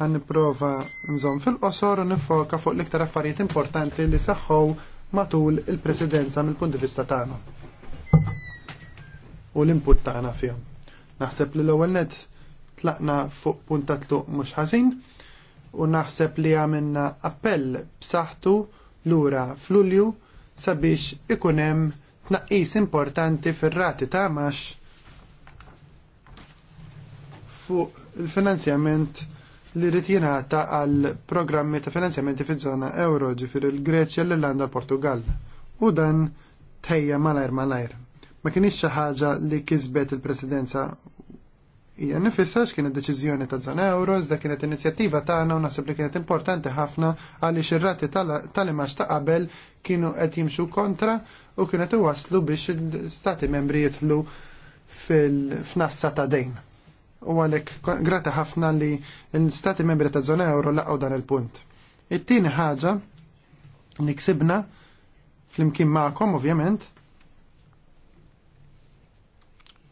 ħan niprofa nżom fil-qosor u nifoka fuq l-iktar affarijiet importanti li saħħow matul il-presidenza mill-punt di vista tagħna. U l-input tagħna fihom. Naħseb li l-ewwel net tlaqna fuq puntat tluq mhux ħażin u naħseb li għamilna appell b'saħħtu lura f'Lulju sabiex ikun hemm tnaqqis importanti fir-rati ta' max fuq il-finanzjament li ritjina jingħata għal programmi ta' finanzjamenti fiż-żona euro ġifier il-Greċja, l-Irlanda, l-Portugal. U dan tejja malajr malajr. Ma kienx xi ħaġa li kisbet il-Presidenza hija nifissa x'kienet deċiżjoni ta' żona euro, iżda kienet inizjattiva tagħna u naħseb li kienet importanti ħafna għaliex ir-rati tal-imax ta' qabel kienu qed jimxu kontra u kienet iwasslu biex il-stati membri jitlu fil-fnassa ta' dejn u għalhekk grata ħafna li l-Stati membri ta' zona euro laqgħu dan il-punt. It-tieni ħaġa li ksibna fl-imkien magħkom ovvjament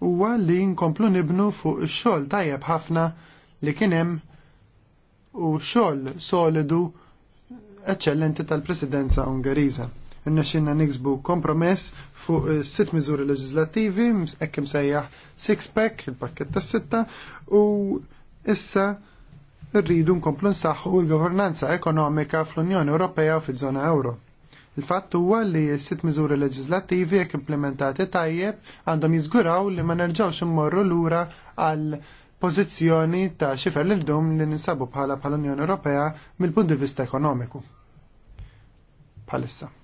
huwa li nkomplu nibnu fuq ix-xogħol tajjeb ħafna li kien hemm u xogħol solidu eċċellenti tal-Presidenza Ungeriża. Nnaxxinna niksbu kompromess fuq eh, sitt miżuri leġislattivi, ekkim imsejjaħ six pack, il-pakket tas-sitta, u issa rridu nkomplu nsaħħu l-governanza ekonomika fl-Unjoni Ewropea u fiż-żona Ewro. Il-fatt huwa li s-sitt miżuri leġislattivi jekk implementati tajjeb għandhom jiżguraw li ma nerġgħux immorru lura għal pożizzjoni ta' xifer l dum li ninsabu bħala bħal Unjoni Ewropea mill-punt di vista ekonomiku. Bħalissa.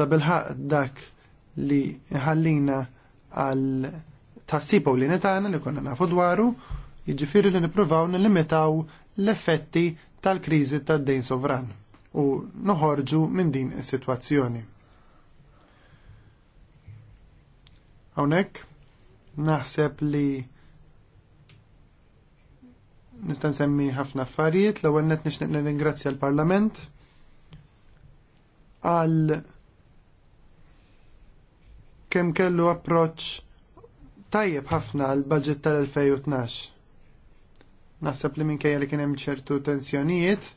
ta' bilħaq dak li ħallina għal tassipaw li netana li konna nafu dwaru, jiġifieri li nippruvaw limitaw l-effetti tal-kriżi tad-dejn sovran u noħorġu minn din is-sitwazzjoni. Hawnhekk naħseb li nista' nsemmi ħafna affarijiet, l-ewwel qed nixtieq nirringrazzja l-Parlament għal kemm kellu approċċ tajjeb ħafna għal budget tal-2012. Naħseb li minkejja li kien hemm ċertu tensjonijiet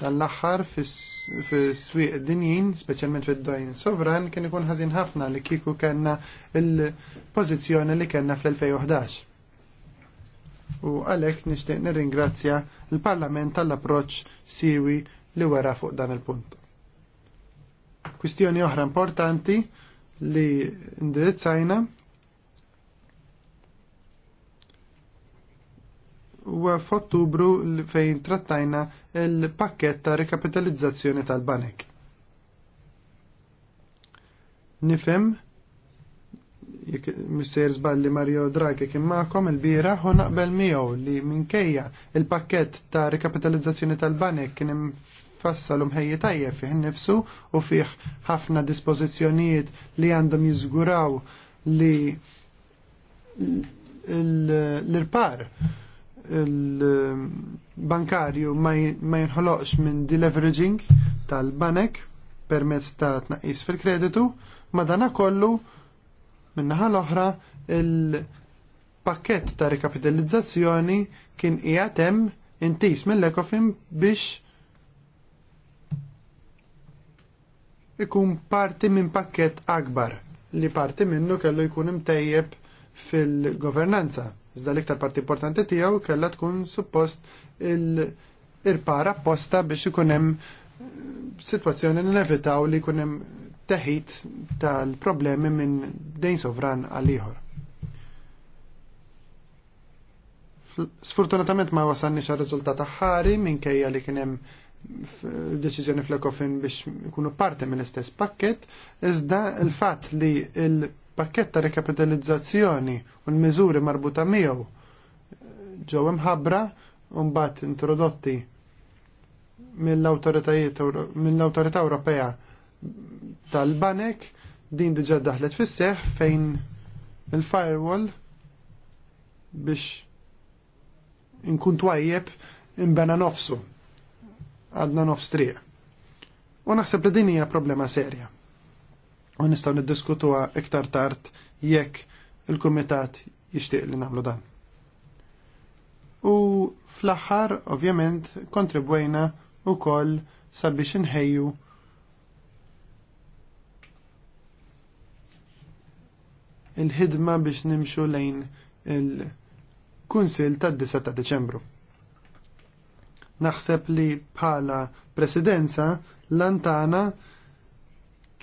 tal-aħħar fis-swieq dinjin, speċjalment fid-dojn sovran, kien ikun ħażin ħafna li kieku kellna il-pożizzjoni li kellna fl-2011. U għalhekk nixtieq nirringrazzja l parlament tal-approċċ siwi li wara fuq dan il-punt. Kwistjoni oħra importanti li indirizzajna u f'Ottubru fejn trattajna il-pakket ta' rekapitalizzazzjoni tal-banek. Nifhem Mr. Zballi Mario Draghi kien ma'kom il-bira u naqbel miegħu li minkejja il-pakkett ta' rekapitalizzazzjoni tal-banek kien hemm fassal ħejji tajjeb fih nifsu u fih ħafna dispożizzjonijiet li għandhom jiżguraw li l-irpar il-bankarju ma jinħoloqx minn deleveraging tal-banek permezz ta' tnaqqis fil-kreditu, dana kollu minnaħa l-oħra il-pakket ta' rekapitalizzazzjoni kien ijatem hemm intis mill-ekofim biex ikun parti minn pakket akbar li parti minnu kellu jkun imtejjeb fil-governanza. Iżda l-iktar parti importanti tiegħu kellha tkun suppost il-irpara apposta biex ikun hemm eh, sitwazzjoni nevitaw li jkun hemm teħid tal-problemi minn dejn sovran għal ieħor. Sfortunatament ma wasalniex għal riżultat ħari minkejja li kien hemm deċiżjoni fl-ekofin biex ikunu parte mill-istess pakket, iżda il-fatt li il-pakket ta' rekapitalizzazzjoni u l-miżuri marbuta miegħu ġew imħabbra u mbagħad introdotti mill-awtoritajiet mill-Awtorità Ewropea tal-Banek din diġà daħlet fis-seħ fejn il-firewall biex inkun twajjeb imbena nofsu għadna nofstrija. U naħseb li din hija problema serja. U nistgħu niddiskutuha iktar tard jekk il-kumitat jixtieq li nagħmlu dan. U fl-aħħar ovvjament kontribwejna wkoll sabiex inħejju il-ħidma biex nimxu lejn il-Kunsil tad disa ta' Deċembru. Naħseb li bħala presidenza lantana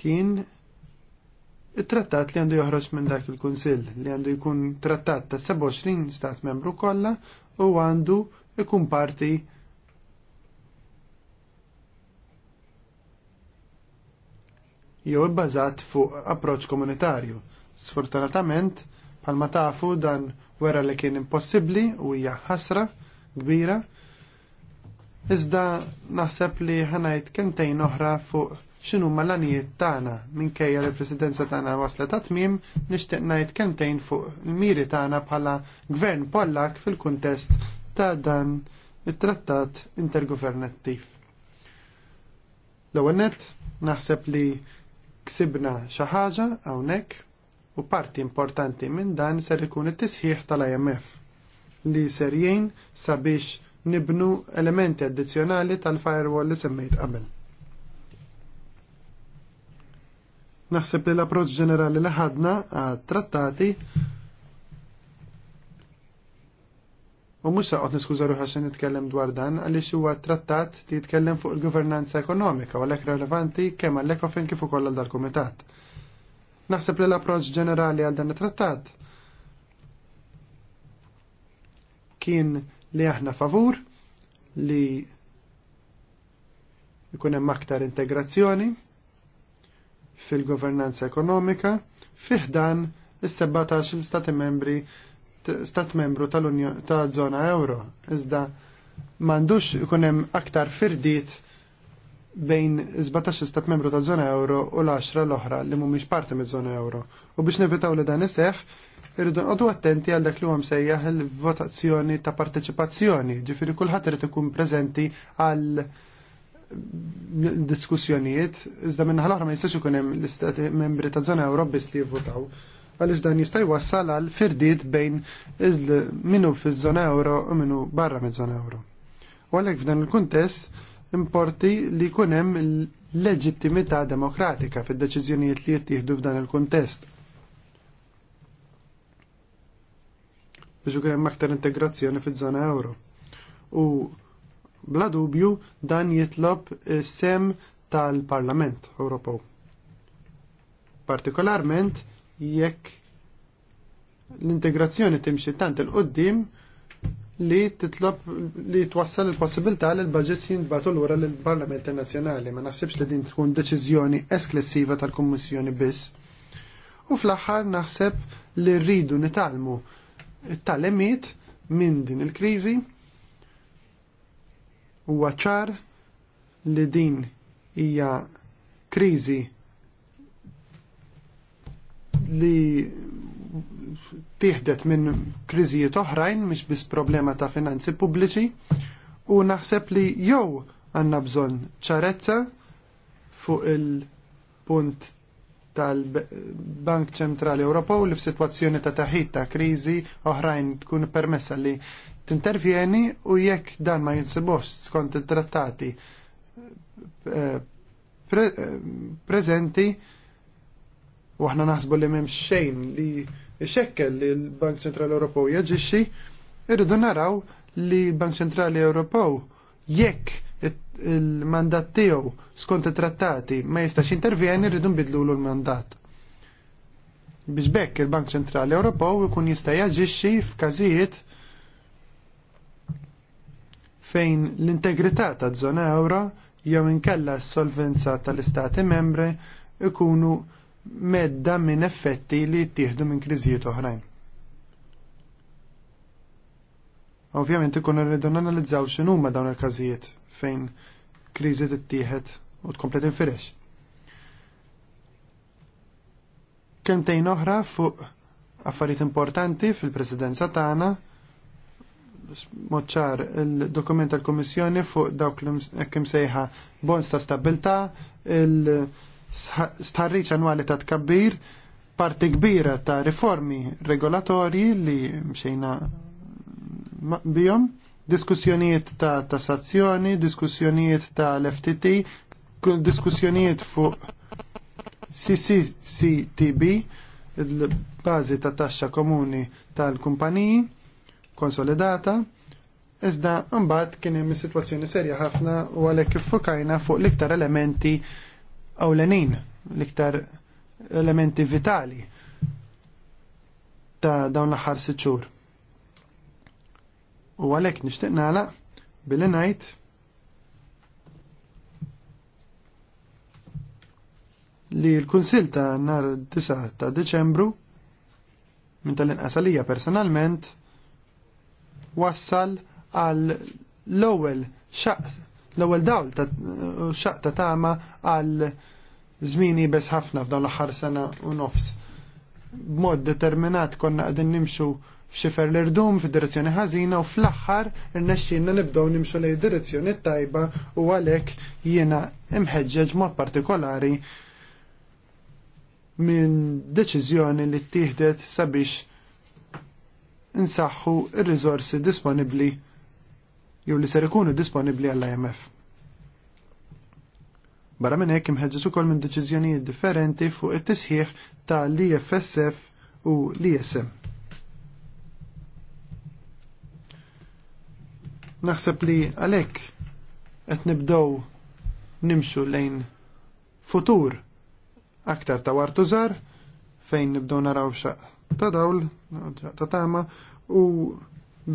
kien it-trattat li għandu joħroġ minn dak il-Kunsill li għandu jkun trattat ta' 27 stat membru kollha u għandu ikun parti jew ibbażat fuq approċċ komunitarju. Sfortunatament, palma tafu dan wera li kien impossibbli u hija ħasra kbira Iżda naħseb li ħanajt kemtejn oħra fuq xinu mal-anijiet tagħna minkejja li l-presidenza tagħna wasla ta' tmiem nixtieq ngħid kemtejn fuq il-miri tagħna bħala gvern Pollak fil-kuntest ta' dan it-trattat intergovernattiv. L-ewwel nett naħseb li ksibna xi ħaġa hawnhekk u parti importanti minn dan ser ikun it-tisħiħ tal-IMF li ser sabiex nibnu elementi addizzjonali tal-firewall li semmejt qabel. Naħseb li l-approċ ġenerali li ħadna għat-trattati U mux saqot niskuża ruħa xe nitkellem dwar dan, għalix huwa trattat li jitkellem fuq il-governanza ekonomika, u għalek relevanti kemm għalek ofen kif ukoll għal dal-komitat. Naħseb li l-approċ ġenerali għal dan it-trattat kien li aħna favur li jkun hemm aktar integrazzjoni fil-governanza ekonomika fiħdan is-17 stati membri stat membru tal-Unjoni ta' zona euro. Iżda m'għandux ikun hemm aktar firdiet bejn 17 stat membru ta' zona euro u l-10 l-oħra li mhumiex parti miż-żona euro. U biex nevitaw li dan iseħħ, irridu nqodu attenti għal dak li huwa msejjaħ il-votazzjoni ta' parteċipazzjoni, ġifieri kulħadd irid ikun preżenti għal diskussjonijiet, iżda l oħra ma jistax ikun hemm l-istati membri ta' żona biss li jivvotaw. Għaliex dan jista' jwassal għal firdiet bejn minnu fiż-żona euro u minnu barra miż-żona euro. U għalhekk f'dan il-kuntest importi li jkun hemm leġittimità demokratika fid-deċiżjonijiet li jittieħdu f'dan il-kuntest biex u hemm aktar integrazzjoni fil żona euro. U bla dubju dan jitlob sem tal-Parlament Ewropew. Partikolarment jekk l-integrazzjoni timxi tant il-qoddim li titlob li twassal il-possibilità li l-budgets jinbatu l-ura l-Parlament Nazjonali. Ma naħsibx li din tkun deċiżjoni esklessiva tal-Kummissjoni biss. U fl-aħħar naħseb li rridu nitalmu it-talemiet minn din il-kriżi huwa ċar li din hija kriżi li tieħdet minn kriżijiet oħrajn mhix biss problema ta' finanzi pubbliċi u naħseb li jew għandna bżonn ċarezza fuq il-punt tal-Bank Ċentrali Ewropew li f'sitwazzjoni ta' taħid ta' kriżi oħrajn tkun permessa li tintervjeni u jekk dan ma jinsibux skont it-trattati eh, eh, preżenti u aħna naħsbu li m'hemm xejn li xekkel li l-Bank Ċentrali Ewropew jaġixxi, irridu naraw li l-Bank Ċentrali Ewropew jekk il-mandat tiegħu skont it-trattati ma jistax intervjeni rridu nbidlu l-mandat. Biex bekk il-Bank Ċentrali Ewropew ikun jista' jaġixxi f'każijiet fejn l-integrità ta' żona ewra jew inkella s-solvenza tal-istati membri ikunu medda minn effetti li jittieħdu minn kriżijiet oħrajn. Ovvjament ikun irridu nanalizzaw x'inhuma dawn il-każijiet fejn kriżi tittieħed u tkomplet infirex. Kemtejn oħra fuq affarijiet importanti fil-presidenza tagħna moċċar il-dokument tal kummissjoni fuq dawk l kemm sejħa bons ta' stabilità, il-starriċ annwali ta' tkabbir, parti kbira ta' riformi regolatorji li mxejna bihom diskussjonijiet ta' tassazzjoni, diskussjonijiet ta' l-FTT, diskussjonijiet fuq CCCTB, il-bazi ta' taxxa komuni tal-kumpaniji konsolidata, iżda mbagħad kien hemm sitwazzjoni serja ħafna u għalhekk iffokajna fuq l-iktar elementi awlenin, l-iktar elementi vitali ta' dawn l-aħħar sitt xhur U għalhekk nixtieq nagħlaq billi ngħid li l-Kunsil ta' nhar 9 ta' Deċembru minn tal-inqasalija personalment wassal għal l-ewwel xaq l-ewwel dawl ta' xaq ta' tama għal żmieni bes ħafna f'dawn l-aħħar sena u nofs. B'mod determinat konna qegħdin nimxu f'xifer l-irdum fid-direzzjoni ħażina u fl-aħħar irnexxinna nibdew nimxu lejn direzzjoni tajba u għalhekk jiena imħeġġeġ mod partikolari minn deċiżjoni li ttieħdet sabiex insaħħu r rizorsi disponibbli jew li ser ikunu disponibbli għall-IMF. Barra minn hekk imħeġġeġ ukoll minn deċiżjonijiet differenti fuq it-tisħiħ tal-IFSF u l-ISM. Naħseb li għalhekk qed nibdew nimxu lejn futur aktar ta' wartu żar fejn nibdow naraw xaq ta' dawl, ta' tama u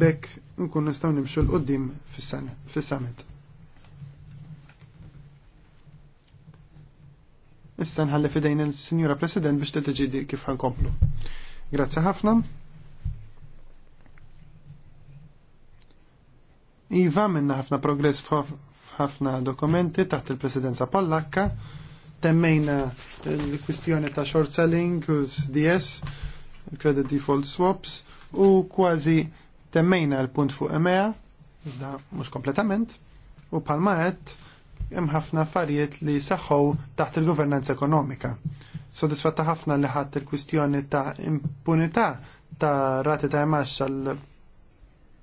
bekk nkun nistgħu nimxu l qoddim fis-summit. Issa nħalli fidejn il-Sinjura President biex titiġi kif ħankomplu. Grazzi ħafna. Iva minna ħafna progress f'ħafna dokumenti taħt il-presidenza Pallakka, temmejna eh, l-kwistjoni ta' short selling u SDS, credit default swaps, u kważi temmejna l-punt fuq EMEA, iżda mhux kompletament, u palma qed hemm ħafna affarijiet li saħħu taħt il-governanza ekonomika. Sodisfatta ħafna li ħadd il-kwistjoni ta' impunità ta' rati ta' imax e għal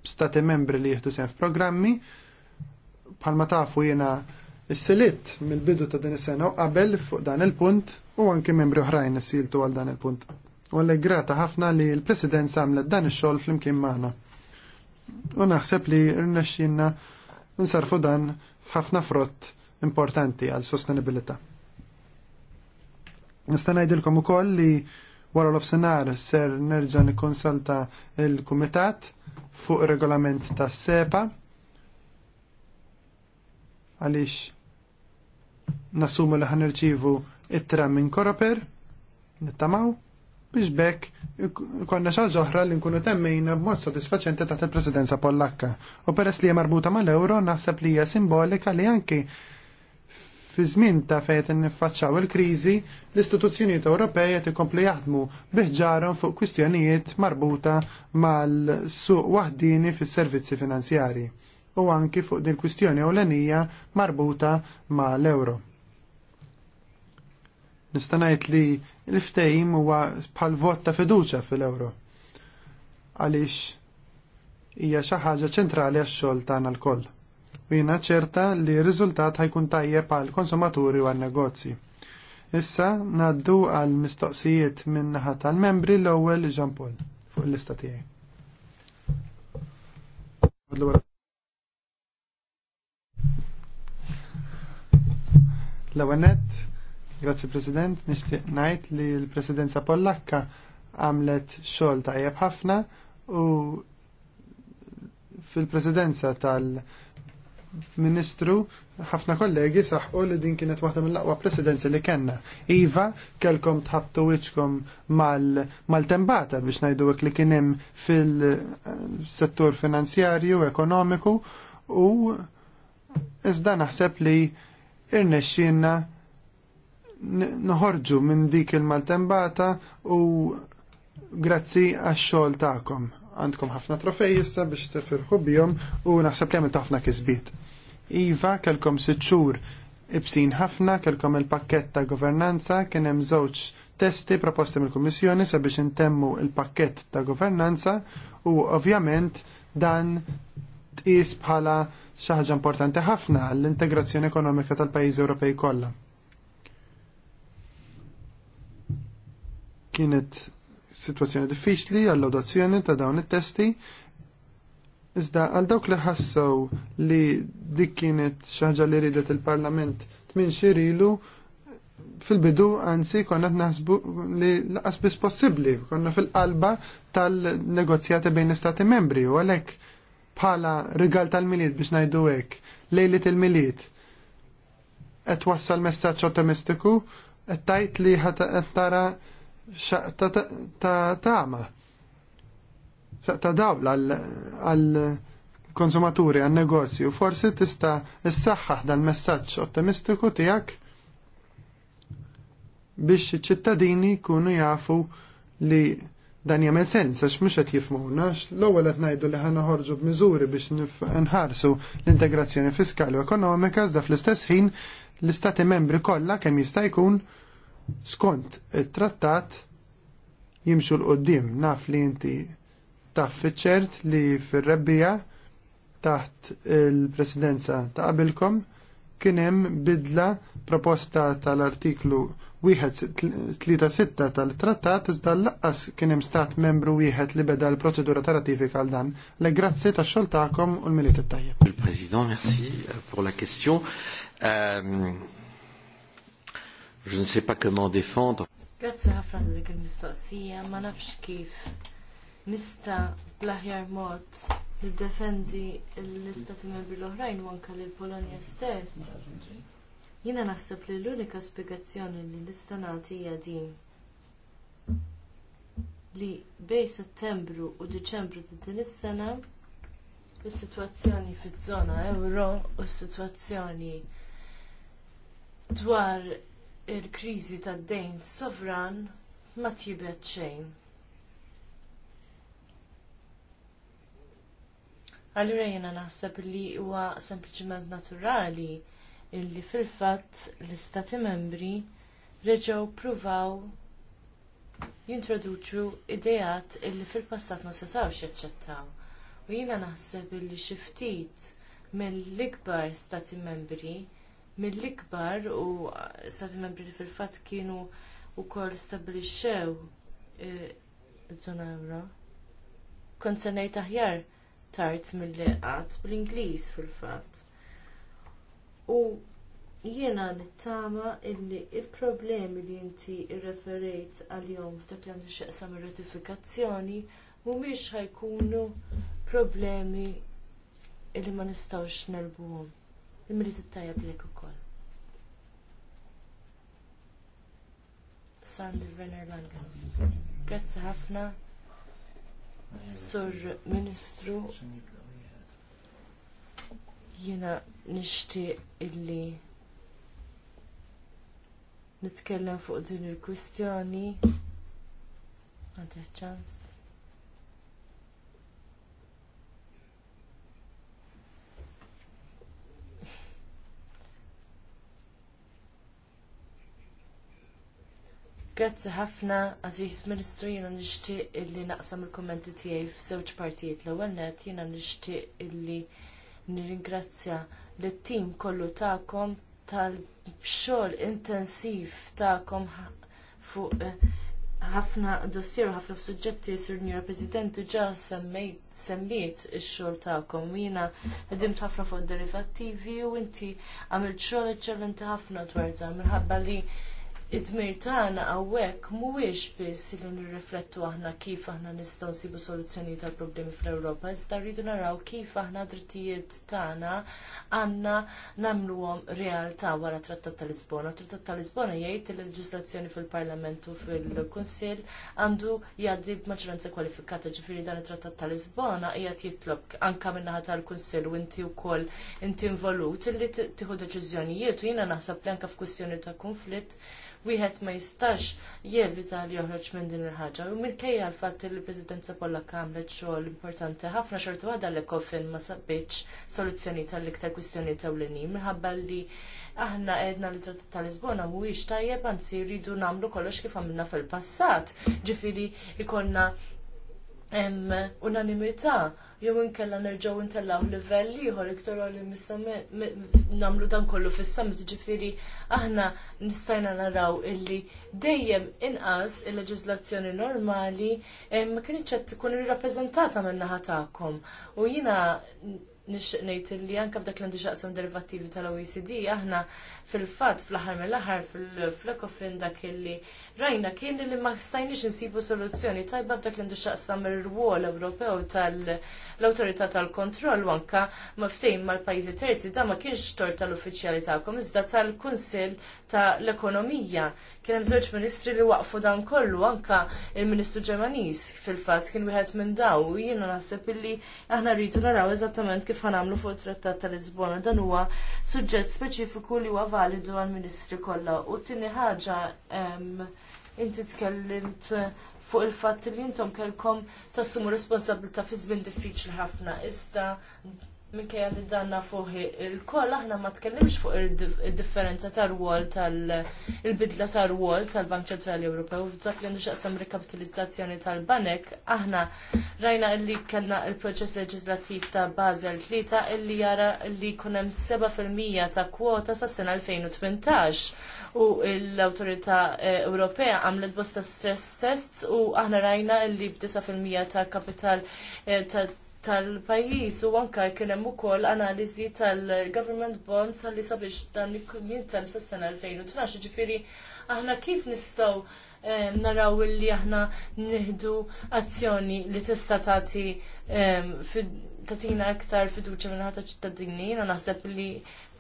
stati membri li jieħdu sehem f'programmi. Bħalma tafu jiena s-silit mill-bidu ta' din is-sena u qabel fuq dan il-punt u anke membri oħrajn issiltu għal dan il-punt. U għalli grata ħafna li l-President samlet dan ix-xogħol flimkien magħna. U naħseb li rnexxinna nsarfu dan f'ħafna frott importanti għal sostenibilità. Nista' ngħidilkom ukoll li Wara l-ofsenar ser nerġa' nikkonsalta il-Kumitat fuq regolament ta' sepa għaliex nassumu li ħan it ittra minn Koroper nittamaw biex bekk konna xaġa oħra li nkunu temmejna b'mod sodisfaċenti taħt il-presidenza pollakka. U peress li hija marbuta mal-euro naħseb li hija simbolika li anki fi żmien ta' fejn niffaċċaw il-kriżi l-istituzzjonijiet Ewropej qed ikomplu jaħdmu biħġarhom fuq kwistjonijiet marbuta mal-suq waħdini fis-servizzi finanzjarji u anki fuq din kwistjoni ewlenija marbuta mal-euro. Nista' ngħid li l-ftehim huwa bħal vot ta' fiduċja fil-euro għaliex hija xi ħaġa ċentrali għax-xogħol tagħna l-koll. U jiena ċerta li r-riżultat ħajkun tajjeb għall konsumaturi u għan-negozji Issa naddu għal mistoqsijiet minn naħa tal-membri l-ewwel Jean Paul fuq l-lista tiegħi. L-ewwel nett, grazzi President, nixtieq ngħid li l-Presidenza Pollakka għamlet xogħol tajjeb ħafna u fil-presidenza tal-Ministru ħafna kollegi saħqu li din kienet waħda mill-aqwa presidenzi li kellna. Iva, kelkom tħabtu wiċkom mal-tembata biex najdu li kien hemm fil-settur finanzjarju, ekonomiku u iżda naħseb li irnexxina noħorġu minn dik il-maltembata u grazzi għax-xogħol tagħkom. Għandkom ħafna trofej issa biex tifirħu bihom u naħseb li għamiltu ħafna kisbiet. Iva kelkom sitt xhur ibsin ħafna kelkom il-pakket ta' governanza kien hemm żewġ testi proposti mill-Kummissjoni sabiex intemmu il-pakket ta' governanza u ovvjament dan tqis bħala xi ħaġa importanti ħafna l-integrazzjoni ekonomika tal-pajjiżi Ewropej kollha. Kienet sitwazzjoni diffiċli għall-odazzjoni ta' dawn it-testi Iżda għal dawk li ħassew li dik kienet xi ħaġa li ridet il-Parlament tmin xirilu fil-bidu anzi konna naħsbu li laqas biss possibbli, konna fil-qalba tal-negozjati bejn istati membri u għalhekk bħala rigal tal-miliet biex ngħidu hekk lejlit il-miliet qed wassal messaġġ ottimistiku qed tajt li qed tara ta' tama. Ta, ta, ta, ta' daw għal konsumaturi għal negozju forsi tista' issaħħaħ dal messaġġ ottimistiku tiegħek biex iċ-ċittadini jkunu jafu li dan jagħmel sens għax mhux qed jifhmuna l-ewwel qed ngħidu li ħana ħorġu b'miżuri biex nħarsu l-integrazzjoni fiskali u ekonomika iżda fl-istess ħin l-istati membri kollha kemm jista' jkun skont it-trattat jimxu l-qoddim naf li inti taf ċert li fir-rebbija taħt il-presidenza ta' qabilkom kien hemm bidla proposta tal-artiklu 1.36 tal-trattat iżda l-laqqas kien hemm stat membru wieħed li beda l-proċedura ta' ratifika għal dan. Le grazzi tax-xogħol tagħkom u l-miliet tajjeb. Il-President, merci euh, pour la question. Euh, je ne sais pas comment défendre. Grazzi ħafna dik il-mistoqsija, ma nafx kif nista bl-aħjar mod niddefendi l-istati membri l-oħrajn u anke lill polonja stess. Jiena naħseb li l-unika spjegazzjoni li nista' nagħti hija din li bejn settembru u diċembru ta' din is-sena is-sitwazzjoni fiż-żona euro u s-sitwazzjoni dwar il-kriżi tad-dejn sovran ma tjibet xejn. Allura jena naħseb li huwa sempliċiment naturali illi fil-fatt l-istati membri reġgħu pruvaw jintroduċu ideat illi fil-passat ma setawx jaċċettaw. U jiena naħseb illi xi ftit mill-ikbar stati membri, mill-ikbar u stati membri li fil-fatt kienu wkoll stabilixxew iż-żona eh, euro. Kont se ngħid aħjar tard mill-li bl-Ingliż fil-fatt. U jiena nittama illi il-problemi li inti irreferejt għal-jom f'dak li għandu xeqsam ir-ratifikazzjoni mhumiex ħajkunu problemi illi ma nistgħux nelbuhom. Imri tittajab lek ukoll. Sandi Werner Langen. Grazzi ħafna. Sur Ministru, jena nishti illi nitkellem fuq din il-kwistjoni. Għandek ċans. Grazzi ħafna, Aziz Ministru, jiena nixtieq illi naqsam il kummenti tiegħi f'żewġ partijiet. L-ewwel nett jiena nixtieq illi nirringrazzja lit-tim kollu tagħkom tal-xogħol intensiv tagħkom fuq eh, ħafna dossier u ħafna suġġetti sur Njura President ġa semmiet ix-xogħol tagħkom. Jiena ħdimt ħafna fuq derivattivi u inti għamilt xogħol eċċellenti ħafna dwar dan minħabba li id-dmir tagħna hawnhekk mhuwiex biss li nirriflettu aħna kif aħna nistgħu nsibu soluzzjoni tal-problemi fl-Ewropa, iżda rridu naraw kif aħna drittijiet tagħna għandna nagħmluhom realtà wara Trattat tal-Lisbona. Trattat tal-Lisbona jgħid il leġislazzjoni fil-Parlament u fil-Kunsill għandu jgħaddi b'maġġoranza kwalifikata, ġifieri dan it-Trattat ta' lisbona qiegħed jitlob anke min-naħa tal-Kunsill u inti wkoll inti involut li tieħu deċiżjonijiet u jiena naħseb li anke f'kwistjoni ta' konflitt wieħed ma jistax jevita li joħroġ minn din il-ħaġa. U minkejja l-fatt li l-Presidenza Pollakka għamlet xogħol importanti ħafna xortu għadha l-Ekofin ma sabbitx soluzzjoni tal-iktar kwistjoni tewlini. minħabba li aħna edna li trattat tal-Lisbona mhuwiex tajjeb anzi rridu nagħmlu kollox kif għamilna fil-passat. Ġifieri hemm unanimità jew inkella nerġgħu intellaw livell ieħor iktar li nagħmlu dan kollu fis-summit, ġifieri aħna nistajna naraw illi dejjem inqas il-leġiżlazzjoni normali eh, ma kienx qed tkun irrappreżentata min-naħa tagħkom. U jiena nixtieq ngħid illi anke f'dak l-għandu xaqsam derivattivi tal-OECD aħna fil-fatt fl-aħħar mill-aħħar fil-flekofin dak illi rajna kien li ma stajniex insibu soluzzjoni tajba f'dak li ndixaqsam ir-rwol Ewropew tal-awtorità tal-kontroll anke maftejn mal pajzi terzi da ma kienx tort tal-uffiċjali tagħkom iżda tal-Kunsill tal-Ekonomija. Kien hemm żewġ ministri li waqfu dan kollu anke il-Ministru Ġermaniż fil-fatt kien wieħed minn daw jiena naħseb illi aħna rridu naraw eżattament kif ħanamlu fuq it-Trattat tal-Lisbona dan huwa suġġett speċifiku li huwa validu għal-ministri kollha. U tini ħaġa inti tkellimt fuq il-fatt li intom kelkom tassumu responsabilta fi żmien diffiċli ħafna. Iżda minkejja li danna fuq il-koll aħna ma tkellimx fuq il-differenza tal-wol tal-bidla tal-wol tal-Bank Ċentrali Ewropew f'dak li nixaqsam rikapitalizzazzjoni tal-banek aħna rajna illi kellna il-proċess leġislattiv ta' Basel 3 illi jara illi kunem 7% ta' kwota sa' sena 2018 u l-Autorità eh, Ewropea għamlet bosta stress tests u aħna rajna illi fil 9 ta' kapital eh, ta' tal-pajjiż u anke kien hemm ukoll analiżi tal-government bonds għalli sabiex dan jintem s sena 2012, ġifieri aħna kif nistgħu eh, naraw li aħna nieħdu azzjoni li tista' tagħti eh, tatina aktar fiduċa minn ħata ċittadini, naħseb li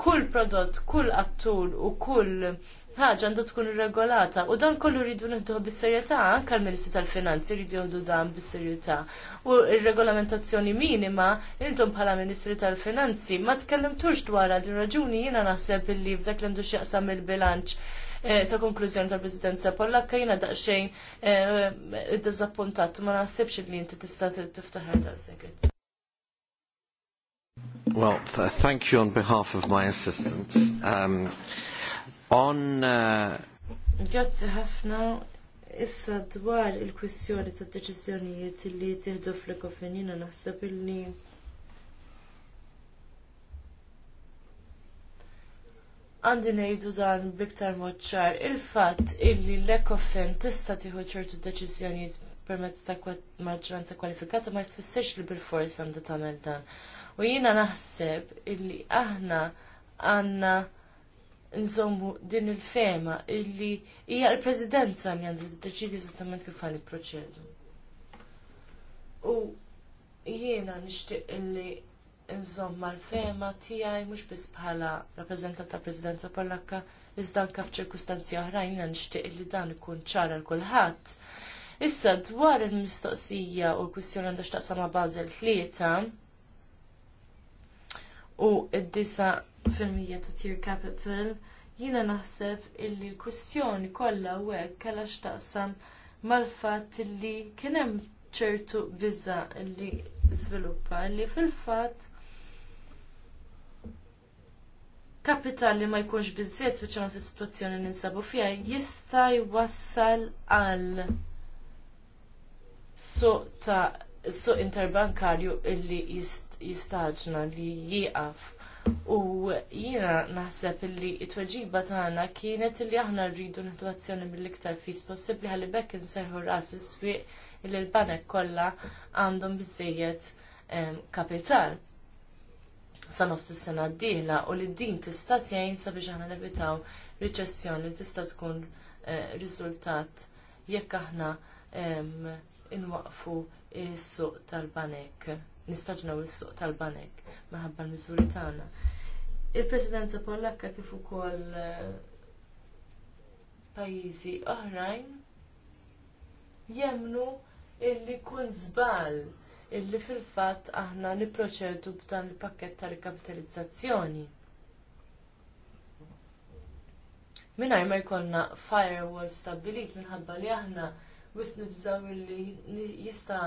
kull prodott, kull attur u kull ħaġa għandu tkun irregolata u dan kollu rridu nieħduh bis-serjetà anke l-Ministri tal-Finanzi rridu jħdu dan bis-serjetà. U r-regolamentazzjoni minima intom bħala Ministri tal-Finanzi ma tkellimtux dwar din raġuni jiena naħseb illi f'dak li għandu x'jaqsam il-bilanċ eh, ta' konklużjoni tal-Presidenza Pollakka jiena daqsxejn iddiżappuntat eh, ma naħsibx li inti tista' tiftaħar segret Well, thank you on behalf of my assistants. Um, on uh, Grazzi ħafna issa dwar il kwestjoni tad deċiżjonijiet li tieħdu fl-ekofinina naħseb illi għandi ngħidu dan biktar mod ċar il-fatt illi l-ekofen tista' tieħu ċertu deċiżjonijiet permezz ta' maġġoranza kwalifikata ma tfissirx li bil-fors għandha tagħmel dan. U jiena naħseb illi aħna għandna nżommu din il-fema illi hija l-Presidenza li għandha tiddeċidi eżattament kif għan proċedu U jiena nixtieq illi nżomma l-fema tiegħi mhux biss bħala rappreżentant ta' Presidenza Polakka iżda anke f'ċirkustanzi oħrajn jiena nixtieq illi dan ikun ċara l kulħadd. Issa dwar il-mistoqsija u l-kwistjoni għandha x'taqsam ma' Basel tlieta, u id-disa fil-mija ta' tier capital, jiena naħseb illi l-kwistjoni kollha u hekk kellha x'taqsam mal-fatt li kien hemm ċertu biża li żviluppa li fil-fatt kapital li ma jkunx biżżejjed speċjalment fis-sitwazzjoni li ninsabu fiha jista' jwassal għal suq ta' suq interbankarju illi jista' jistaġna li jieqaf. U jiena naħseb illi t tweġiba tagħna kienet illi aħna rridu nħdu azzjoni mill-iktar fis possibbli ħalli bekk inserħu ras is-swieq li l-banek kollha għandhom biżejjed kapital sa nofs is-sena d-dieħla u li din tista' tgħin sabiex aħna nevitaw riċessjoni li tista' tkun e, riżultat jekk aħna inwaqfu s-suq tal-banek nistaġnaw s suq tal-banek maħabba l-miżuri tagħna. Il-Presidenza Pollakka kif ukoll eh, pajjiżi oħrajn jemnu illi kun żball illi fil-fatt aħna nipproċedu b'dan il-pakket ta' rikapitalizzazzjoni. Minaj ma jkollna firewall stabilit minħabba li aħna wis illi jista'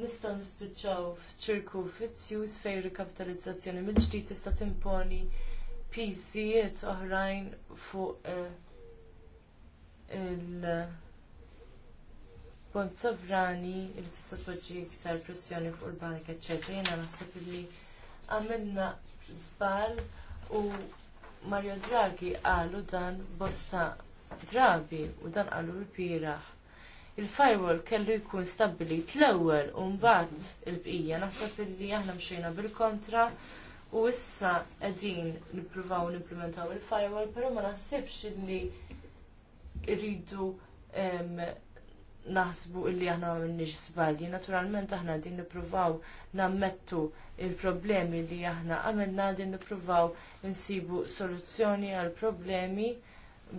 nistgħu nispiċċaw f'ċirku fizzjuż fejn rikapitalizzazzjoni mill-ġdid tista' timponi pisijiet oħrajn fuq eh, il-pont sovrani li tista' tpoġġi iktar pressjoni fuq il-banek, eċċetera. Jiena naħseb li għamilna żball u Mario Draghi qalu dan bosta drabi u dan qalu l-bieraħ il-firewall kellu jkun stabbilit l-ewwel u mbagħad il-bqija naħseb illi aħna mxejna bil-kontra u issa qegħdin nippruvaw nimplementaw il-firewall però ma naħsibx li rridu naħsbu illi aħna m'għamilniex żbalji. Naturalment aħna din nippruvaw nammettu il-problemi li aħna għamilna din nippruvaw insibu soluzzjoni għal problemi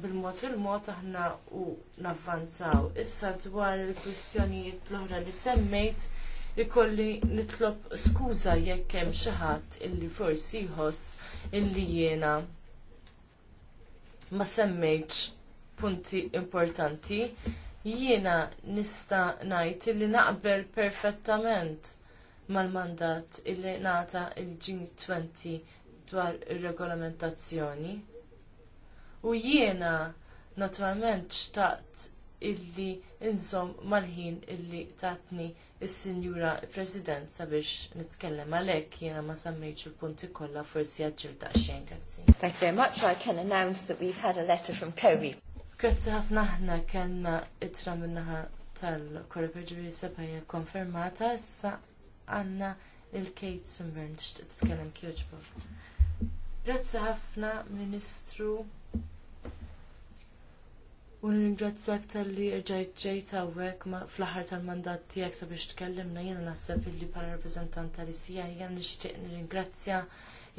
bil-mod il-mod aħna u navvanzaw. Issa dwar il-kwistjonijiet l-oħra li semmejt, ikolli nitlob skuża jekk hemm xi ħadd illi forsi jħoss illi jiena ma semmejtx punti importanti, jiena nista ngħid illi naqbel perfettament mal-mandat illi nata il-G20 dwar ir-regolamentazzjoni. U jiena naturalment xtaqt illi inżomm mal-ħin illi tatni il-Sinjura President sabiex nitkellem għalhekk jiena ma semmejtx il-punti kollha forsi għagġil ta' xejn. Grazzi. Thank you very much. I can announce that we've had a letter from Kobe. Grazzi ħafna aħna kellna itra minnaħa tal korreperġuri Perġuri sebajja konfermata issa għandna il-Kate Swinburne tixtieq tkellem kjoġbu. Grazzi ħafna Ministru U nirringrazzjak tal-li rġajt ġejt għawek fl-ħar tal-mandat tiegħek sabiex tkellimna jiena naħseb illi bħala reprezentant tal-ISIA jiena nixtieq nirringrazzja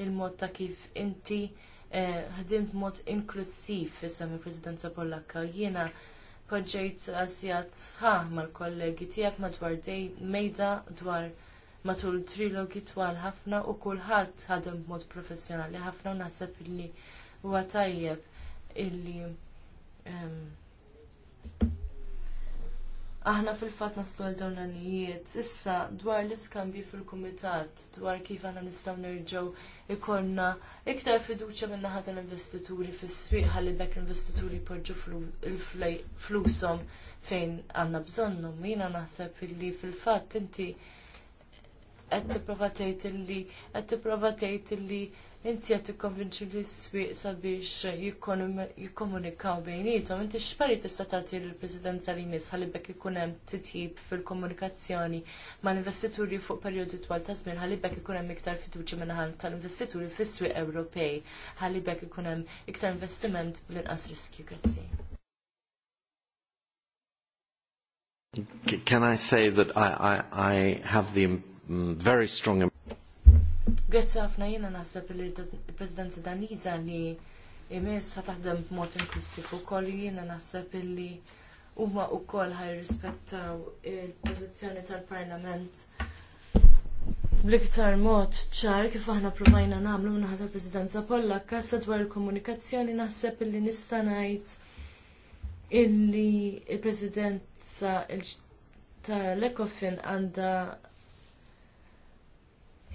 il-mod ta' kif inti eh, ħdimt mod inklusiv issa mill presidenza Pollakka. Jiena poġġejt għasijat sħaħ mal-kollegi tiegħek madwar mejda dwar matul trilogi twal ħafna u kulħadd ħadem b'mod professjonali ħafna u naħseb illi huwa tajjeb illi Aħna fil-fat naslu għal l-anijiet. Issa, dwar l-iskambi fil-komitat, dwar kif aħna nistaw nerġaw ikonna iktar fiduċa minna ħat l-investituri fil-swiq għalli bekk l-investituri porġu flusom fejn għanna bżonnu. mina naħseb illi fil-fat inti għed t-prova illi qed tipprova tgħid illi inti qed tikkonvinċi konvinċi l swieq sabiex jikkomunikaw bejnietom, inti x'pari tista' tagħti l-Presidenza li jmiss ħalibek ikun hemm titjib fil-komunikazzjoni mal investituri fuq periodi twal ta' żmien ħalibek ikun hemm iktar fiduċi minħal tal-investituri fis-swieq Ewropej, ħalibek ikun hemm iktar investiment bl-inqas riskju. Grazzi. Can I say that I, I, I have the mm, very strong Grazzi ħafna jiena naħseb li il presidenza Daniża li jmiss ħa taħdem b'mod inklusiv ukoll jiena naħseb li huma wkoll ħajrispettaw il-pożizzjoni tal-Parlament bl-iktar mod ċar kif aħna provajna nagħmlu minħat il-Presidenza Pollakka sa dwar il-komunikazzjoni naħseb illi nista' ngħid illi l presidenza tal-Ekofin għandha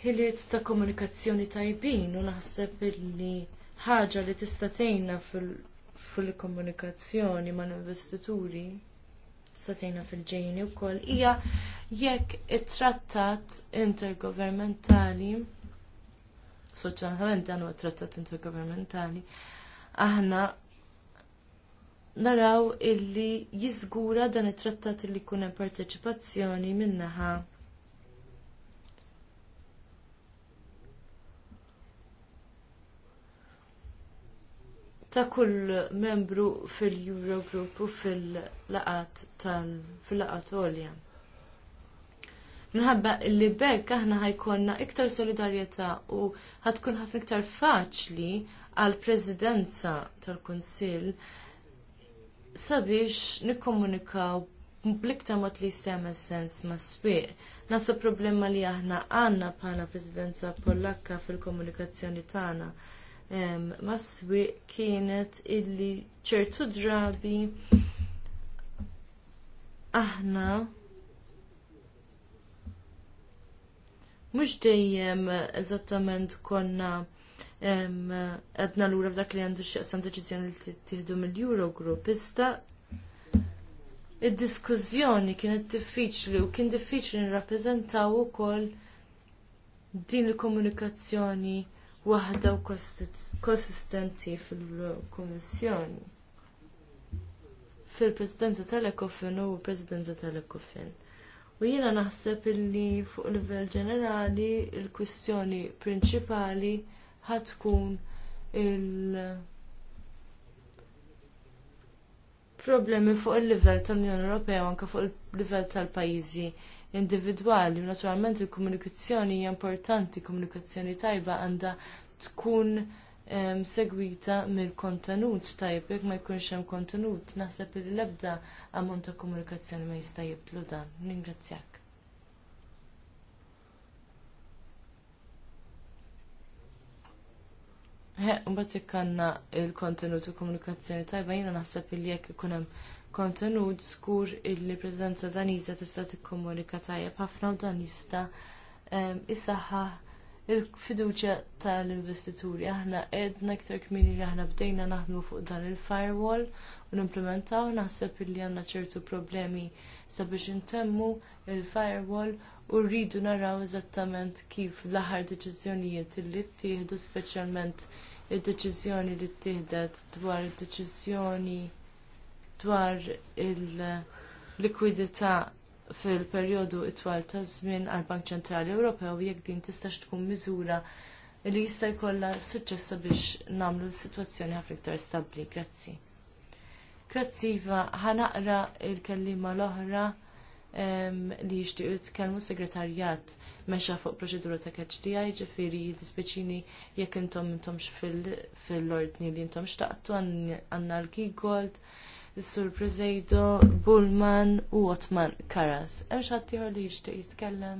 ħiliet ta' komunikazzjoni tajbin u naħseb li ħaġa li tista' tgħinna fil-komunikazzjoni mal-investituri tista' tgħinna fil-ġejni wkoll hija jekk it-trattat intergovernmentali sfortunatament dan huwa trattat intergovernmentali aħna naraw illi jiżgura dan it-trattat li jkun hemm parteċipazzjoni min-naħa ta' kull membru fil-Eurogroup u fil-laqat tal-laqat olja. Minħabba li bekk aħna ħajkonna iktar solidarjetà u ħatkun ħafna iktar faċli għal prezidenza tal-Kunsill sabiex nikkomunikaw bliktar mod li jistgħmel sens ma' swieq. Nasa problema li aħna għandna bħala Presidenza Pollakka fil-komunikazzjoni tagħna maswi kienet illi ċertu drabi aħna mhux dejjem eżattament konna għadna lura f'dak li għandu x'jaqsam deċiżjoni li t-tihdu mill-Eurogroup, iżda il diskussjoni kienet diffiċli u kien diffiċli nirrappreżentaw ukoll din il-komunikazzjoni waħda u konsistenti fil-Kummissjoni. Fil-Presidenza tal-Ekofin u Presidenza tal-Ekofin. U jiena naħseb illi fuq livell ġenerali il-kwistjoni prinċipali ħatkun il- problemi fuq il-livell tal-Unjoni Ewropea u anke fuq il-livell tal-pajjiżi individwali. Naturalment il-komunikazzjoni hija importanti, komunikazzjoni tajba għandha tkun um, segwita mill-kontenut tajb, jekk ma jkunx hemm kontenut, naħseb li l-ebda ammont ta' komunikazzjoni ma jista' jibtlu dan. Ningrazzjak. He, mbagħad jekk għandna l kontenut u komunikazzjoni tajba jiena naħseb li jekk ikun hemm kontenut skur il-Presidenza Daniża tista' tikkomunika tajjeb ħafna u dan jista' ehm, isaħħa il-fiduċja tal-investituri. Aħna edna iktar kmini li aħna bdejna naħdmu fuq dan il-firewall u nimplementaw naħseb li għandna ċertu problemi sabiex intemmu il-firewall u rridu naraw eżattament kif l-aħħar deċiżjonijiet li ttieħdu speċjalment id-deċiżjoni li ttieħdet dwar id-deċiżjoni dwar il-likwidità fil-perjodu itwal ta' żmien għall bank Ċentrali Ewropew jekk din tistax tkun miżura li jista' jkollha suċċessa biex nagħmlu s-sitwazzjoni ħafna iktar stabbli. Grazzi. Grazzi Iva, ħanaqra l kellima l-oħra li jixtiequ jitkellmu segretarjat mexa fuq proċedura ta' KHDI ġifieri jiddispjaċini jekk intom intomx fil-ordni li intom xtaqtu għandna l-Gigold. Sur Prezejdo, Bullman u Otman Karas. Hemm xattijħor li jixtieq jitkellem?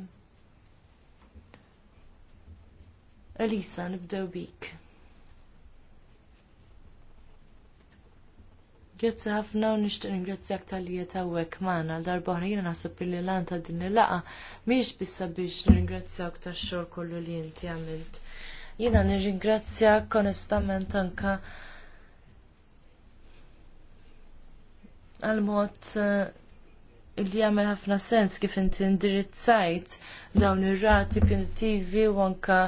Elisa, nibdew bik. Grazzi ħafna u nixtieq ningrazzjak tal-li jetawek magħna għal darba jiena naħseb li lan ta' din il-laqa mhijiex bissa biex nirringrazzjak tax-xogħol kollu li inti għamilt. Jiena nirringrazzjak onestament anke għal-mod eh, li għamil ħafna sens kif inti indirizzajt dawn ir-rati punitivi u anka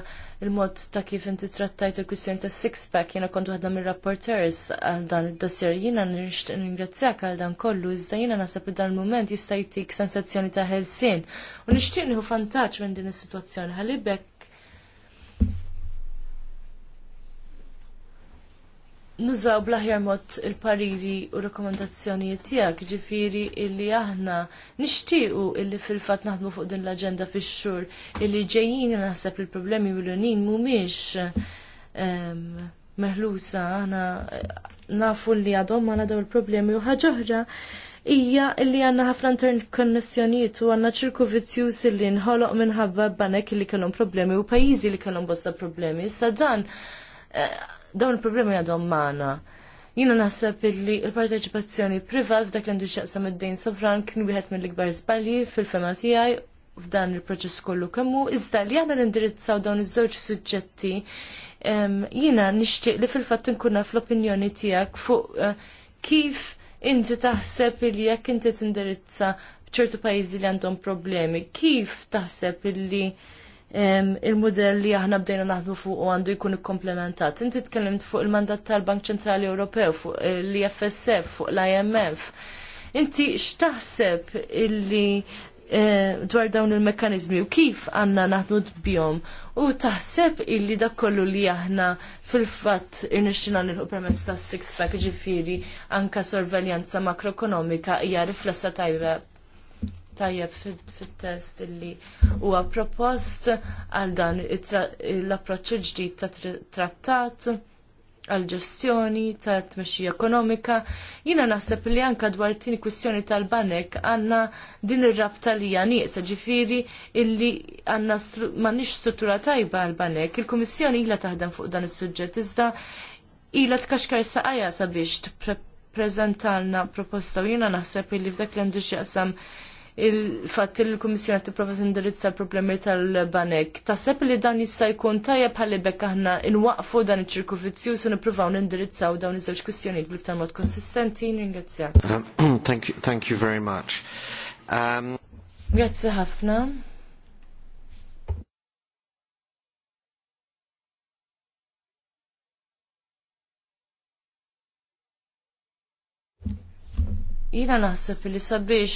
il-mod ta' kif inti trattajt il-kwistjoni ta' six-pack jena kont waħda mir rapporters għal dan id-dossier jena nirixtiq ningrazzjak għal dan kollu iżda jena nasab li dan il-moment jista' jtik sensazzjoni ta' ħelsien u nixtieq nieħu vantaġġ minn din is-sitwazzjoni ħalibek nużaw blaħjar mod il-pariri u rekomendazzjonijiet tiegħek, ġifieri illi aħna nixtiequ illi fil-fatt naħdmu fuq din l-aġenda fix-xhur illi ġejjin naħseb il-problemi u l-unin mhumiex ehm, meħlusa aħna nafu li għadhom għana daw il-problemi u ħaġa oħra ija illi għanna ħafna interkonnessjonijiet u għanna ċirku vizzjus illi nħoloq minħabba banek illi kellhom problemi u pajizi li kellhom bosta problemi. Issa dan eh, dawn il-problemi għadhom maħna. Jina naħseb illi l-parteċipazzjoni privat f'dak l għandu xaqsam id-dejn sovran kien wieħed mill-ikbar żbalji fil-fema tiegħi f'dan il-proċess kollu kemmu, iżda li għana nindirizzaw dawn iż-żewġ suġġetti jina nixtieq li fil-fatt nkun naf opinjoni tiegħek fuq eh, kif inti taħseb li jekk inti tindirizza ċertu pajjiżi li għandhom problemi, kif taħseb illi il-modell li aħna bdejna naħdmu fuq u għandu jkun ikkomplementat. Inti tkellimt fuq il-mandat tal-Bank Ċentrali Ewropew, fuq eh, l-IFSF, fuq l-IMF. Inti x'taħseb illi eh, dwar dawn il mekkaniżmi u kif għanna naħdmu bihom u taħseb illi dak kollu li aħna fil-fatt irnexxina nilħu permezz tas six pack ġifieri anka sorveljanza makroekonomika hija riflessa tajba tajjeb fit-test illi huwa propost għal dan l-approċċ ġdid ta' trattat għal ġestjoni ta' tmexxija ekonomika. Jiena naħseb li anke dwar tieni kwistjoni tal-banek għandna din ir-rabta li hija nieqsa ġifieri illi għandna m'għandniex struttura tajba għall banek. Il-Kummissjoni ilha taħdem fuq dan is-suġġett iżda ilha tkaxkar saqajja sabiex tippreżentalna proposta u jiena naħseb illi f'dak li għandu x'jaqsam il il-Komissjoni l-Kummissjoni tipprova tindirizza l-problemi tal-banek. Taħseb li dan jista' jkun tajjeb ħalli bekk aħna inwaqfu dan iċ-ċirku vizzjuż u nippruvaw nindirizzaw dawn iż-żewġ kwistjonijiet bl mod konsistenti. Ringrazzjak. Uh, *clears throat* thank you, very much. Grazie um, Grazzi ħafna. jina naħseb li sabiex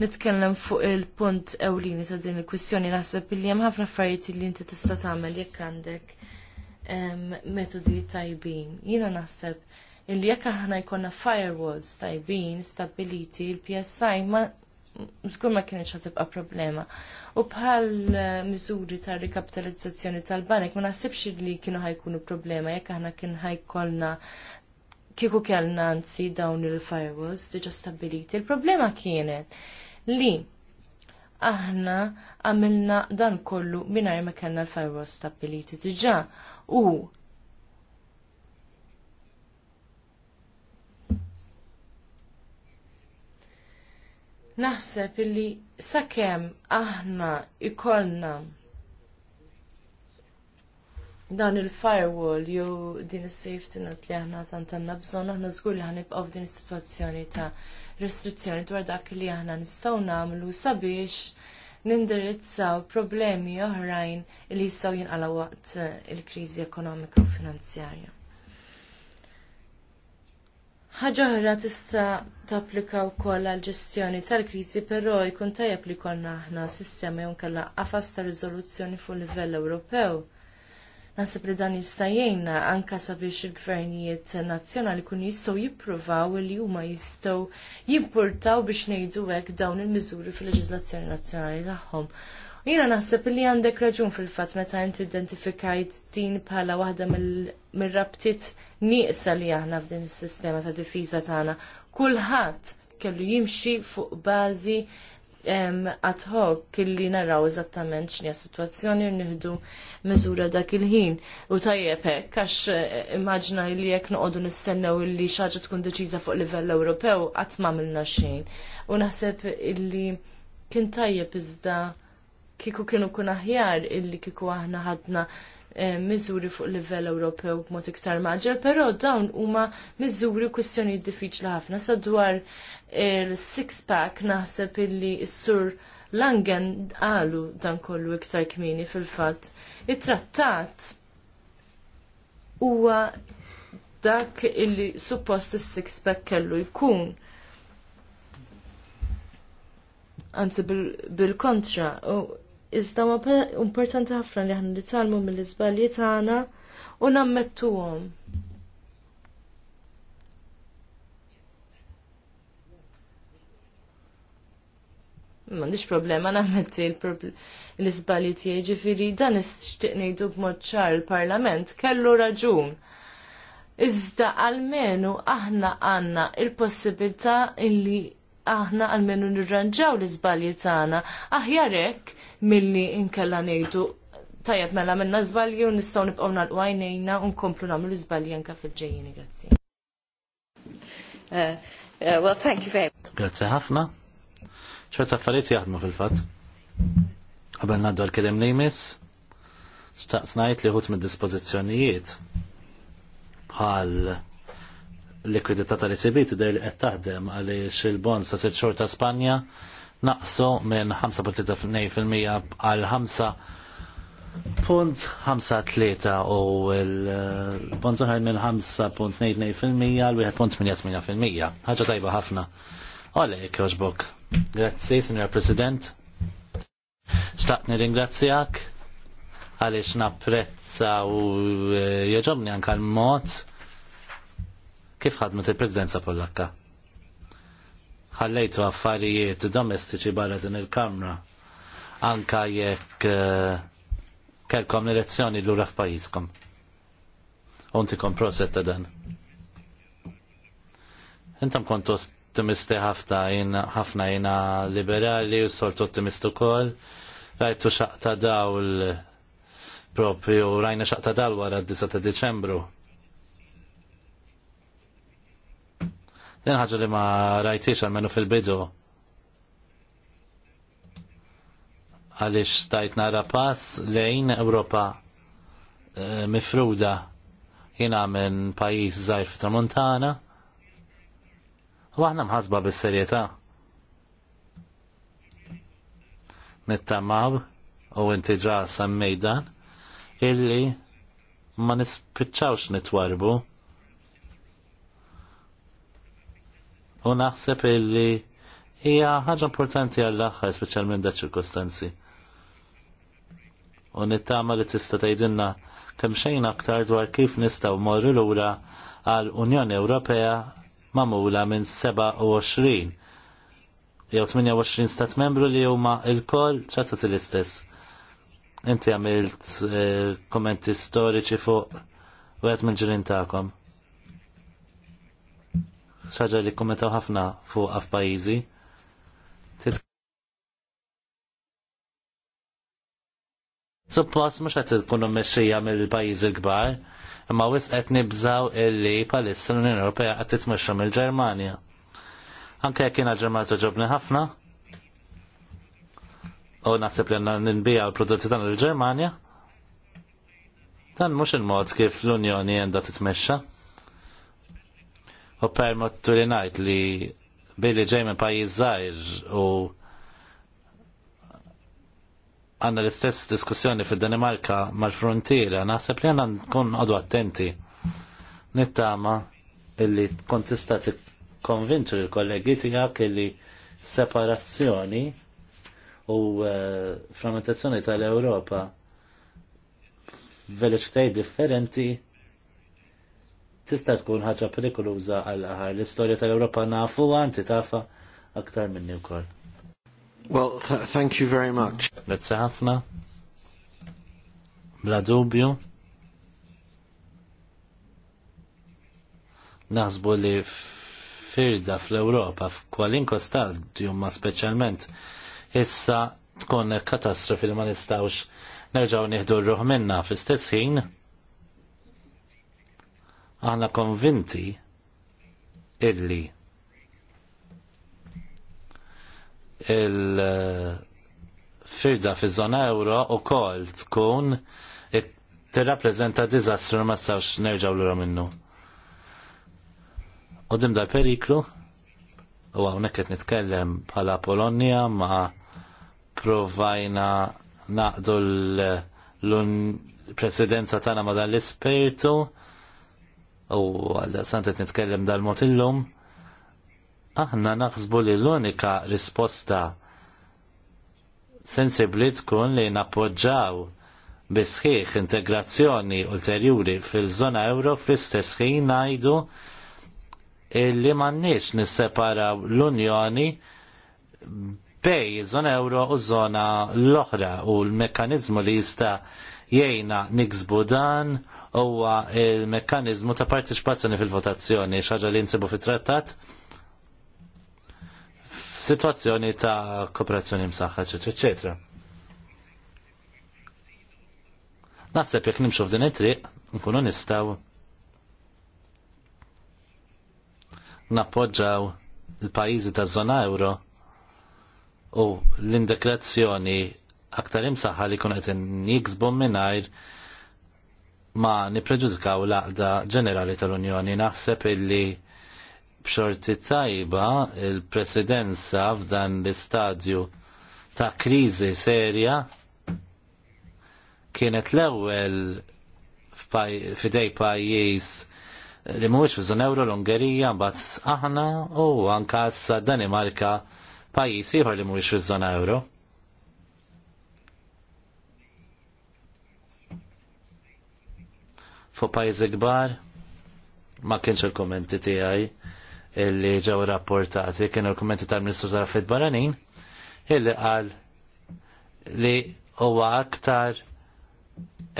nitkellem fuq il-punt ewlieni ta' din il-kwistjoni naħseb li hemm ħafna affarijiet li inti tista' tagħmel jekk għandek metodi tajbin. Jiena naħseb illi jekk aħna jkollna firewalls tajbin stabiliti l-PSI ma żgur ma kienieċ ħatibqa problema. U bħal eh, miżuri ta' rikapitalizzazzjoni tal-banek ma naħsibx li kienu ħajkunu problema jekk aħna kien ħajkolna kieku kellna anzi dawn il-firewalls diġa stabiliti. Il-problema kienet li aħna għamilna dan kollu minar ma kellna l-firewall stabiliti diġa u naħseb illi sakemm aħna ikollna dan il-firewall jew din is-safety net li aħna tant għandna bżonn aħna żgur li ħanibqgħu f'din is-sitwazzjoni ta' restrizzjoni dwar dak li aħna nistgħu nagħmlu sabiex nindirizzaw problemi oħrajn li jistgħu jinqalgħu waqt eh, il-kriżi ekonomika u finanzjarja. Ħaġa oħra tista' tapplika wkoll għal ġestjoni tal-kriżi, però jkun tajjeb li jkollna aħna sistema jew kellha qafas ta' riżoluzzjoni fuq livell Ewropew Nasib li dan jista' anka anke sabiex il-gvernijiet nazzjonali kun jistgħu jippruvaw li huma jistgħu jimpurtaw biex ngħidu hekk dawn il-miżuri fil leġislazzjoni nazzjonali tagħhom. Jiena naħseb li għandek raġun fil-fatt meta inti identifikajt din bħala waħda mir-rabtiet nieqsa li aħna f'din is-sistema ta' difiża tagħna. Kulħadd kellu jimxi fuq bażi ad hoc illi naraw eżattament x'nija situazzjoni u nieħdu miżura dak il-ħin. U tajjeb hekk għax eh, immaġna li jekk noqogħdu nistennew illi xi ħaġa tkun deċiża fuq livell Ewropew qatt m'għamilna xejn. U naħseb illi kien tajjeb iżda kieku kienu kun aħjar illi kieku aħna ħadna eh, miżuri fuq livell Ewropew b'mod iktar maġel, però dawn huma miżuri kwistjoni diffiċli ħafna sa dwar il-six pack naħseb illi s-sur Langen għalu dan kollu iktar kmini fil-fat. Il-trattat huwa dak illi suppost is-six pack kellu jkun. Anzi bil-kontra, iżda ma importanti ħafna li ħan li talmu mill-izbalji tagħna u nammettuhom. m'għandix problema nagħmel l-iżbalji tiegħi ġifieri dan nixtieq ngħidu b'mod ċar il-Parlament kellu raġun. Iżda għalmenu aħna għandna il-possibilità illi aħna għalmenu nirranġaw l-iżbalji tagħna aħjar hekk milli inkella ngħidu tajjeb mela minna u nistgħu nibqgħu l għajnejna u nkomplu nagħmlu żbalji anka fil-ġejjin, grazzi. Uh, uh, well, thank you very much. Grazzi ħafna ċert affarijiet jaħdmu fil-fatt. Qabel naddu l-kelim li jmiss, xtaqt ngħid li ħut mid-dispożizzjonijiet bħal likwidità tal-ECB tidher li qed taħdem għaliex il-bonds ta' sitt xhur ta' Spanja naqsu minn 5.3% għal 5 Punt u l-punt uħar minn 5.22% għal 188 ħagġa tajba ħafna. Għalek, għaxbok, Grazzi, Signor President. Xtaqt nirringrazzjak għaliex napprezza u e, joġobni anka l-mod kif ħadmet il-Presidenza Pollakka. Ħallejtu affarijiet domestiċi barra din il-Kamra anka jekk e, kelkom l-elezzjoni l-ura f'pajjiżkom. Unti kom ta' dan. Intam kontost ottimisti ħafna jina liberali u sort ottimisti kol. Rajtu xaqta dawl propju, rajna xaqta dawl wara d-9 ta' Deċembru. Din ħagġa li ma rajtix għalmenu fil-bidu. Għalix stajt nara pass lejn Ewropa eh, mifruda jina minn pajis zaħir fit tramontana U aħna mħasba bis-serjetà. Nittamaw u inti ġa sammejdan dan illi ma nispiċċawx nitwarbu. U naħseb illi hija ħaġa importanti għall-aħħar, speċjalment da ċirkostanzi. U nittama li tista' tgħidilna kemm xejn aktar dwar kif nistgħu morru lura għal Unjoni Ewropea mamula minn 27 jew 28 stat membru li huma il-koll trattat l-istess. Inti għamilt eh, kommenti storiċi fuq u għet minn ta'kom. Xaġa li kommentaw ħafna fuq għaf pajizi. Suppost mux għet tkunu meċxija mill-pajiz il-gbar, imma wis qed nibżaw illi palissa l-Unjoni Ewropea qed titmexxa mill-Ġermanja. Anke jekk jiena Ġermanja ġobni ħafna, u naħseb li nbija l-prodotti tagħna l-Ġermanja, dan mhux il-mod kif l-Unjoni għandha titmexxa. U permottu li ngħid li billi ġej minn pajjiż żgħir u għanna l-istess diskussjoni fil-Danimarka mal-frontiera, naħseb li għanna nkun għadu attenti. Nittama illi tkun tista' tikkonvinċu l-kollegi tiegħek illi separazzjoni u eh, frammentazzjoni tal-Ewropa veloċitajiet differenti tista' tkun ħaġa perikoluża għal ħar L-istorja tal europa nafu għanti tafa aktar minni wkoll. Well, th thank you very much. Grazie ħafna. Bla dubju. Naħsbu li firda fl-Europa, f'kwalinkwa stadju ma speċjalment, issa tkun katastrofi li ma nistawx nerġaw nieħdu r-ruħ minna fl-istess ħin. Aħna konvinti illi il-firda fi zona euro u kol tkun t-rapprezenta dizastru ma stawx nerġaw l ura minnu. U dimda periklu, u għawnek qed nitkellem bħala Polonia ma provajna naqdu l-presidenza tagħna ma dan l-ispirtu u għal sant qed nitkellem dal-mod illum Aħna naħsbu li l-unika risposta sensibli tkun li nappoġġaw bisħiħ integrazzjoni ulterjuri fil-żona euro fl-istess ħin ngħidu illi m'għandniex nisseparaw l-Unjoni bej żona euro u żona l-oħra u l-mekkaniżmu li jista' jgħina niksbu dan huwa l mekkaniżmu ta' partiċipazzjoni fil-votazzjoni xi ħaġa li nsibu fit-trattat situazzjoni ta' kooperazzjoni msaħħa, eccetera, eccetera. Naħseb jekk nimxu f'din it-triq, nkunu nistgħu nappoġġaw il-pajjiżi taż-żona euro u l-indekrazzjoni aktar imsaħħa li jkunu qed jiksbu mingħajr ma nippreġudikaw l-aqda ġenerali tal-Unjoni naħseb illi b'xorti tajba il-presidenza f'dan l-istadju ta' kriżi serja kienet l-ewwel f'idej pajjiż li mhuwiex fiż euro l-Ungerija mbagħad aħna u anke sa Danimarka pajjiż ieħor li mhuwiex fiż-żona euro. Fu pajjiżi kbar ma kienx il-kommenti tiegħi illi ġew rapportati kienu l-kommenti tal-Ministru tal-Affarijiet Barranin illi qal li huwa aktar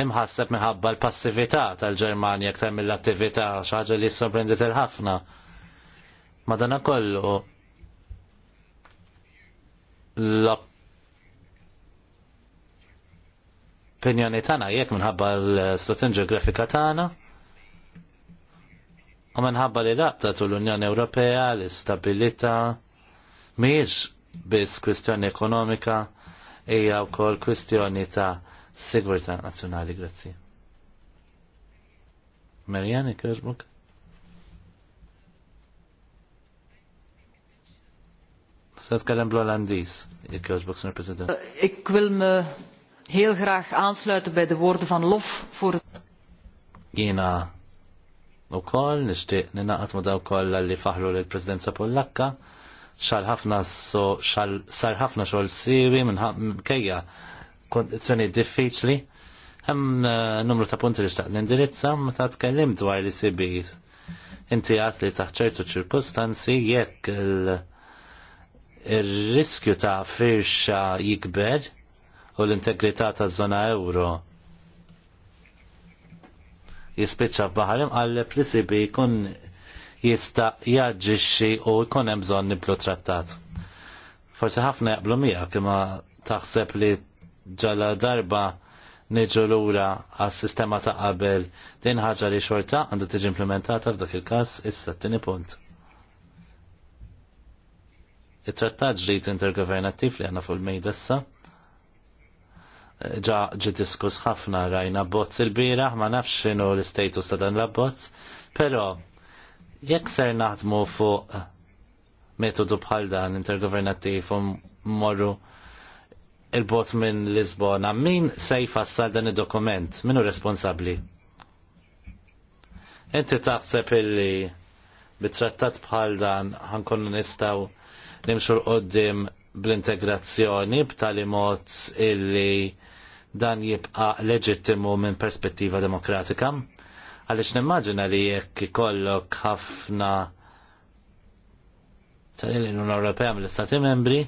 imħasseb minħabba l-passività tal-Ġermanja aktar mill-attività xi ħaġa li sorprendet il-ħafna. Madana kollu l-opinjoni tagħna jekk minħabba l-istruzzjoni ġeografika tagħna U minħabba li rabta l-Unjoni Ewropea, l-istabilita, miex biss kwistjoni ekonomika, hija wkoll kwistjoni ta' sigurtà nazzjonali, grazzi. Marjani Kirchbuk? Se tkellem bl-Olandis, jekk Sr. President. Eh, ik wil me heel graag aansluiten bij de woorden van lof voor. Gina, u kol, nishtiq ninaqat ma daw koll li faħlu l presidenza Pollakka, xal ħafna so, xal sar ħafna xol siwi minn kajja kondizjoni diffiċli. Hemm eh, numru ta' punti li xtaq l-indirizza, ma ta' tkellim dwar li sibi. Inti għat li taħċertu ċirkustanzi jekk il-riskju ta' firxa jikber u l-integrità ta' zona euro jispiċċa f'baħarim imqalleb li sibi jkun jista' jaġixxi u jkun hemm bżonn niblu trattat. Forsi ħafna jaqblu miegħek imma taħseb li ġala darba niġu lura għas-sistema ta' qabel din ħaġa li xorta għandha tiġi implementata f'dak il-każ issa t-tieni punt. it trattat ġdid intergovernattiv li għandna fuq il-mejda issa ġa ġidiskus ħafna rajna bozz il bira ma nafx xinu l istatus ta' dan l-abbozz, pero jekk ser naħdmu fuq metodu bħal dan intergovernattiv u morru il-bot minn Lisbona, min se jfassal dan il-dokument? Minu responsabli? Inti taħseb illi bit-trattat bħal dan ħankun nistaw nimxu qoddim bl-integrazzjoni b'tali mod illi dan jibqa' leġittimu minn perspettiva demokratika. Għaliex nimmaġina li jekk ikollok ħafna tal-Unjoni Ewropea mill-Istati Membri,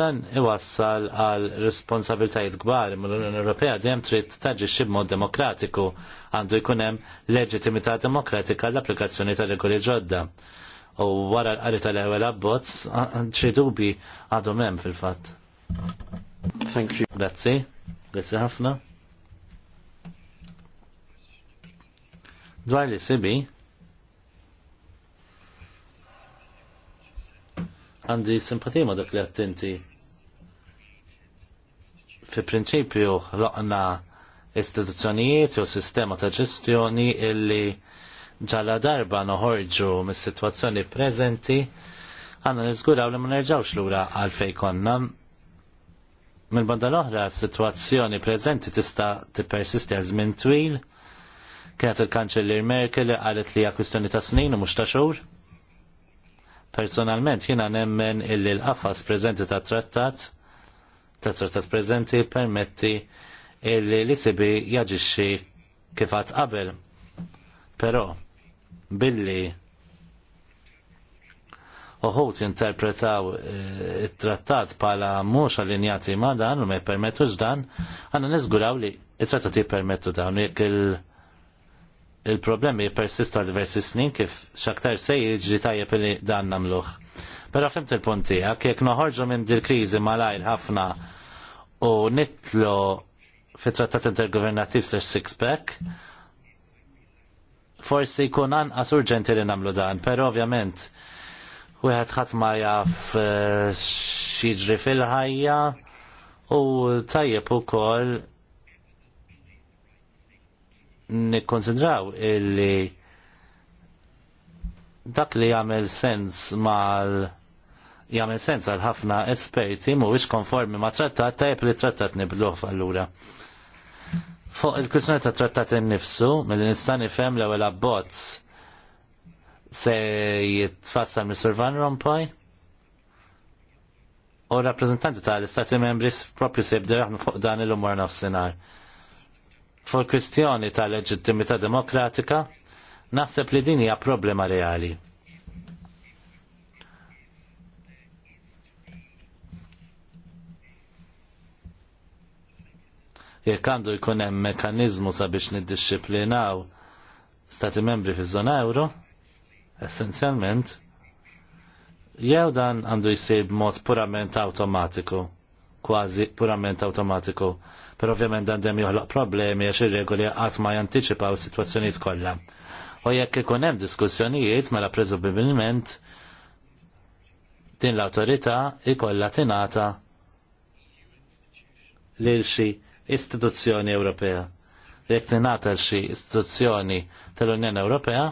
dan iwassal għal responsabiltajiet kbar mill-Unjoni Ewropea dejjem trid xi b'mod demokratiku għandu jkun hemm leġitimità demokratika l-applikazzjoni tal-regoli ġodda. U wara l-qari tal-ewwel abbozz xi dubi għadhom hemm fil-fatt. Thank you. Grazzi. Grazzi ħafna. Dwar li sibi, għandi simpatija ma dak li attenti. Fi prinċipju loqna istituzzjonijiet jew sistema ta' ġestjoni illi ġala darba noħorġu mis-sitwazzjoni prezenti għanna nizguraw li ma nerġawx lura għalfej konna Minn banda l-oħra, situazzjoni prezenti tista tippersisti għal żmien twil. Kienet il-kanċellir Merkel li qalet li hija kwistjoni ta' snin u mhux ta' xhur. Personalment jiena nemmen illi l-qafas preżenti ta' trattat ta' trattat preżenti permetti illi l-ICB jaġixxi kif qabel. Però billi uħut jinterpretaw eh, il-trattat pala mux allinjati ma dan u ma jpermettux dan, għanna nizguraw li il-trattat jipermettu dawn jek il-problemi jipersistu għal diversi snin kif xaktar sej iġi tajjeb li dan namluħ. Pero fimt il-punti, għak jek noħorġu minn dil-krizi malajr ħafna u nitlu fit-trattat intergovernativ sex six-pack, forsi jkun anqas urġenti li namlu dan, pero ovvjament wieħed ħadd ma jaf eh, x'jiġri fil-ħajja u tajjeb ukoll nikkonsidraw illi dak li jagħmel sens mal jagħmel sens għal ħafna esperti mhuwiex konformi ma' trattat tajjeb li trattat nibluħ allura. Fuq il-kwistjoni ta' trattat innifsu, mill-nista' nifhem l-ewwel abbozz se jitfassal Mr. Van Rompuy u rappresentanti tal-istati membri propri se jibdir fuq dan il-umor nofsinhar. Fuq kwistjoni tal-leġittimità demokratika, naħseb li din hija problema reali. jekk għandu jkun hemm mekanizmu sabiex niddixxiplinaw stati membri fiż-żona euro, essenzjalment jew dan għandu jsir b'mod purament awtomatiku, kważi purament awtomatiku, per ovvjament dan dem joħloq problemi għax ir-regoli qatt ma jantiċipaw sitwazzjonijiet kollha. U jekk ikun hemm diskussjonijiet mela preżubbilment din l-awtorità ikollha tingħata lil xi istituzzjoni Ewropea. Jekk tingħata xi istituzzjoni tal-Unjoni Ewropea,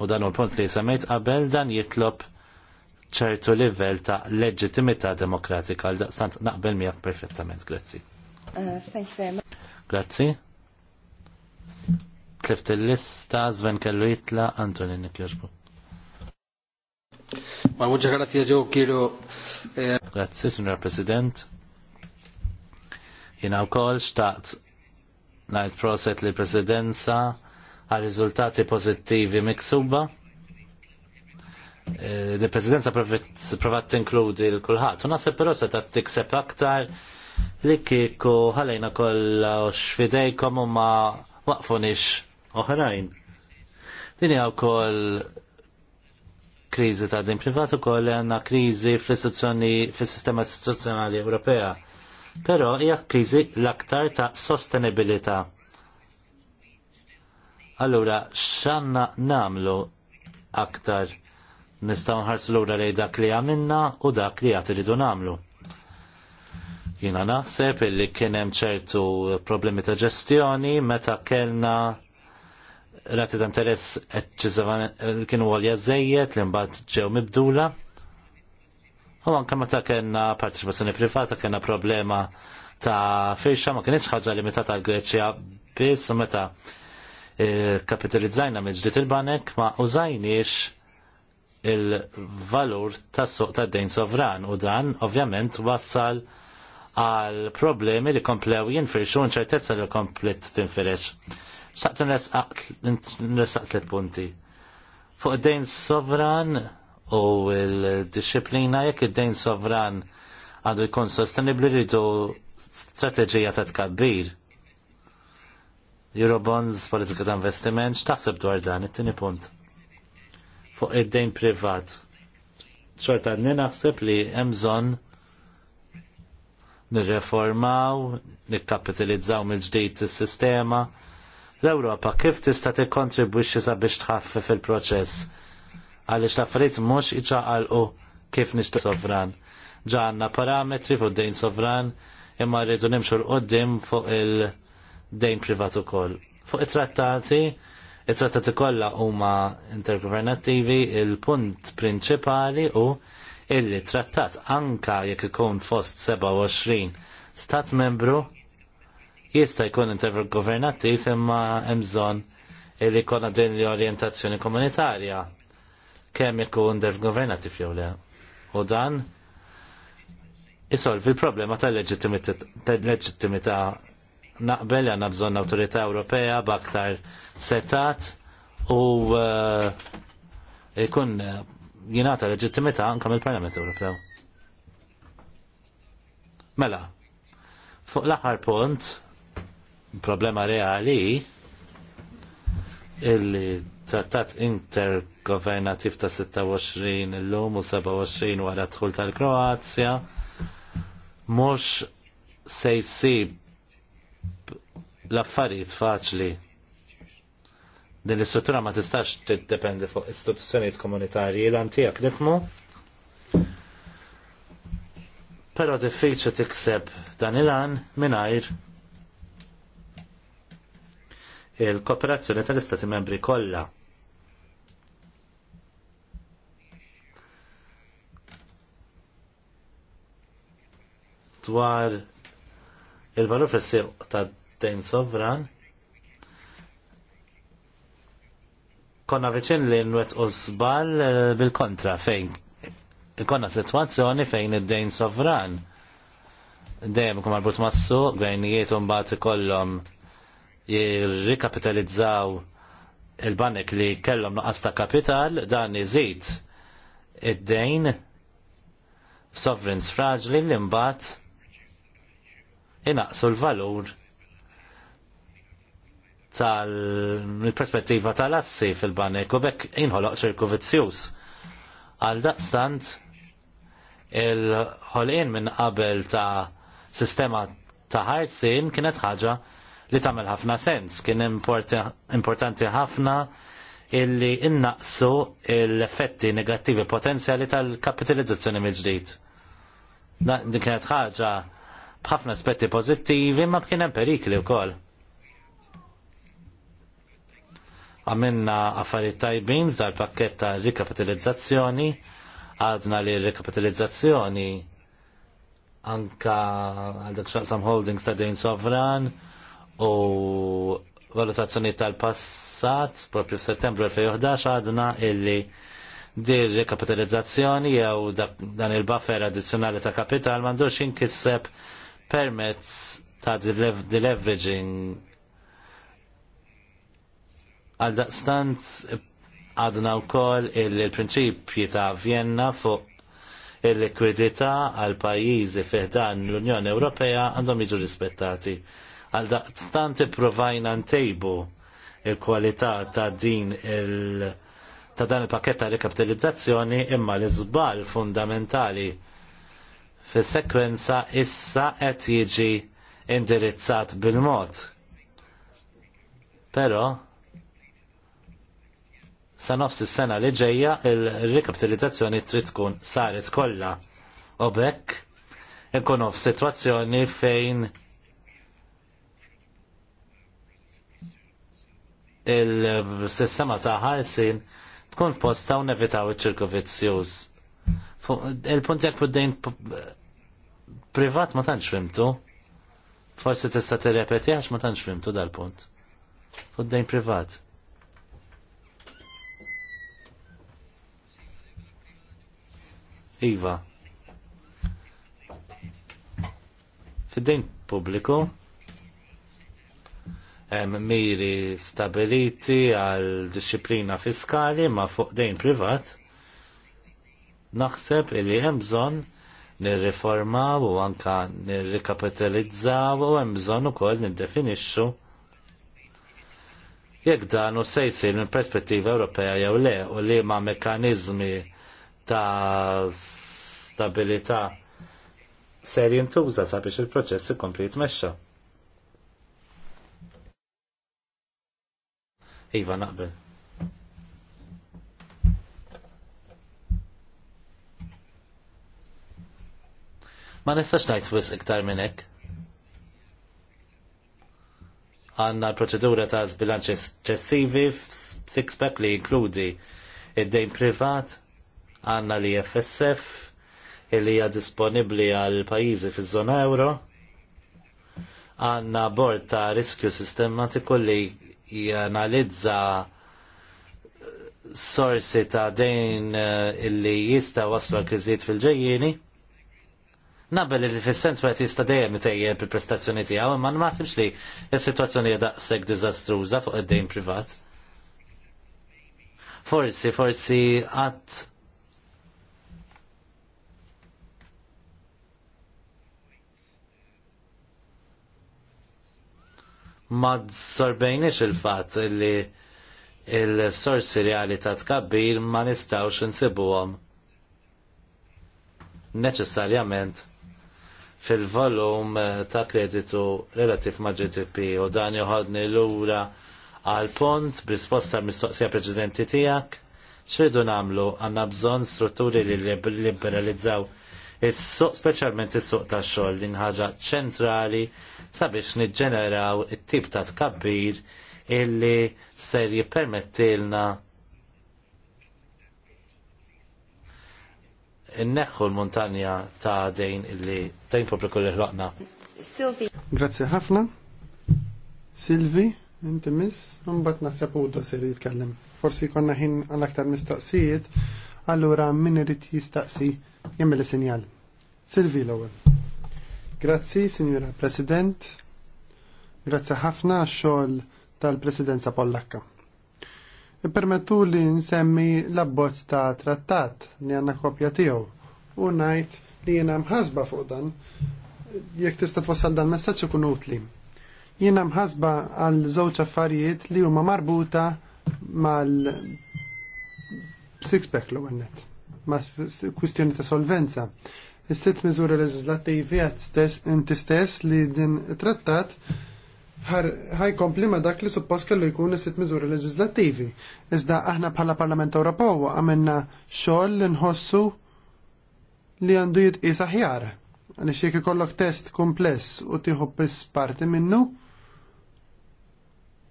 u dan u l-punt li semmejt qabel dan jitlob ċertu livell ta' leġitimità demokratika għal daqstant naqbel miegħek perfettament, grazzi. Uh, grazzi. Tlift il-lista, Sven kellu jitla, Antoni Nikjoġbu. Ma' muġa grazzi ġew kiru. Eh, grazzi, Signor President. Jina u kol xtaqt najt proset li presidenza għal rizultati pożittivi miksuba. Eh, Il presidenza provat tinkludi l-kulħadd. U naħseb però se ta' tikseb aktar li kieku ħalejna u fidejkom u ma waqfunix oħrajn. Din hija wkoll kriżi ta' din privat ukoll għandna kriżi fl-istituzzjoni fis-sistema istituzzjonali Ewropea. Però hija kriżi l-aktar ta' sostenibilità Allura, xanna namlu aktar nistaw nħarsu l-għura lej dak li għamilna u dak li għat iridu namlu. Jina naħseb illi kienem ċertu problemi ta' ġestjoni meta kellna rati ta' interess kienu għalja zejjed li mbagħad ġew mibdula. U anke meta kellna partiċipazzjoni privata kellna problema ta' firxa ma kienx ħaġa limitata għal Greċja biss u meta kapitalizzajna mill-ġdid il-banek ma użajniex il-valur tas suq tad dejn sovran u dan ovvjament wassal għal problemi li komplew jinfirxu nċertezza li komplet tinfirex. Xaqt nresaq tliet punti. Fuq d dejn sovran u l-disciplina jekk id-dejn sovran għadu jkun sostenibli rridu strateġija ta' tkabbir Eurobonds, politika ta' investiment, x'taħseb dwar dan, it-tieni punt. Fuq id-dejn privat. Xorta naħseb li hemm bżonn nirreformaw, nikkapitalizzaw mill-ġdid is-sistema. L-Ewropa kif tista' tikkontribwixxi sabiex tħaffef il-proċess għaliex l-affarijiet mhux iċaqalqu kif nixtieq sovran. Ġanna parametri fuq dejn sovran imma rridu nimxu l-qoddim fuq il- dejn privat ukoll. Fuq it-trattati, it-trattati kollha huma intergovernativi, il-punt prinċipali u illi trattat anka jekk ikun fost 27 stat membru jista' jkun intergovernattiv imma hemm bżonn illi jkollna din l-orjentazzjoni komunitarja kemm ikun intergovernattiv jew le. U dan isolvi l-problema tal-leġittimità naqbel għanna bżon autorita Ewropea baktar setat u jkun eh, eh, jenata leġittimita anka mill-Parlament Ewropew. Mela, fuq l-aħħar punt, problema reali, illi trattat intergovernativ ta' 26 l-lum u 27 wara tħul tal-Kroazja, mux se l-affarijiet faċli din l-istruttura ma tistax tiddependi fuq istituzzjonijiet komunitarji l antijak nifmu. Però diffiċli tikseb dan il-għan mingħajr il-kooperazzjoni tal-istati membri kollha. Dwar il-valur fis ta' dejn sovran. Konna veċin li nwet u sbal eh, bil-kontra fejn. Konna situazzjoni fejn id-dejn sovran. Dejjem kum għarbut massu, għajnijiet un bat kollom jirrikapitalizzaw il-banek li kellhom nuqqas kapital, dan iżid id-dejn sovereigns fraġli li mbagħad inaqsu l-valur tal-perspettiva tal-assi fil-banek u bekk inħoloq ċirku vizzjuż. Għal daqstant il-ħolqien minn qabel ta' sistema ta' ħarsin kienet ħaġa li tagħmel ħafna sens, kien importanti ħafna illi innaqsu l-effetti negattivi potenzjali tal-kapitalizzazzjoni mill-ġdid. Din kienet ħaġa b'ħafna aspetti pożittivi ma kien hemm perikli wkoll Għamilna affarijiet tajbin f'dar pakket ta' rikapitalizzazzjoni, għadna li rikapitalizzazzjoni anka għal xaqsam holdings ta' dejn sovran u valutazzjoni tal-passat, propju f'Settembru 2011 għadna illi dir rekapitalizzazzjoni jew dan il-buffer addizzjonali ta' kapital m'għandux jinkisseb permezz ta' deleveraging Għal daqstant għadna wkoll il-prinċipji ta' Vienna fuq il-likwidità għal pajjiżi fiħdan l-Unjoni Ewropea għandhom jiġu rispettati. Għal daqstant ipprovajna ntejbu il-kwalità ta' din il- ta' dan il-pakket ta' rekapitalizzazzjoni imma l-iżbal fundamentali fis-sekwenza issa qed jiġi indirizzat bil-mod. Però sa nofs is-sena li ġejja il-rikapitalizzazzjoni trid tkun saret kollha. U bekk ikunu f'sitwazzjoni fejn il-sistema ta' ħarsin tkun f'posta u nevitaw iċ-ċirku vizzjuż. Il-punt jekk fuddejn privat ma tantx fimtu. Forsi tista' tirrepeti għax ma tantx fimtu dal-punt. Fuddejn privat. Iva. Fiddin publiku. pubbliku hemm miri stabiliti għal disciplina fiskali ma fuq dejn privat naħseb li hemm bżonn nirriformaw u anka nirrikapitalizzaw u hemm bżonn ukoll niddefinixxu jekk dan u se jsir minn perspettiva Ewropea jew le u li ma' mekkaniżmi ta' stabilità ser jintuża sabiex il-proċess ikompli jitmexxa. Iva naqbel. Ma nistax ngħid wisq iktar minn hekk. Għandna proċedura ta' bilanċ eċċessivi f'six-pack li jinkludi id-dejn privat għanna li FSF li hija disponibbli għal pajjiżi fiż-żona euro għanna bord ta' riskju sistematiku li janalizza sorsi ta' dejn eh, illi jista' waslu kriżijiet fil-ġejjieni. Nabel li fil-sens għet jista dejjem tejjeb il-prestazzjoni tiegħu, imma ma naħsibx li s-sitwazzjoni hija daqshekk diżastruża fuq id-dejn privat. Forsi, forsi għat ma sorbejniex il-fat li il-sorsi reali ta' tkabbir ma nistawx nsibuhom neċessarjament fil-volum ta' kreditu relativ ma' GDP u dan joħodni l-ura għal pont b'risposta mistoqsija preċedenti tijak xridu namlu għanna bżon strutturi li liberalizzaw is-suq, specialment is-suq ta' xogħol li nħaġa ċentrali sabiex niġġeneraw it-tip ta' tkabbir illi ser jippermettilna inneħħu l-montanja ta' dejn illi dejn propju kull ħloqna. Silvi. Grazzi ħafna. Silvi, inti miss, mbagħad naħseb da ser jitkellem. Forsi konna ħin għal aktar mistoqsijiet, allura min irid jistaqsi jemmel sinjal. Silvi l-ewwel. Grazzi, Signora President. Grazzi ħafna xogħol tal-Presidenza Pollakka. Permettu li nsemmi l-abbozz ta' trattat li għanna kopja tiegħu u ngħid li hemm mħasba fuq dan jekk tista' twassal dan messaġġ ikun utli. Jiena mħasba għal żewġ affarijiet li huma marbuta mal six pack l net ma' kwistjoni ta' solvenza is-sitt miżuri leżislattivi għad stess inti stess li din trattat ħaj kompli ma dak li suppost kellu jkun is-sitt miżuri leżislattivi. Iżda aħna bħala Parlament Ewropew għamilna xogħol li nħossu li għandu jitqisa ħjar. Għaliex jekk ikollok test kumpless u tieħu biss parti minnu,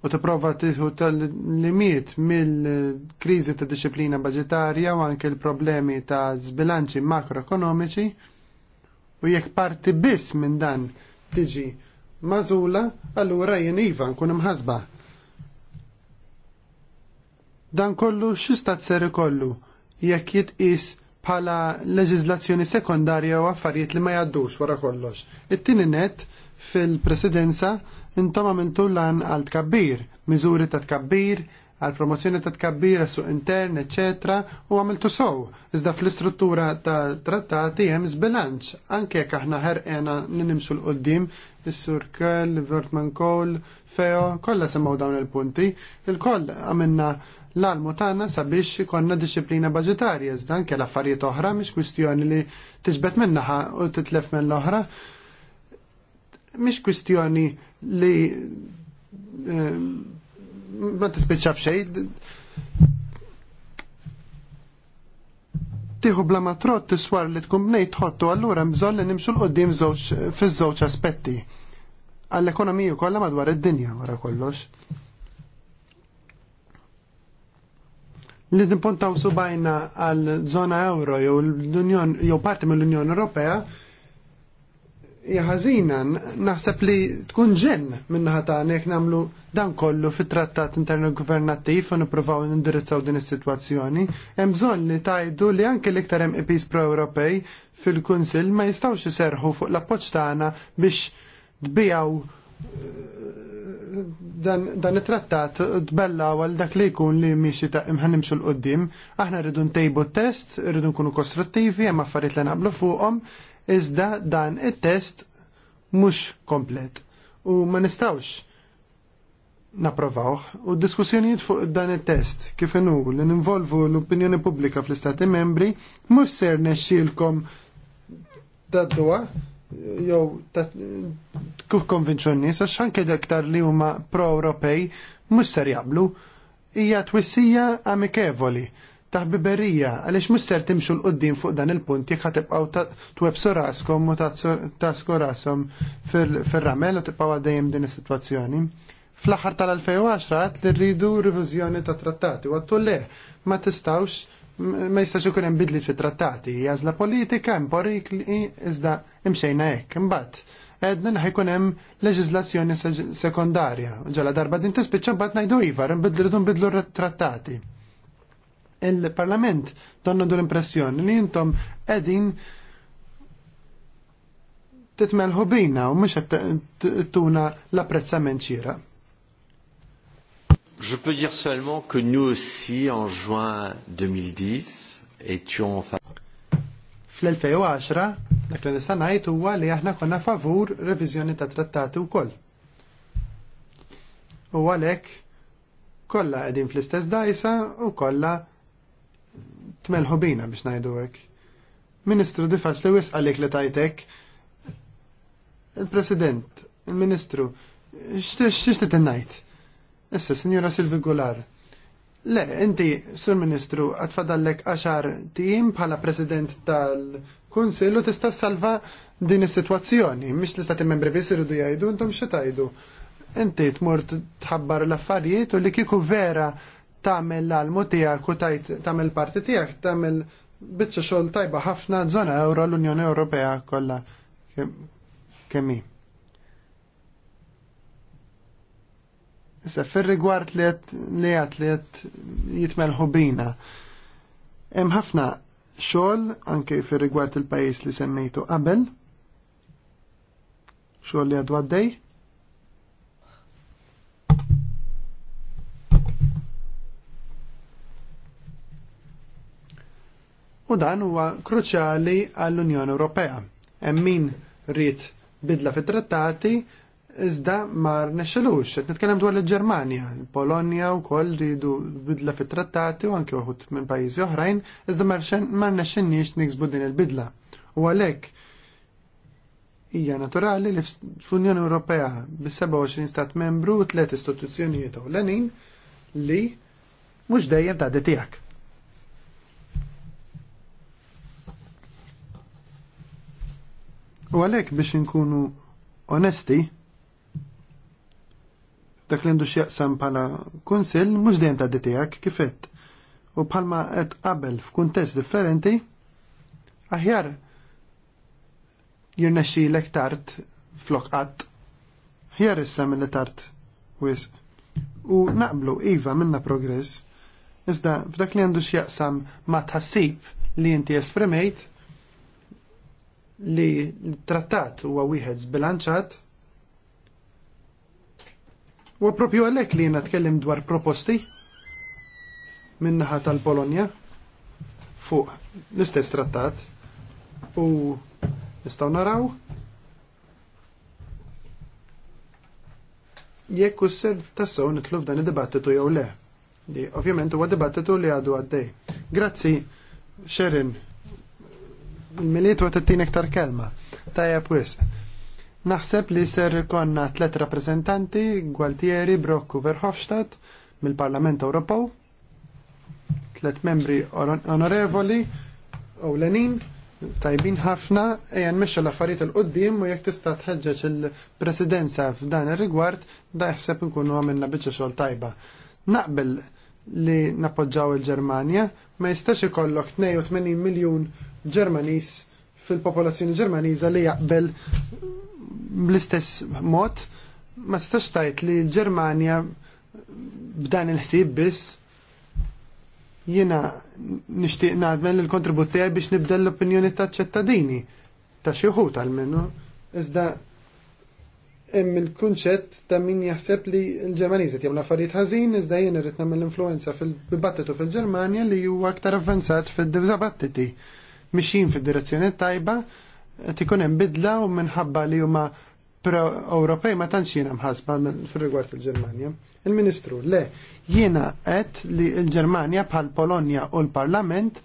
u tipprova tieħu tal-limiet mill-kriżi ta' disciplina budgetarja u anke l-problemi ta' zbilanċi makroekonomiċi u jekk parti biss minn dan tiġi mażula, allura jien iva nkun imħasba. Dan kollu x'istat ser ikollu jekk jitqis bħala leġiżlazzjoni sekondarja u affarijiet li ma jgħaddux wara kollox. It-tieni net fil-presidenza intom għamiltu lan għal tkabbir, miżuri ta' tkabbir, għal promozzjoni ta' tkabbir su intern, eccetera, u għamiltu sow. Iżda fl-istruttura ta' trattati hemm zbilanċ, anke jekk aħna ħerqena nimxu l-qoddim, is-Sur Kell, Vertman Kohl, Feo, kollha semgħu dawn il-punti, il-koll għamilna l-almu tagħna sabiex ikonna disċiplina baġitarja iżda anke l-affarijiet oħra mhix kwistjoni li tiġbet minnaħa u titlef minn l-oħra, Mish kwistjoni li eh, ma tispiċċa xej tiħu bla matrot tiswar li tkun bnej tħottu allura bżonn li nimxu l-qoddim fiż-żewġ aspetti. Għall-ekonomiju kollha madwar id-dinja wara kollox. Li nipuntaw subajna għal żona euro jew l-Unjon jew parti mill-Unjoni Ewropea jħazina naħseb li tkun ġen minnaħa ħata nek nagħmlu dan kollu fit-trattat internu governattiv u nippruvaw nindirizzaw din is-sitwazzjoni, hemm bżonn li tajdu li anke l-iktar hemm EPs pro-Ewropej fil-Kunsill ma jistgħux iserħu fuq l-appoġġ tagħna biex tbijaw eh, dan, dan it-trattat tbella għal dak li jkun li miexi ta' imħanimxu l-qoddim, aħna rridu ntejbu t-test, rridu nkunu kostruttivi, hemm affarijiet li naqblu fuqhom, iżda dan it-test mhux komplet u ma nistawx naprovawh u diskussjonijiet fuq dan it test kif inhu li ninvolvu l-opinjoni pubblika fl-istati membri mhux ser nexxielkom tad jew kif konvinzjoni sa xanke aktar li huma pro-Ewropej mhux ser jaqblu hija twissija amikevoli taħbiberija għaliex għalix ser timxu l-qoddim fuq dan il-punt jekk t-websu raskom u tasku raskom fir-ramel u t-tibqaw għaddejem din is-sitwazzjoni. Fl-aħħar tal-2010 għat li rridu riviżjoni ta' trattati u għattu le ma t-istawx, ma jistax ikun hemm bidli fit-trattati, jażla politika hemm li iżda imxejna hekk. Imbagħad edna ħajkun hemm leġiżlazzjoni sekondarja. Ġala darba din tispiċċa mbagħad ngħidu iva, nbidlu r trattati il-Parlament donna dur impressjoni li jintom edin titmelħu bina u mux tuna l-apprezzament ċira. Je peux dire seulement que nous aussi, en juin 2010, étions en faveur. Fl-2010, dak li nista' ngħid huwa li aħna konna favur reviżjoni ta' trattati wkoll. U għalhekk kollha qegħdin fl-istess dajsa u kollha tmelħu bina biex najdu hekk. Ministru difas li wisq għalik li tajtek il-President, il-Ministru, x'tix li najt Issa, Sinjora Silvi Gular. Le, inti, Sur Ministru, għatfadallek għaxar tim bħala President tal-Kunsillu tista' salva din is-sitwazzjoni, mhix tista' membri biss iridu jgħidu intom xi tajdu. Inti tmur tħabbar l-affarijiet u li kieku vera tagħmel l-almu tiegħek u tajt tagħmel parti tiegħek tagħmel biċċa xogħol tajba ħafna żona euro l-Unjoni Ewropea kollha kemm hi. Issa fir-rigward li li għat li jitmelħu bina. Hemm ħafna xogħol anke fir-rigward il-pajjiż li semmejtu qabel. Xogħol li għad għaddej u dan huwa kruċjali għall-Unjoni Ewropea. Hemm min rrid bidla fit-trattati iżda ma rnexxelux. Qed nitkellem dwar il-Ġermanja, Polonja wkoll ridu bidla fit-trattati u anke waħud minn pajjiżi oħrajn, iżda ma rnexxinniex niksbu din il-bidla. U għalhekk hija naturali li fl-Unjoni Ewropea bi 27 stat membru u tliet istituzzjonijiet ewlenin li mhux dejjem tgħaddi tiegħek. U għalhekk biex inkunu onesti, dak li għandu x'jaqsam bħala kunsill mhux dejjem tgħaddi tiegħek kifet. U bħalma qed qabel f'kuntest differenti, aħjar jirnexxilek tard flok qatt. Ħjar issa mill tard wisq. U naqblu iva minna progress, iżda f'dak li għandu x'jaqsam ma tħassib li inti esprimejt, li trattat huwa wieħed zbilanċat u propju għalhekk li jiena tkellim dwar proposti min-naħa tal-Polonja fuq l-istess trattat u nistgħu naraw jekk u usser tassaw nitluf dan id-dibattitu jew le. Li ovvjament huwa dibattitu li għadu għaddej. Grazzi, Sherin, miliet u t iktar kelma. tajja pwis. Naħseb li ser konna tlet rappresentanti, Gualtieri, Brock u Verhofstadt mill-Parlament Ewropew, tlet membri onorevoli u lenin tajbin ħafna ejjan mexxa l-affarijiet il-qoddim u jekk tista' tħeġġeġ il-presidenza f'dan ir-rigward da jaħseb nkunu għamilna biċċa xogħol tajba. Naqbel li nappoġġaw il-Ġermanja ma jistax ikollok 82 miljun Ġermaniż fil-popolazzjoni Ġermaniża li jaqbel bl-istess mod ma tistax tajt li l-Ġermanja b'dan il-ħsieb biss jiena nixtieq nagħmel il-kontribut tiegħi biex nibdel l-opinjoni taċ-ċittadini ta' xi wħud għalmenu. Iżda hemm il-kunċett ta' min jaħseb li l-Ġermaniżi jagħmlu affarijiet ħażin iżda jien irid nagħmel influenza fil-dibattitu fil-Ġermanja li huwa aktar avvanzat fid-dibattiti mixin fid-direzzjoni tajba, tikun hemm bidla u minħabba li huma pro-Ewropej ma tantx jiena mħasba fir-rigward il-Ġermanja. Il-Ministru, le, jiena qed li l-Ġermanja bħal Polonja u l-Parlament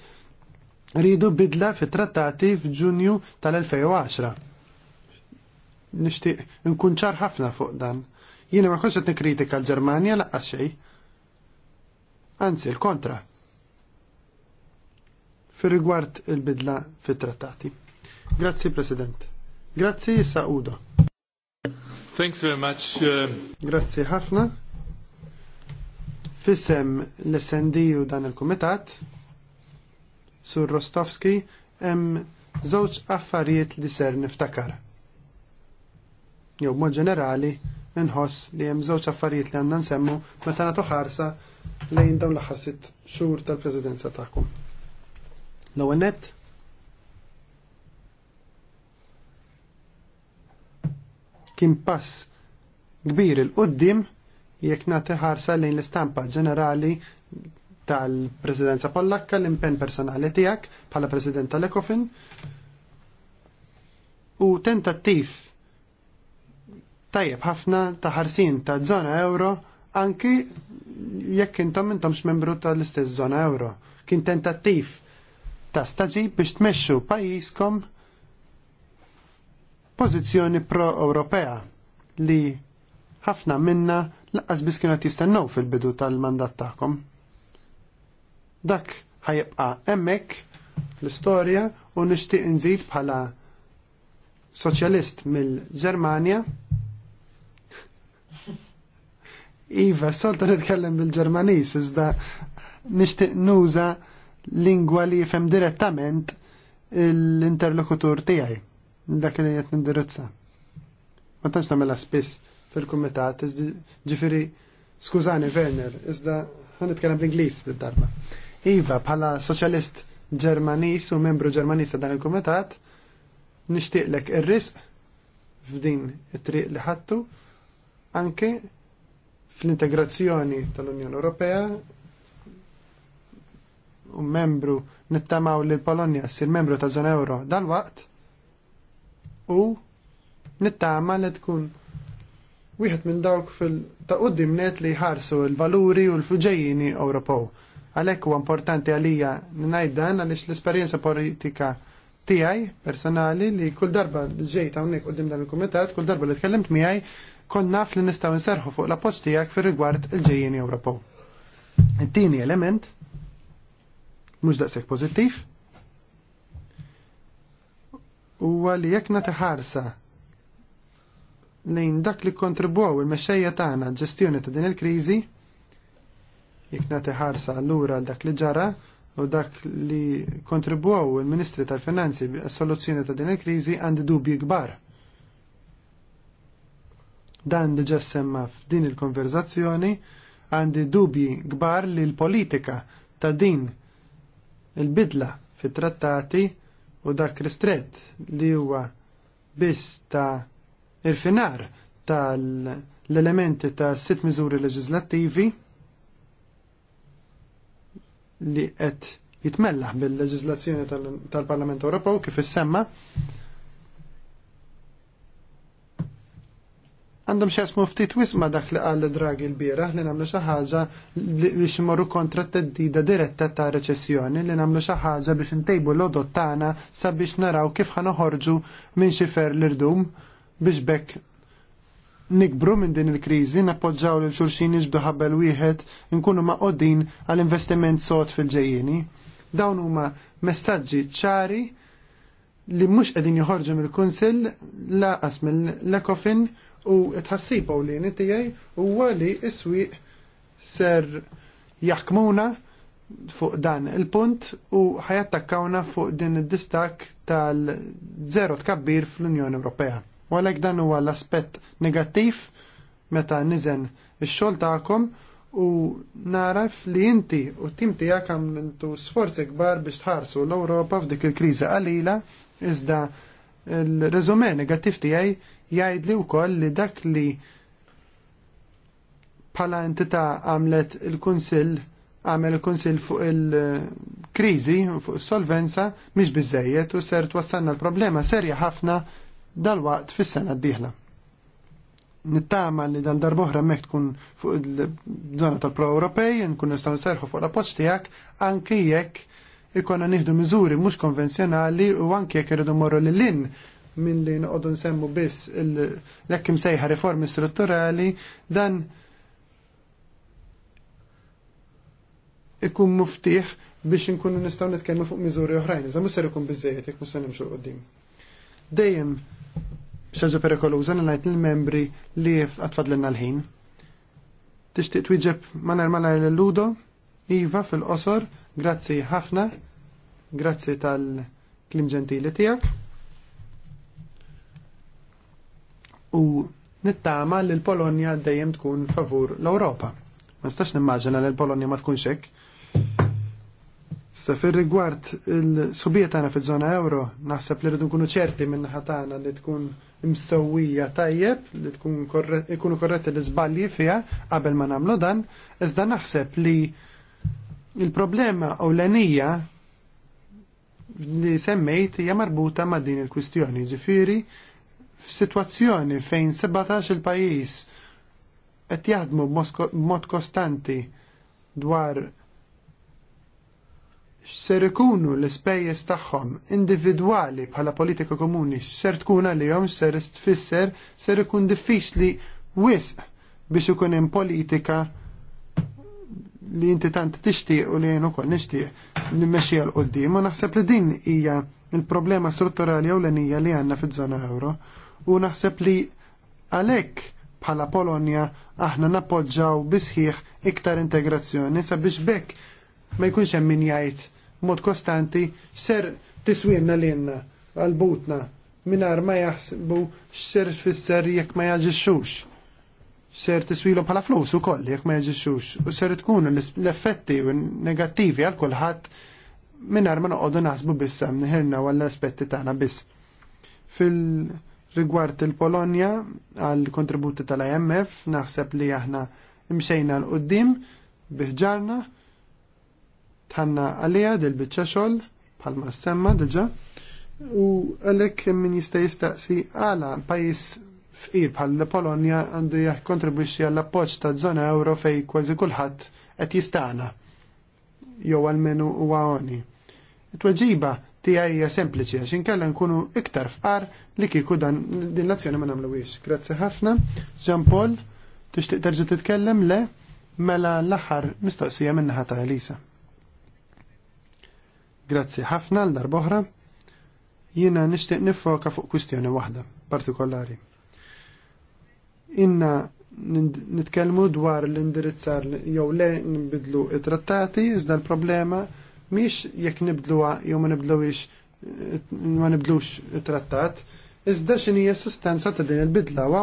ridu bidla fit-trattati f'Ġunju tal-2010. Nixtieq nkun ċar ħafna fuq dan. Jiena ma konx qed nikkritika l-Ġermanja laqqas xejn. Anzi, l-kontra fir rigward il-bidla fit-trattati. Grazzi, President. Grazzi, Sauda. Thanks very much. Uh... Grazzi ħafna. Fissem l-SND u dan il-Kumitat, Sur Rostovski, hemm żewġ affarijiet li ser niftakar. Jew mod ġenerali, nħoss li hemm żewġ affarijiet li għandna nsemmu meta nagħtu ħarsa lejn dawn l-aħħar xhur tal-Presidenza tagħkom. L-ewwel nett? Kien pass kbir il-qoddim jekk nagħti ħarsa lejn l-istampa ġenerali tal-Presidenza Pollakka l-impenn personali tiegħek bħala Presidenta Lekofin. ekofin u tentattiv tajjeb ħafna ta' ħarsin ta' zona euro anki jekk intom intomx membru tal-istess zona euro. Kien tentattiv ta' staġi biex tmexxu pajjiżkom pożizzjoni pro-Ewropea li ħafna minna laqqas biss kienu jistennew fil-bidu tal-mandat tagħkom. Dak ħajibqa' hemmhekk l-istorja u nixtieq inżid bħala soċjalist mill-Ġermanja. Iva, solta nitkellem bil-Ġermanis, iżda nixtieq nuża lingwa li jifem direttament l-interlokutur tiegħi dak li qed nindirizza. Ma tantx nagħmilha spiss fil-kumitat, ġifiri, skużani Werner, iżda ħan kellem bl-Ingliż d darba Iva, bħala soċjalist Ġermanis u membru Ġermanis dan il-kumitat, nixtieqlek ir-risq f'din it-triq li ħattu anke fl-integrazzjoni tal-Unjoni Ewropea u membru nittamaw li l-Polonja sir membru ta' zona euro dal-waqt u nittama li tkun wieħed minn dawk fil ta' qudiem net li jħarsu l-valuri u l-fuġejjini Ewropew. Għalhekk huwa importanti għalija ngħid dan għaliex l-esperjenza politika tiegħi personali li kull darba li ġejt hawnhekk qudiem dan il-kumitat, kull darba li tkellimt miegħi kon naf li nistgħu nserħu fuq l-appoġġ tiegħek fir rigward il-ġejjini Ewropew. It-tieni element mhux daqshekk pożittiv huwa li jekk nagħti ħarsa lejn dak li kontribuaw il-mexxejja tagħna ġestjoni ta' din il-kriżi, jekk nagħti ħarsa allura dak li ġara u dak li kontribuaw il-Ministri tal-Finanzi għas-soluzzjoni ta' din il-kriżi għandi dubji kbar. Dan diġà semma f'din il-konverzazzjoni għandi dubji kbar li l-politika ta' din Il-bidla fit-trattati u dak ristret li huwa biss ta' irfinar tal-elementi ta' sitt miżuri leġislattivi li qed jitmellaħ bil-leġislazzjoni tal-Parlament Ewropew kif issemma għandhom xi jasmu ftit wisma dak li qal dragi l-bieraħ li nagħmlu xi ħaġa biex imorru kontra t-teddida diretta ta' reċessjoni li nagħmlu xi ħaġa biex intejbu l-odot tagħna sabiex naraw kif ħanoħorġu minn xi fer l-irdum biex bekk nikbru minn din il-kriżi nappoġġaw lil xulxin iġbdu ħabel wieħed nkunu maqoddin għal investiment sod fil-ġejjieni. Dawn huma messaġġi ċari li mhux qegħdin joħorġu mill-Kunsill laqas mill-Ekofin la u tħassibu li nittijaj huwa li iswi ser jaħkmuna fuq dan il-punt u ħajattakkawna fuq din id-distak tal-zero tkabbir fl-Unjoni Ewropea. U għalhekk dan huwa l-aspett negattiv meta niżen ix-xogħol tagħkom u naraf li inti u tim tiegħek għamiltu sforzi kbar biex tħarsu l-Ewropa f'dik il-kriżi qalila iżda l-reżumé negattiv tiegħi jgħid li wkoll li dak li bħala entità għamlet il-Kunsill għamel il-Kunsill fuq il-kriżi fuq is-solvenza mhix biżejjed u ser twassalna l-problema serja ħafna dal-waqt fis-sena d-dieħla. Nittama li dal-darboħra mek tkun fuq il-żona tal-Pro Ewropej, nkun nistgħu nserħu fuq l-appoġġ tiegħek anke jekk ikonna nieħdu miżuri mhux konvenzjonali u anke jekk irridu morru lil lin minn li noqogħdu nsemmu biss l-hekk imsejħa riformi strutturali dan ikun muftiħ biex nkunu nistgħu nitkellmu fuq miżuri oħrajn, iżda mhux ser ikun biżejjed jekk mhux se nimxu qudiem. Dejjem xaġa perikoluża ngħid lill-membri li għatfadlilna l-ħin. Tixtieq twieġeb manar manar l-ludo, Iva fil-qosor, grazzi ħafna, grazzi tal-klim ġentili tiegħek. u nittama li l-Polonja dejjem tkun favur l-Ewropa. Ma nistax nimmaġina li l-Polonja ma tkunx hekk. Sa fir rigward il-subiet tagħna fiż-żona euro, naħseb li rridu nkunu ċerti minn tagħna li tkun msewwija tajjeb li tkun ikunu korretti l-iżbalji fiha qabel ma nagħmlu dan, iżda naħseb li il-problema ewlenija li semmejt hija marbuta ma' din il-kwistjoni, ġifieri f'sitwazzjoni fejn 17 il-pajjiż qed jaħdmu b'mod kostanti dwar x'ser ikunu l-ispejjeż tagħhom individwali bħala politika komuni x'ser tkun għalihom x'ser tfisser ser ikun diffiċli wisq biex ikun hemm politika li inti tant tixtieq u li jien ukoll nixtieq li mmexxija l qudiem u naħseb li din hija il-problema strutturali ewlenija li għandna fiż-żona euro u naħseb li għalhekk bħala Polonja aħna nappoġġaw bisħiħ iktar integrazzjoni sabiex bekk ma jkunx hemm min jgħid mod kostanti ser tiswienna lilna għal-butna minar ma jaħsbu xser fisser jekk ma jaġixxux. Ser tiswilu bħala flus u koll jekk ma jaġixxux u ser tkun l-effetti negattivi għal kulħadd minar ma noqogħdu naħsbu biss hemm neħirna għall aspetti tagħna biss. Fil- Rigward il-Polonja għal kontributi tal-IMF, naħseb li aħna imxejna l-qoddim biħġarna tħanna għalija dil-bicċa xol bħalma s-semma diġa u għalek min jista jistaqsi għala pajis fqir bħal Polonja għandu jah kontribuċi għall poċ ta' zona euro fej kważi kulħadd qed jistana jew għalmenu huwa għoni. It-tweġiba tiegħi hija sempliċi għax inkella nkunu iktar fqar li kieku dan din l-azzjoni ma nagħmluwiex. Grazzi ħafna. Jean Paul, tixtieq terġa' titkellem le mela l-aħħar mistoqsija min-naħa ta' Elisa. Grazzi ħafna l darboħra Jiena nixtieq nifoka fuq kwistjoni waħda partikolari. Inna nitkellmu dwar l-indirizzar jew le nbidlu it-trattati iżda l-problema miex jekk nibdluha jew ma nibdluwix ma nibdlux it-trattat, iżda x'inhi hija sustanza ta' din il-bidla wa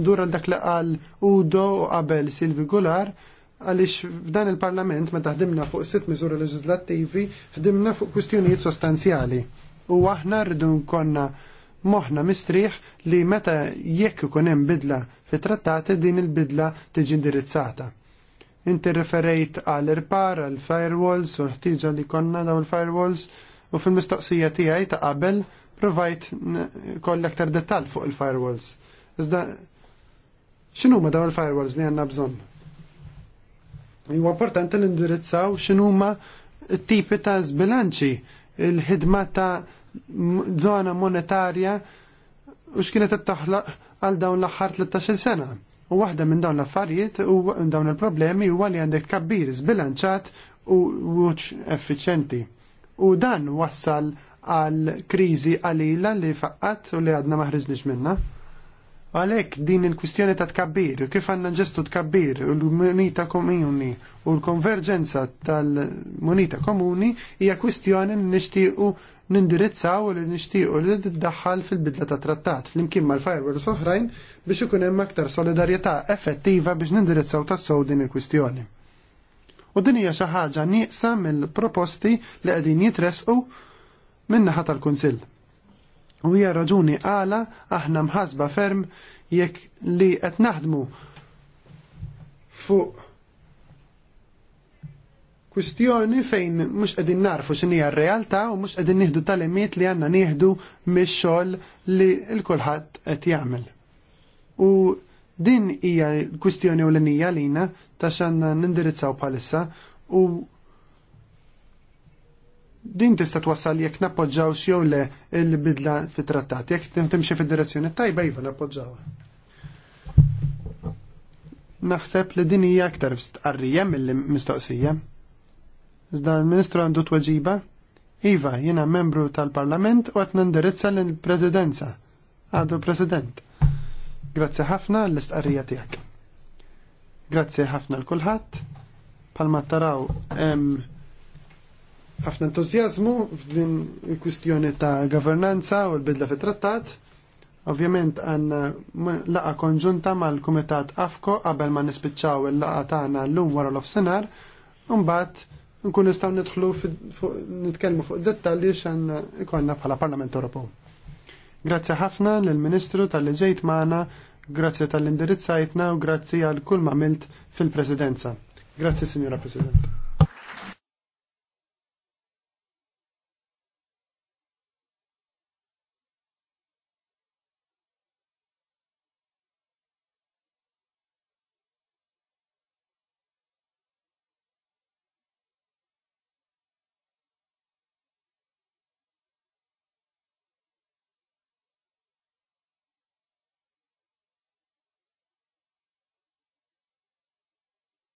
ndur għal dak li qal Udo u qabel Silvi Gular għaliex f'dan il-Parlament meta ħdimna fuq sitt miżuri leġislattivi ħdimna fuq kwistjonijiet sostanzjali. U aħna rridu nkonna moħna mistrieħ li meta jekk ikun hemm bidla fit-trattati din il-bidla tiġi indirizzata. Inti referejt għal irpar għal firewalls u ħtiġa li konna daw il-firewalls u fil-mistoqsija tiegħi ta' qabel provajt koll aktar dettal fuq il-firewalls. Iżda xinu ma daw il-firewalls li għandna bżon? Iwa importanti li indirizzaw xinu ma t-tipi ta' zbilanċi, il-ħidma ta' zona monetarja u x'kienet taħlaq għal dawn l-aħħar 13 sena U waħda minn dawn l-affarijiet u dawn il-problemi huwa li għandek tkabbir zbilanċat u wuċ effiċenti. U dan wassal għal kriżi għalila li faqqat u li għadna maħriġniex minna. Għalek din il-kwistjoni ta' tkabbir, kif għanna ġestu tkabbir, l-munita komuni u l-konverġenza tal-munita komuni hija kwistjoni nixtiequ nindirizzaw li nixtiequ li tiddaħħal fil-bidla ta' trattat flimkien mal-firewalls oħrajn biex ikun hemm aktar solidarjetà effettiva biex nindirizzaw tassew din il-kwistjoni. U din hija xi ħaġa nieqsa mill-proposti li qegħdin jitresqu min-naħa tal-Kunsill. U hija raġuni għala aħna mħasba ferm jekk li qed naħdmu fuq kwistjoni fejn mhux qegħdin narfu x'inhi r-realtà u mhux qegħdin nieħdu tal-imiet li għandna nieħdu mix-xogħol li l-kulħadd qed jagħmel. U din hija l-kwistjoni ewlenija lina ta' x'għandna nindirizzaw bħalissa u din tista' twassal jekk nappoġġaw jew le l-bidla fit-trattat, jekk timxi fid-direzzjoni tajba iva nappoġġawha naħseb li din hija aktar stqarrija mill-mistoqsija. Iżda l-Ministru għandu tweġiba? Iva, jiena membru tal-Parlament u għat nindirizza l-Presidenza. Għadu President. Grazzi ħafna l-istqarrija tiegħek. Grazzi ħafna l-kulħadd. Palma taraw hemm ħafna entużjażmu f'din il-kwistjoni ta' governanza u l-bidla fit-trattat. Ovvjament għanna laqa konġunta mal-Kumitat AFKO qabel ma nispiċċaw il-laqa tagħna llum wara l-ofsenar, u mbagħad nkun nistgħu nidħlu nitkellmu fuq dettalji x'għandna ikollna bħala Parlament Ewropew. Grazzi ħafna lill-Ministru tal-li ġejt magħna, grazzi tal-indirizzajtna u grazzi għal kull ma' fil-Presidenza. Grazzi, Signora President.